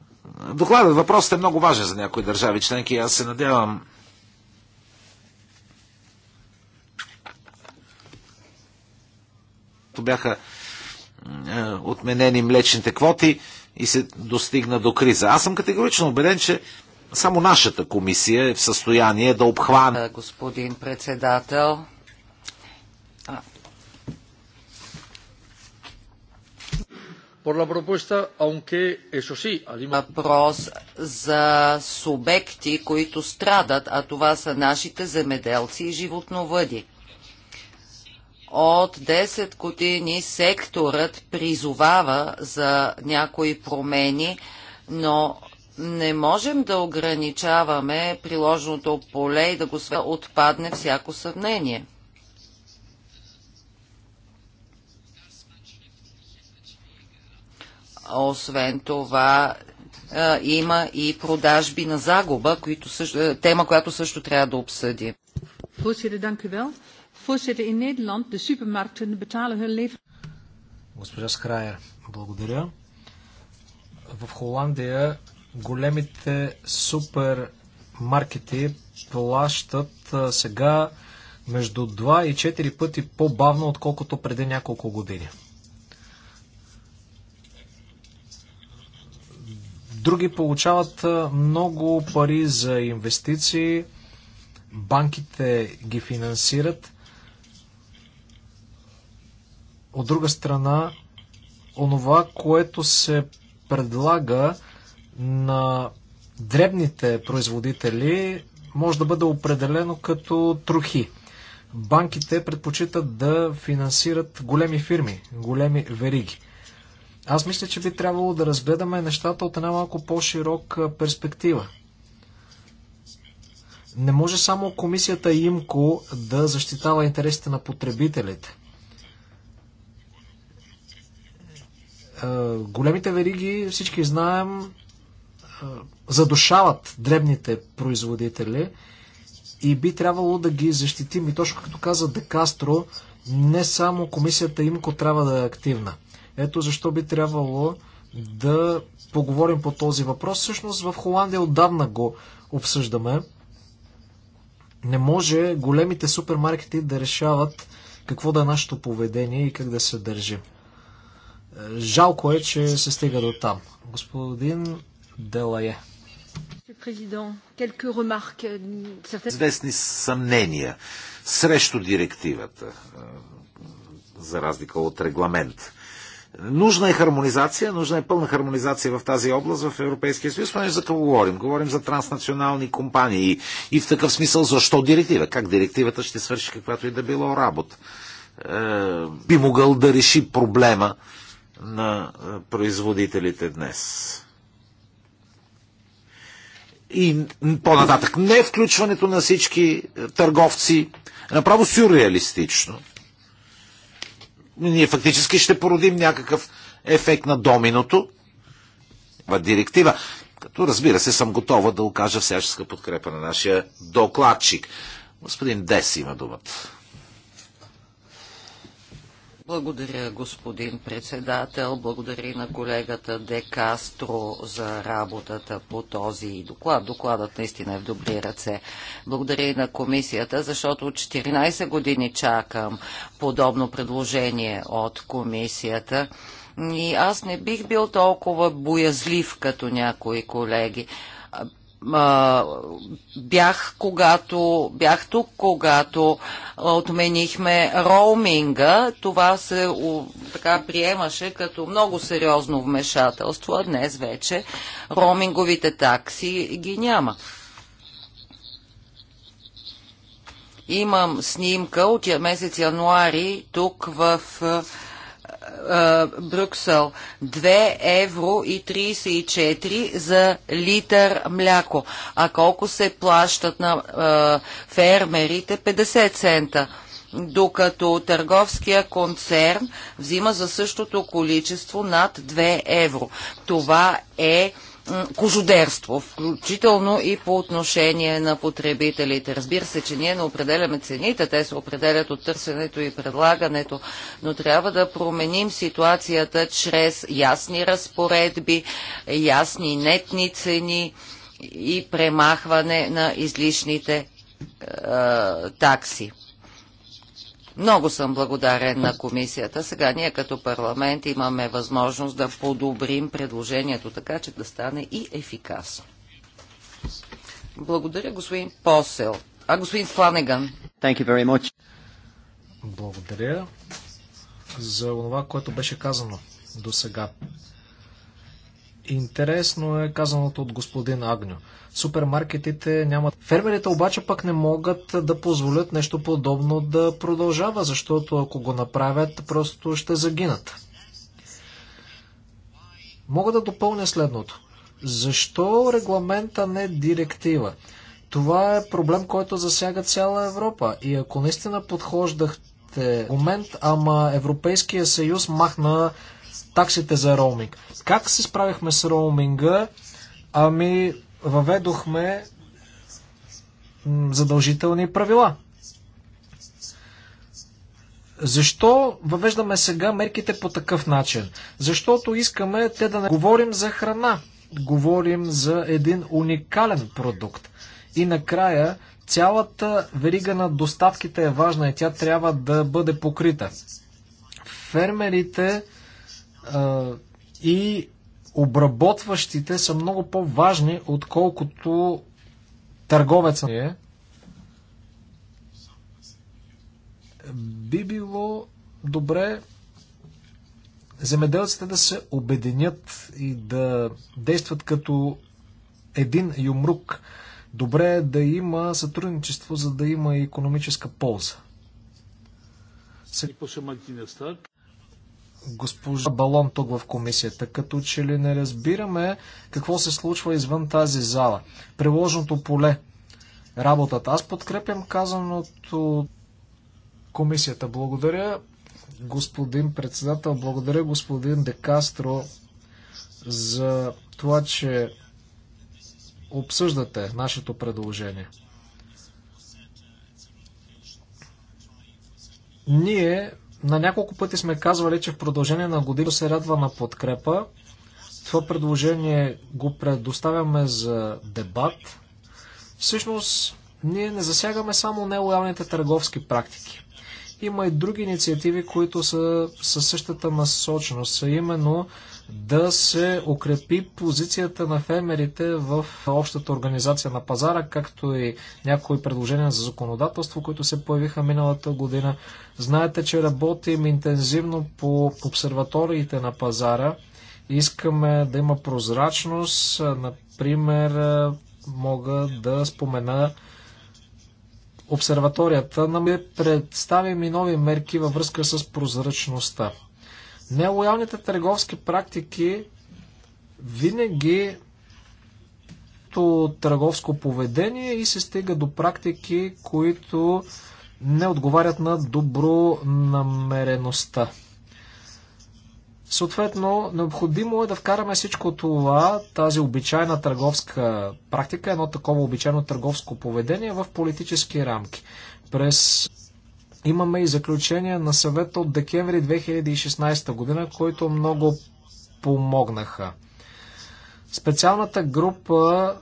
Докладът въпросът е много важен за някои държави членки. Аз се надявам бяха е, отменени млечните квоти и се достигна до криза. Аз съм категорично убеден, че само нашата комисия е в състояние да обхване. Е, господин председател, Въпрос за субекти, които страдат, а това са нашите земеделци и животновъди. От 10 години секторът призовава за някои промени, но не можем да ограничаваме приложното поле и да го отпадне всяко съмнение. Освен това, има и продажби на загуба, които също, тема, която също трябва да обсъди. Voorzitter, in Nederland de supermarkten betalen hun leven. Госпожа Скрая, благодаря. В Холандия големите супермаркети плащат сега между 2 и 4 пъти по-бавно, отколкото преди няколко години. Други получават много пари за инвестиции, банките ги финансират. От друга страна, онова, което се предлага на дребните производители, може да бъде определено като трохи. Банките предпочитат да финансират големи фирми, големи вериги. Аз мисля, че би трябвало да разгледаме нещата от една малко по-широка перспектива. Не може само комисията ИМКО да защитава интересите на потребителите. Е, големите вериги, всички знаем, е, задушават дребните производители и би трябвало да ги защитим. И точно като каза Декастро, не само комисията ИМКО трябва да е активна. Ето защо би трябвало да поговорим по този въпрос. Всъщност в Холандия отдавна го обсъждаме. Не може големите супермаркети да решават какво да е нашето поведение и как да се държим. Жалко е, че се стига до там. Господин Делае. Euh, Известни съмнения срещу директивата, за разлика от регламент. Нужна е хармонизация, нужна е пълна хармонизация в тази област в Европейския съюз. но не за какво говорим. Говорим за транснационални компании. И в такъв смисъл, защо директива? Как директивата ще свърши каквато и да било работа? Е, би могъл да реши проблема на производителите днес. И по-нататък, не включването на всички е, търговци, направо сюрреалистично. Ние фактически ще породим някакъв ефект на доминото в директива. Като разбира се, съм готова да окажа всяческа подкрепа на нашия докладчик. Господин Дес има думата. Благодаря, господин председател. Благодаря и на колегата Де Кастро за работата по този доклад. Докладът наистина е в добри ръце. Благодаря и на комисията, защото 14 години чакам подобно предложение от комисията. И аз не бих бил толкова боязлив като някои колеги бях, когато, бях тук, когато отменихме роуминга. Това се у, така приемаше като много сериозно вмешателство, а днес вече роуминговите такси ги няма. Имам снимка от месец януари тук в Брюксел 2 евро и 34 за литър мляко. А колко се плащат на фермерите? 50 цента докато търговския концерн взима за същото количество над 2 евро. Това е кожодерство, включително и по отношение на потребителите. Разбира се, че ние не определяме цените, те се определят от търсенето и предлагането, но трябва да променим ситуацията чрез ясни разпоредби, ясни нетни цени и премахване на излишните е, такси. Много съм благодарен на комисията. Сега ние като парламент имаме възможност да подобрим предложението така, че да стане и ефикасно. Благодаря, господин Посел. А, господин Фланеган. Благодаря за това, което беше казано до сега. Интересно е казаното от господин Агню. Супермаркетите нямат. Фермерите обаче пък не могат да позволят нещо подобно да продължава, защото ако го направят, просто ще загинат. Мога да допълня следното. Защо регламента не директива? Това е проблем, който засяга цяла Европа. И ако наистина подхождахте момент, ама Европейския съюз махна таксите за роуминг. Как се справихме с роуминга? Ами, въведохме задължителни правила. Защо въвеждаме сега мерките по такъв начин? Защото искаме те да не говорим за храна, говорим за един уникален продукт. И накрая цялата верига на доставките е важна и тя трябва да бъде покрита. Фермерите и обработващите са много по-важни, отколкото търговецът е. Би било добре земеделците да се обединят и да действат като един юмрук. Добре е да има сътрудничество, за да има и економическа полза. Сега госпожа Балон тук в комисията. Като че ли не разбираме какво се случва извън тази зала. Приложното поле, работата. Аз подкрепям казаното комисията. Благодаря, господин председател. Благодаря, господин Декастро, за това, че обсъждате нашето предложение. Ние на няколко пъти сме казвали, че в продължение на година се радва на подкрепа. Това предложение го предоставяме за дебат. Всъщност, ние не засягаме само нелоялните търговски практики. Има и други инициативи, които са със същата насочност, а именно да се укрепи позицията на фермерите в общата организация на пазара, както и някои предложения за законодателство, които се появиха миналата година. Знаете, че работим интензивно по обсерваториите на пазара. Искаме да има прозрачност. Например, мога да спомена обсерваторията, но ми представим и нови мерки във връзка с прозрачността. Нелоялните търговски практики винаги търговско поведение и се стига до практики, които не отговарят на добро намереността. Съответно, необходимо е да вкараме всичко това, тази обичайна търговска практика, едно такова обичайно търговско поведение в политически рамки. През Имаме и заключение на съвета от декември 2016 година, които много помогнаха. Специалната група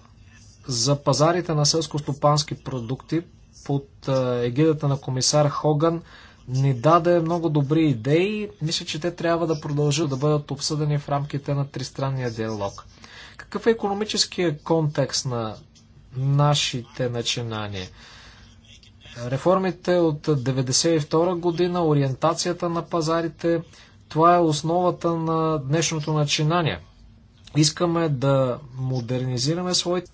за пазарите на селско-стопански продукти под е, егидата на комисар Хоган ни даде много добри идеи. Мисля, че те трябва да продължат да бъдат обсъдени в рамките на тристранния диалог. Какъв е економическия контекст на нашите начинания? Реформите от 1992 година, ориентацията на пазарите, това е основата на днешното начинание. Искаме да модернизираме своите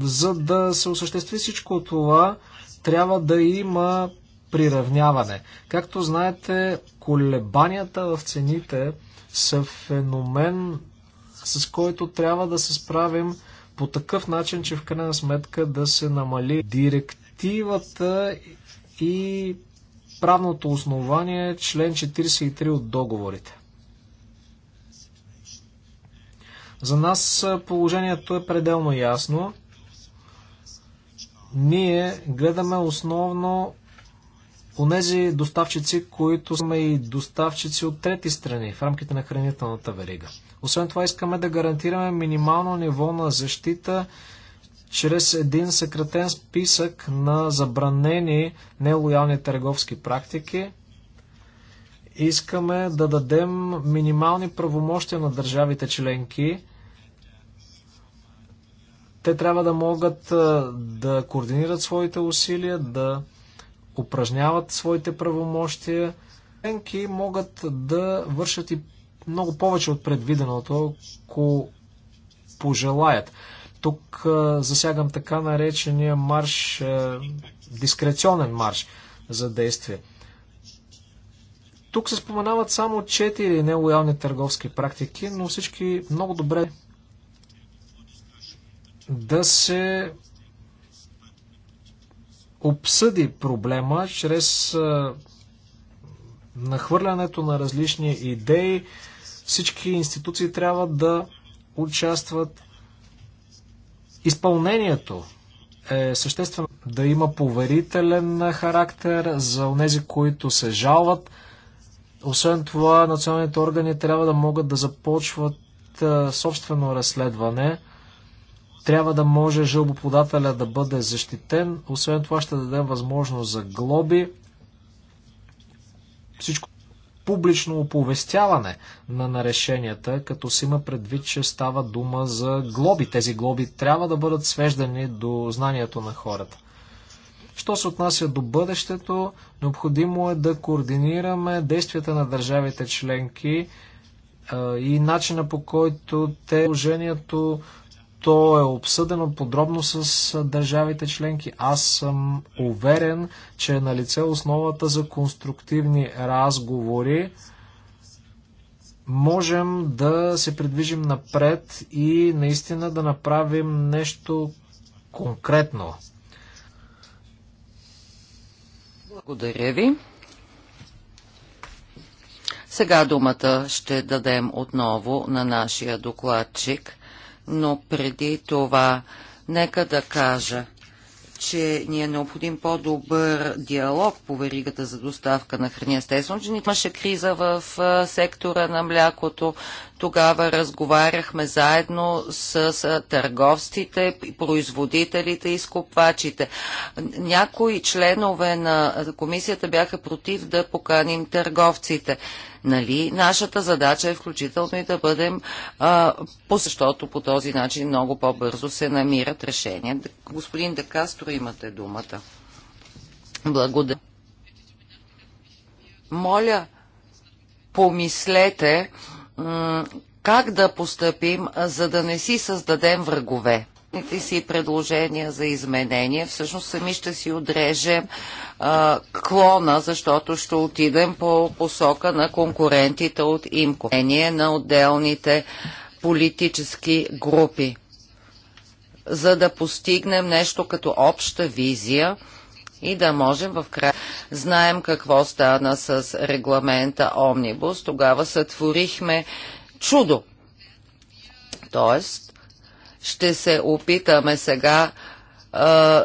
за да се осъществи всичко това, трябва да има приравняване. Както знаете, колебанията в цените са феномен, с който трябва да се справим по такъв начин, че в крайна сметка да се намали директивата и правното основание член 43 от договорите. За нас положението е пределно ясно. Ние гледаме основно онези доставчици, които сме и доставчици от трети страни в рамките на хранителната верига. Освен това искаме да гарантираме минимално ниво на защита чрез един съкратен списък на забранени нелоялни търговски практики. Искаме да дадем минимални правомощия на държавите членки. Те трябва да могат да координират своите усилия, да упражняват своите правомощия. Членки могат да вършат и много повече от предвиденото, ако пожелаят. Тук засягам така наречения марш, дискреционен марш за действие. Тук се споменават само 4 нелоялни търговски практики, но всички много добре да се обсъди проблема чрез нахвърлянето на различни идеи, всички институции трябва да участват. Изпълнението е съществено да има поверителен характер за тези, които се жалват. Освен това, националните органи трябва да могат да започват собствено разследване. Трябва да може жълбоподателя да бъде защитен. Освен това ще дадем възможност за глоби. Всичко публично оповестяване на нарешенията, като се има предвид, че става дума за глоби. Тези глоби трябва да бъдат свеждани до знанието на хората. Що се отнася до бъдещето, необходимо е да координираме действията на държавите членки и начина по който те положението то е обсъдено подробно с държавите членки. Аз съм уверен, че е на лице основата за конструктивни разговори. Можем да се придвижим напред и наистина да направим нещо конкретно. Благодаря ви. Сега думата ще дадем отново на нашия докладчик но преди това нека да кажа, че ни е необходим по-добър диалог по веригата за доставка на храни. Естествено, че имаше криза в сектора на млякото, тогава разговаряхме заедно с, търговците, производителите и скупвачите. Някои членове на комисията бяха против да поканим търговците. Нали? Нашата задача е включително и да бъдем а, по защото по този начин много по-бързо се намират решения. Господин Декастро, имате думата. Благодаря. Моля, помислете как да постъпим, за да не си създадем врагове. си предложения за изменение, всъщност сами ще си отрежем а, клона, защото ще отидем по посока на конкурентите от имко, на отделните политически групи. За да постигнем нещо като обща визия, и да можем в края. Знаем какво стана с регламента Омнибус. Тогава сътворихме чудо. Тоест, ще се опитаме сега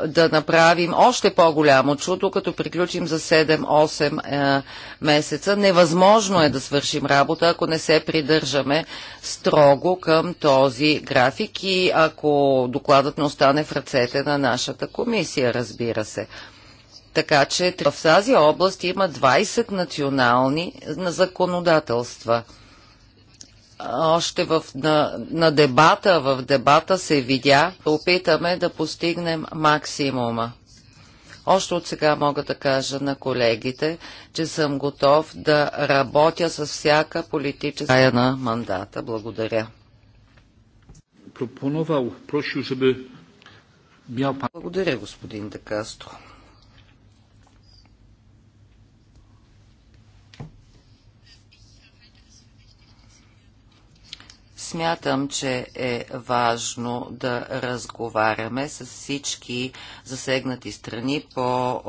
да направим още по-голямо чудо, като приключим за 7-8 месеца. Невъзможно е да свършим работа, ако не се придържаме строго към този график и ако докладът не остане в ръцете на нашата комисия, разбира се. Така че в тази област има 20 национални е, законодателства. Още в, на, на дебата, в дебата се видя, опитаме да постигнем максимума. Още от сега мога да кажа на колегите, че съм готов да работя с всяка политическа на мандата. Благодаря. Благодаря, господин Декастро. Смятам, че е важно да разговаряме с всички засегнати страни по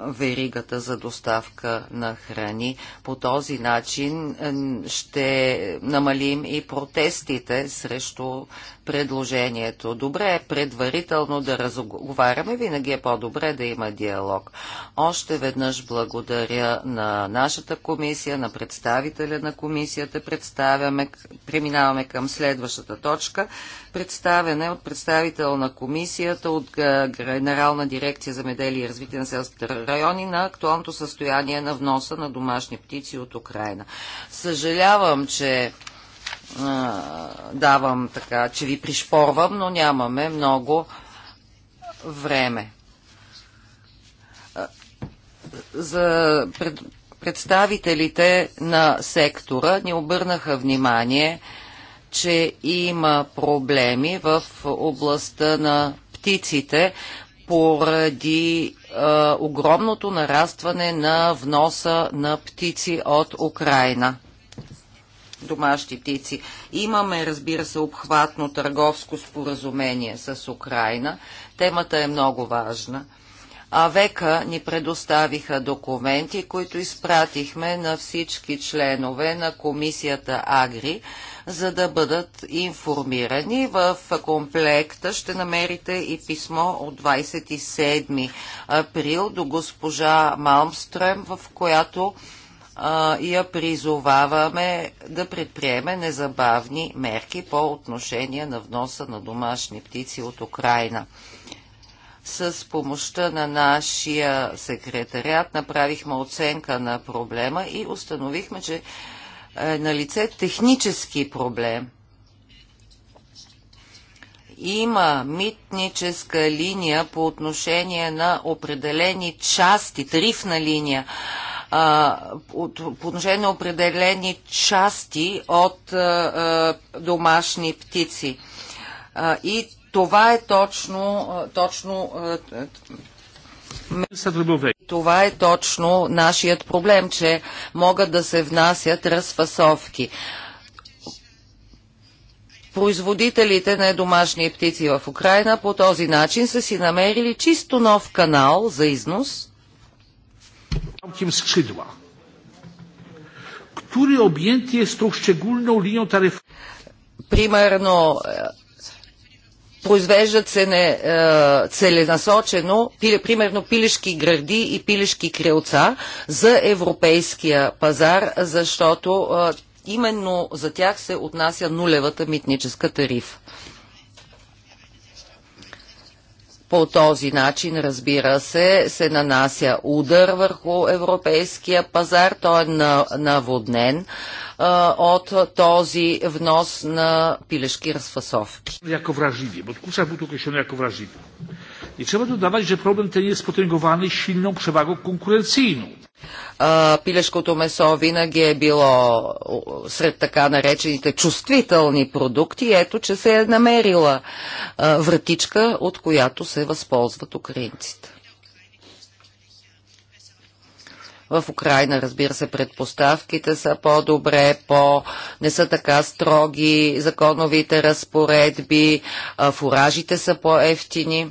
веригата за доставка на храни. По този начин ще намалим и протестите срещу предложението. Добре е предварително да разговаряме, винаги е по-добре да има диалог. Още веднъж благодаря на нашата комисия, на представителя на комисията. Представяме, преминаваме към следващата точка. Представяне от представител на комисията от Генерална дирекция за меделие и развитие на селските райони на актуалното състояние на вноса на домашни птици от Украина. Съжалявам, че давам така, че ви пришпорвам, но нямаме много време. За пред, представителите на сектора ни обърнаха внимание, че има проблеми в областта на птиците поради е, огромното нарастване на вноса на птици от Украина домашни птици. Имаме, разбира се, обхватно търговско споразумение с Украина. Темата е много важна. А века ни предоставиха документи, които изпратихме на всички членове на комисията Агри, за да бъдат информирани. В комплекта ще намерите и писмо от 27 април до госпожа Малмстрем, в която а, я призоваваме да предприеме незабавни мерки по отношение на вноса на домашни птици от Украина. С помощта на нашия секретариат направихме оценка на проблема и установихме, че е на лице технически проблем. Има митническа линия по отношение на определени части, тарифна линия от, по отношение на определени части от а, домашни птици. А, и това е точно, точно това е точно нашият проблем, че могат да се внасят разфасовки. Производителите на домашни птици в Украина по този начин са си намерили чисто нов канал за износ całkiem skrzydła, który objęty jest tą szczególną linią taryfową. Примерно, произвеждат се не, е, целенасочено, пили, примерно пилешки гради и пилешки крилца за европейския пазар, защото е, именно за тях се отнася нулевата митническа тарифа. По този начин, разбира се, се нанася удар върху европейския пазар. Той е наводнен а, от този внос на пилешки разфасовки. Яко вражливи, подкуса тук ще яко вражливи. Nie trzeba dodawać, że problem ten jest potęgowany silną przewagą konkurencyjną. пилешкото месо винаги е било сред така наречените чувствителни продукти. Ето, че се е намерила вратичка, от която се възползват украинците. В Украина, разбира се, предпоставките са по-добре, по... не са така строги, законовите разпоредби, фуражите са по-ефтини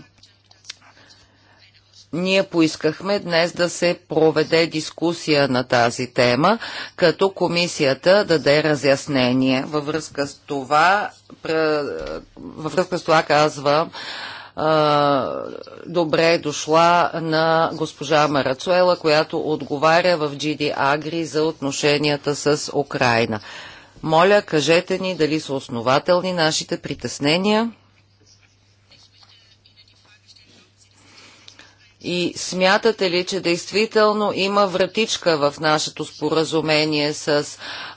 ние поискахме днес да се проведе дискусия на тази тема, като комисията даде разяснение. Във връзка с това, във връзка с това казва добре е дошла на госпожа Марацуела, която отговаря в GD Агри за отношенията с Украина. Моля, кажете ни дали са основателни нашите притеснения. И смятате ли, че действително има вратичка в нашето споразумение с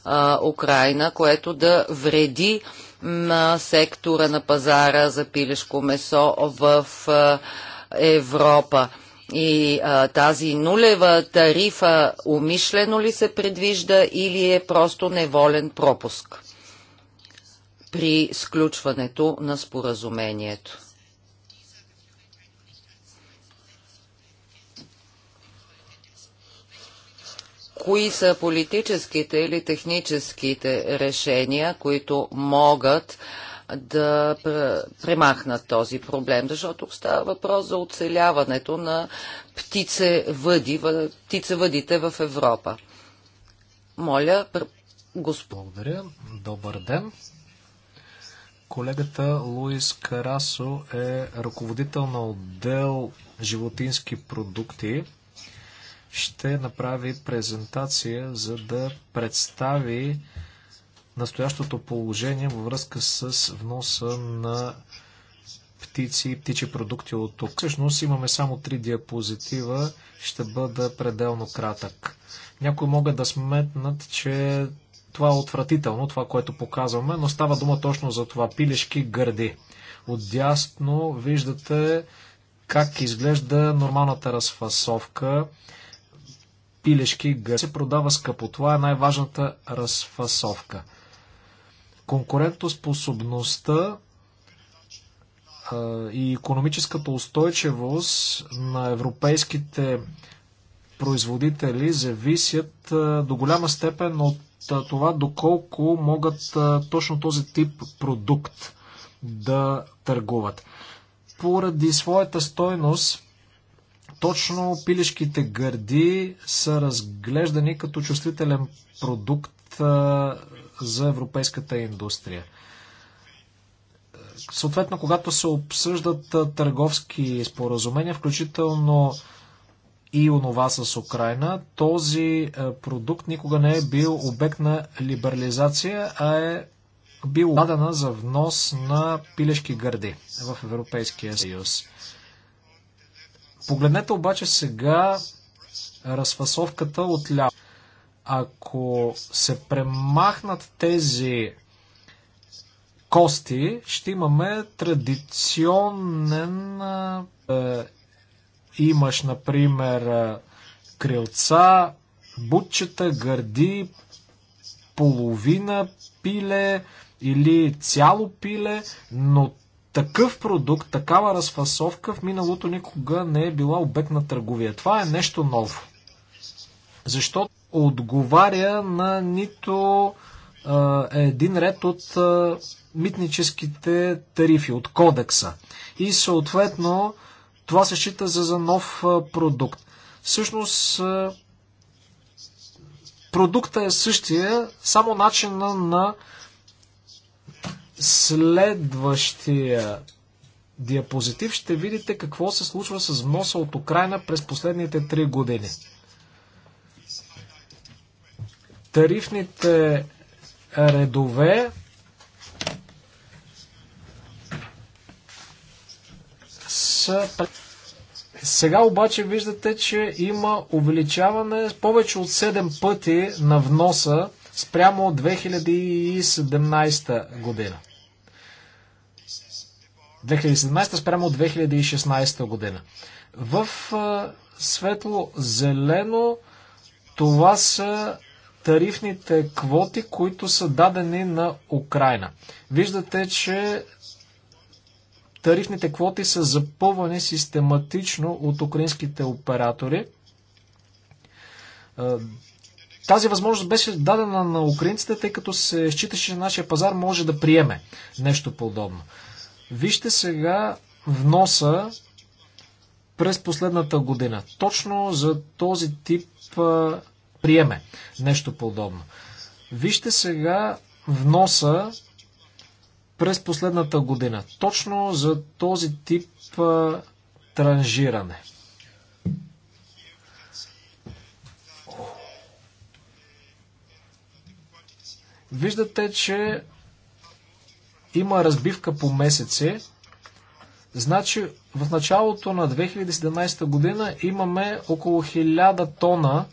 а, Украина, което да вреди на сектора на пазара за пилешко месо в а, Европа? И а, тази нулева тарифа умишлено ли се предвижда или е просто неволен пропуск при сключването на споразумението? кои са политическите или техническите решения, които могат да премахнат този проблем, защото става въпрос за оцеляването на птицевъди, птицевъдите в Европа. Моля, господин, Благодаря. Добър ден. Колегата Луис Карасо е ръководител на отдел животински продукти ще направи презентация, за да представи настоящото положение във връзка с вноса на птици и птичи продукти от тук. Всъщност имаме само три диапозитива, ще бъда пределно кратък. Някои могат да сметнат, че това е отвратително, това, което показваме, но става дума точно за това. Пилешки гърди. Отдясно виждате как изглежда нормалната разфасовка пилешки гъс се продава скъпо. Това е най-важната разфасовка. Конкурентоспособността и економическата устойчивост на европейските производители зависят до голяма степен от това доколко могат точно този тип продукт да търгуват. Поради своята стойност, точно пилешките гърди са разглеждани като чувствителен продукт за европейската индустрия. Съответно, когато се обсъждат търговски споразумения, включително и онова с Украина, този продукт никога не е бил обект на либерализация, а е бил дадена за внос на пилешки гърди в Европейския съюз. Погледнете обаче сега разфасовката от ляво. Ако се премахнат тези кости, ще имаме традиционен е, имаш, например, крилца, бутчета, гърди, половина пиле или цяло пиле, но такъв продукт, такава разфасовка в миналото никога не е била обект на търговия. Това е нещо ново. Защото отговаря на нито а, един ред от а, митническите тарифи, от кодекса. И съответно това се счита за, за нов а, продукт. Всъщност а, продукта е същия, само начина на на следващия диапозитив ще видите какво се случва с вноса от Украина през последните три години. Тарифните редове са... Сега обаче виждате, че има увеличаване повече от 7 пъти на вноса спрямо от 2017 година. 2017 спрямо 2016 година. В светло-зелено това са тарифните квоти, които са дадени на Украина. Виждате, че тарифните квоти са запълвани систематично от украинските оператори. Тази възможност беше дадена на украинците, тъй като се считаше, че нашия пазар може да приеме нещо подобно. Вижте сега вноса през последната година. Точно за този тип а, приеме нещо подобно. Вижте сега вноса през последната година. Точно за този тип а, транжиране. Виждате, че има разбивка по месеци. Значи в началото на 2017 година имаме около 1000 тона,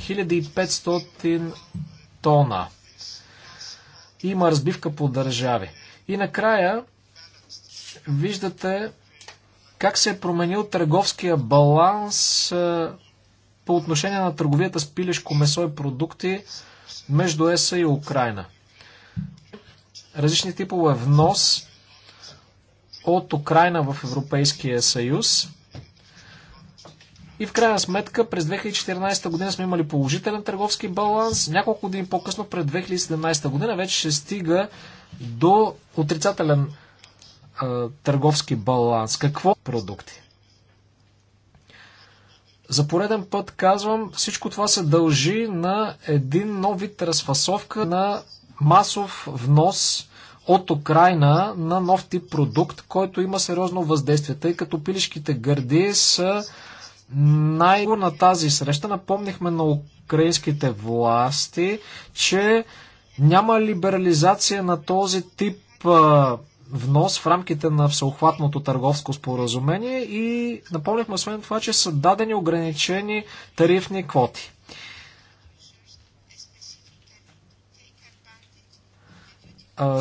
1500 тона. Има разбивка по държави. И накрая виждате как се е променил търговския баланс е, по отношение на търговията с пилешко месо и продукти между ЕСА и Украина различни типове внос от Украина в Европейския съюз. И в крайна сметка през 2014 година сме имали положителен търговски баланс. Няколко години по-късно, през 2017 година, вече ще стига до отрицателен а, търговски баланс. Какво продукти? За пореден път казвам, всичко това се дължи на един нов вид разфасовка на масов внос от Украина на нов тип продукт, който има сериозно въздействие, тъй като пилишките гърди са най на тази среща. Напомнихме на украинските власти, че няма либерализация на този тип внос в рамките на всеохватното търговско споразумение и напомнихме освен това, че са дадени ограничени тарифни квоти.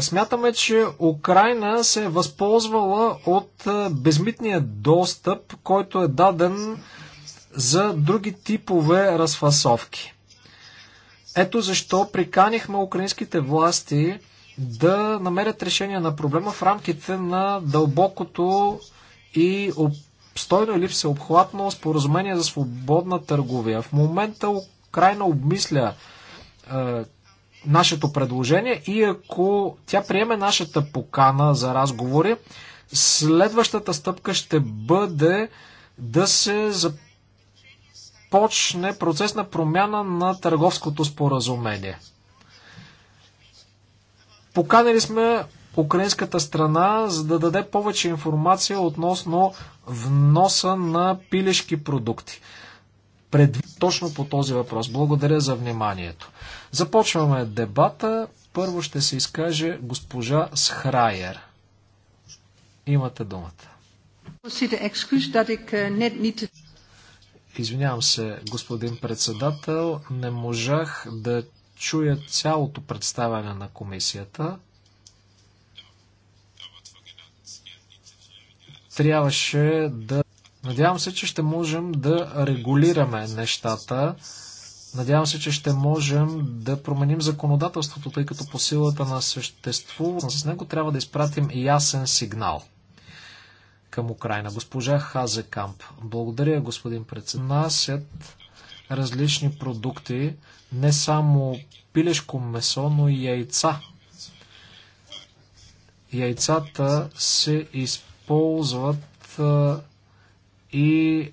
Смятаме, че Украина се е възползвала от безмитния достъп, който е даден за други типове разфасовки. Ето защо приканихме украинските власти да намерят решение на проблема в рамките на дълбокото и обстойно или всеобхватно споразумение за свободна търговия. В момента Украина обмисля нашето предложение и ако тя приеме нашата покана за разговори, следващата стъпка ще бъде да се започне процес на промяна на търговското споразумение. Поканили сме украинската страна, за да даде повече информация относно вноса на пилешки продукти предвид точно по този въпрос. Благодаря за вниманието. Започваме дебата. Първо ще се изкаже госпожа Схрайер. Имате думата. Извинявам се, господин председател, не можах да чуя цялото представяне на комисията. Трябваше да Надявам се, че ще можем да регулираме нещата. Надявам се, че ще можем да променим законодателството, тъй като по силата на същество с него трябва да изпратим ясен сигнал към Украина. Госпожа Хазекамп, благодаря, господин председател. Насят различни продукти, не само пилешко месо, но и яйца. Яйцата се използват и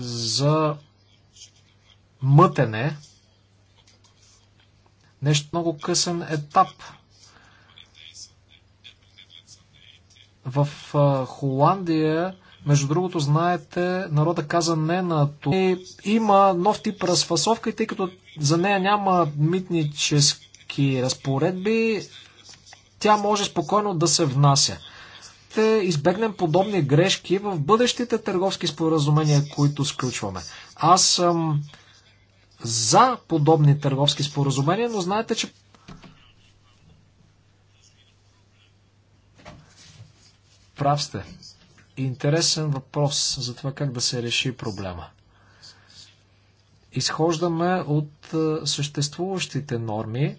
за мътене. Нещо много късен етап. В Холандия, между другото, знаете, народа каза не на това. Има нов тип разфасовка и тъй като за нея няма митнически разпоредби, тя може спокойно да се внася ще избегнем подобни грешки в бъдещите търговски споразумения, които сключваме. Аз съм за подобни търговски споразумения, но знаете, че прав сте. Интересен въпрос за това как да се реши проблема. Изхождаме от е, съществуващите норми,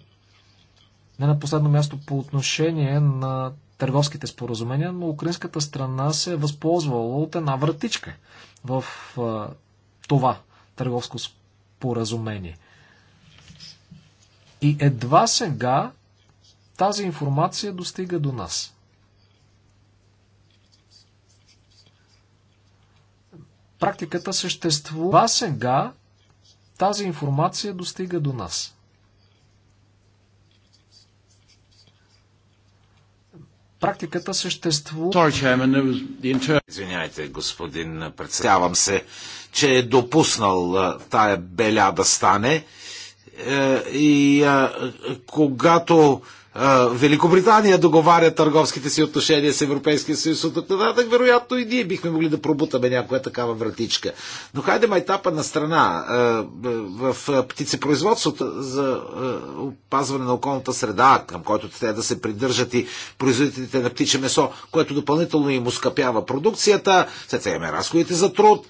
не на последно място по отношение на търговските споразумения, но украинската страна се е възползвала от една вратичка в а, това търговско споразумение. И едва сега тази информация достига до нас. Практиката съществува. Едва сега тази информация достига до нас. практиката съществува. Извинявайте, господин председавам се, че е допуснал тая беля да стане. Е, и когато Великобритания договаря търговските си отношения с Европейския съюз от нататък, вероятно и ние бихме могли да пробутаме някоя такава вратичка. Но хайде майтапа на страна в птицепроизводството за опазване на околната среда, към който трябва да се придържат и производителите на птиче месо, което допълнително им ускъпява продукцията, след това имаме разходите за труд,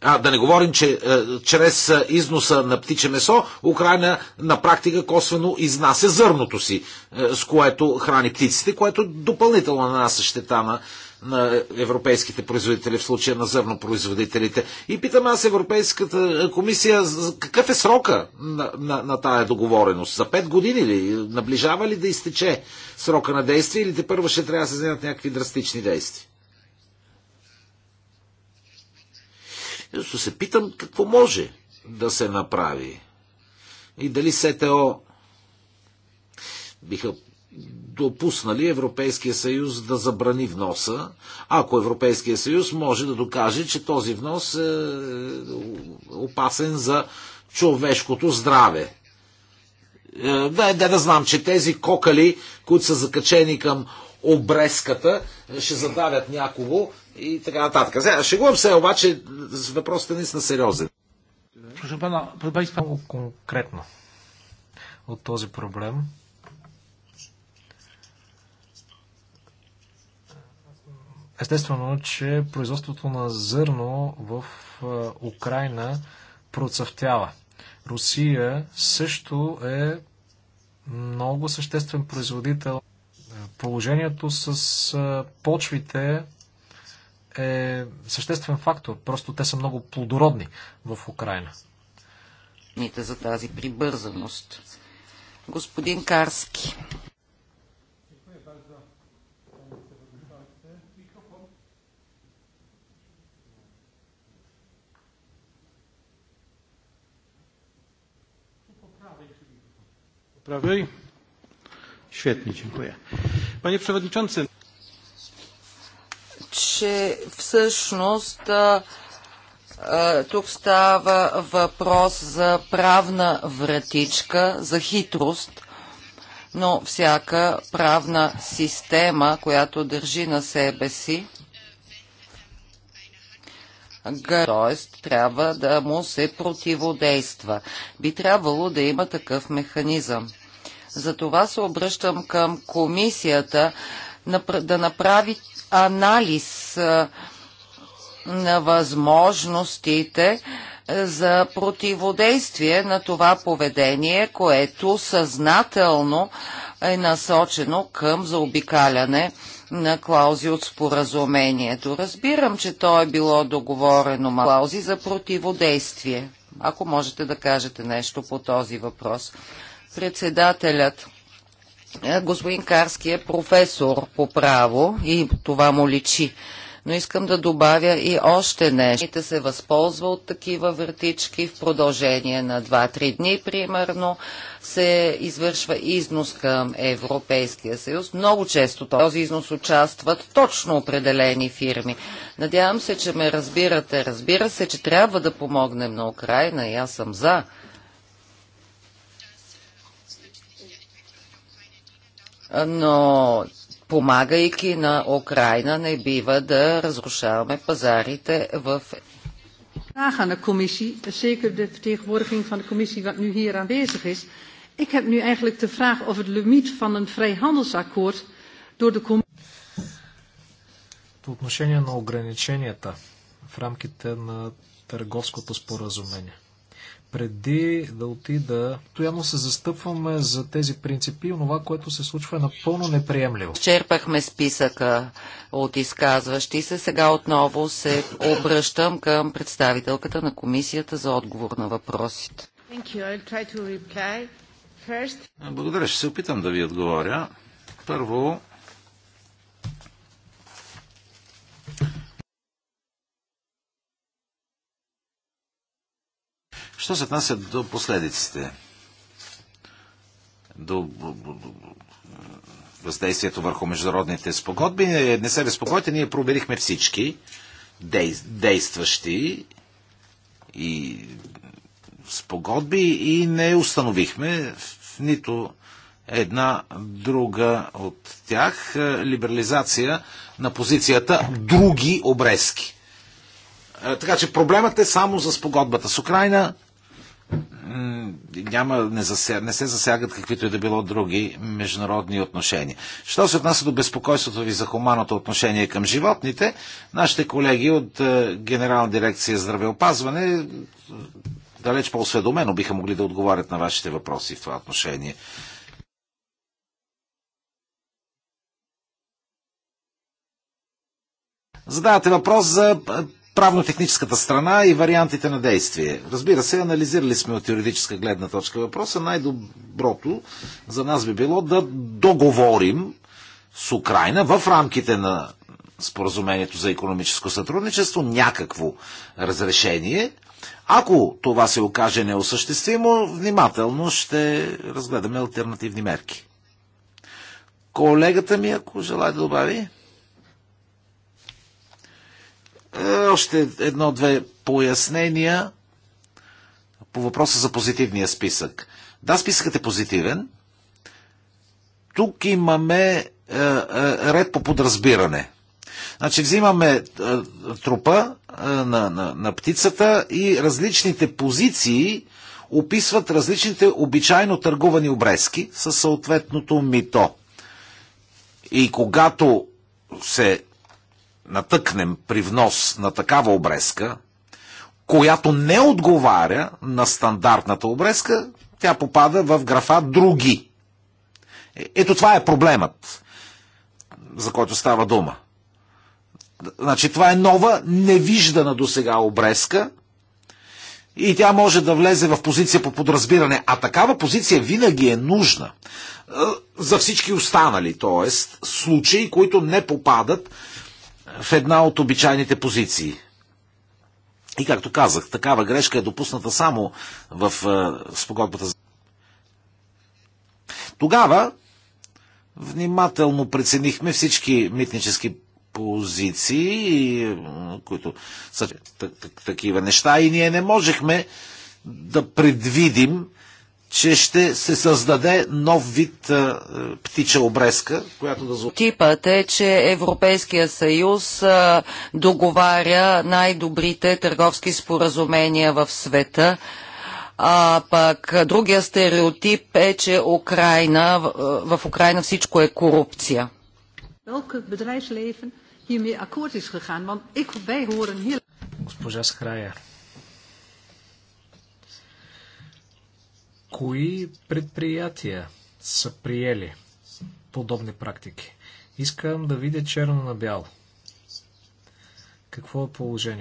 а да не говорим, че е, чрез е, износа на птиче месо Украина на практика косвено изнася зърното си, е, с което храни птиците, което допълнително на нас щета на, на европейските производители, в случая на зърнопроизводителите. И питам аз Европейската комисия, какъв е срока на, на, на тая договореност? За пет години ли? Наближава ли да изтече срока на действие или те първо ще трябва да се вземат някакви драстични действия? Защото се питам какво може да се направи. И дали СТО биха допуснали Европейския съюз да забрани вноса, ако Европейския съюз може да докаже, че този внос е, е опасен за човешкото здраве. Е, да, да, да знам, че тези кокали, които са закачени към обрезката, ще задавят някого и така нататък. Сега, шегувам се, обаче въпросът е наистина сериозен. Прошу пана, много конкретно от този проблем. Естествено, че производството на зърно в Украина процъфтява. Русия също е много съществен производител. Положението с почвите е съществен фактор. Просто те са много плодородни в Украина. За тази прибързаност. Господин Карски. prawej. Świetnie, dziękuję. Panie Przewodniczący че всъщност тук става въпрос за правна вратичка, за хитрост, но всяка правна система, която държи на себе си, т.е. трябва да му се противодейства. Би трябвало да има такъв механизъм. Затова се обръщам към комисията да направи анализ на възможностите за противодействие на това поведение, което съзнателно е насочено към заобикаляне на клаузи от споразумението. Разбирам, че то е било договорено клаузи за противодействие. Ако можете да кажете нещо по този въпрос. Председателят е, господин Карски е професор по право и това му личи. Но искам да добавя и още нещо. се възползва от такива вертички в продължение на 2-3 дни, примерно, се извършва износ към Европейския съюз. Много често този износ участват точно определени фирми. Надявам се, че ме разбирате. Разбира се, че трябва да помогнем на Украина и аз съм за. но помагайки на Украина не бива да разрушаваме пазарите в vraag aan de commissie, zeker de vertegenwoordiging van de commissie wat nu hier aanwezig is. Ik heb nu eigenlijk de vraag of het limiet van een vrijhandelsakkoord door de commissie. По отношение на ограниченията в рамките на търговското споразумение преди да отида, постоянно се застъпваме за тези принципи и това, което се случва е напълно неприемливо. Черпахме списъка от изказващи се. Сега отново се обръщам към представителката на комисията за отговор на въпросите. Благодаря. Ще се опитам да ви отговоря. Първо, Що се отнася до последиците? До въздействието върху международните спогодби. Не се безпокойте, ние проверихме всички действащи и спогодби и не установихме в нито една друга от тях либерализация на позицията други обрезки. Е, така че проблемът е само за спогодбата с Украина, няма, не, засяг, не се засягат каквито и да било други международни отношения. Що се отнася до безпокойството ви за хуманното отношение към животните, нашите колеги от е, Генерална дирекция здравеопазване е, далеч по-осведомено биха могли да отговарят на вашите въпроси в това отношение. Задавате въпрос за е, правно-техническата страна и вариантите на действие. Разбира се, анализирали сме от юридическа гледна точка въпроса. Най-доброто за нас би било да договорим с Украина в рамките на споразумението за економическо сътрудничество някакво разрешение. Ако това се окаже неосъществимо, внимателно ще разгледаме альтернативни мерки. Колегата ми, ако желая да добави. Е, още едно-две пояснения по въпроса за позитивния списък. Да, списъкът е позитивен. Тук имаме е, е, ред по подразбиране. Значи взимаме е, трупа е, на, на, на птицата и различните позиции описват различните обичайно търгувани обрезки със съответното мито. И когато се натъкнем при внос на такава обрезка, която не отговаря на стандартната обрезка, тя попада в графа други. Е, ето това е проблемът, за който става дума. Значи това е нова, невиждана до сега обрезка и тя може да влезе в позиция по подразбиране. А такава позиция винаги е нужна е, за всички останали, т.е. случаи, които не попадат в една от обичайните позиции. И както казах, такава грешка е допусната само в е, спогодбата. Тогава внимателно преценихме всички митнически позиции, е, които са такива неща и ние не можехме да предвидим че ще се създаде нов вид а, птича обрезка, която да звучи. Типът е, че Европейския съюз а, договаря най-добрите търговски споразумения в света. А пък другия стереотип е, че Украина, в, в Украина всичко е корупция. Госпожа Схрая. Кои предприятия са приели подобни практики? Искам да видя черно на бяло. Какво е положението?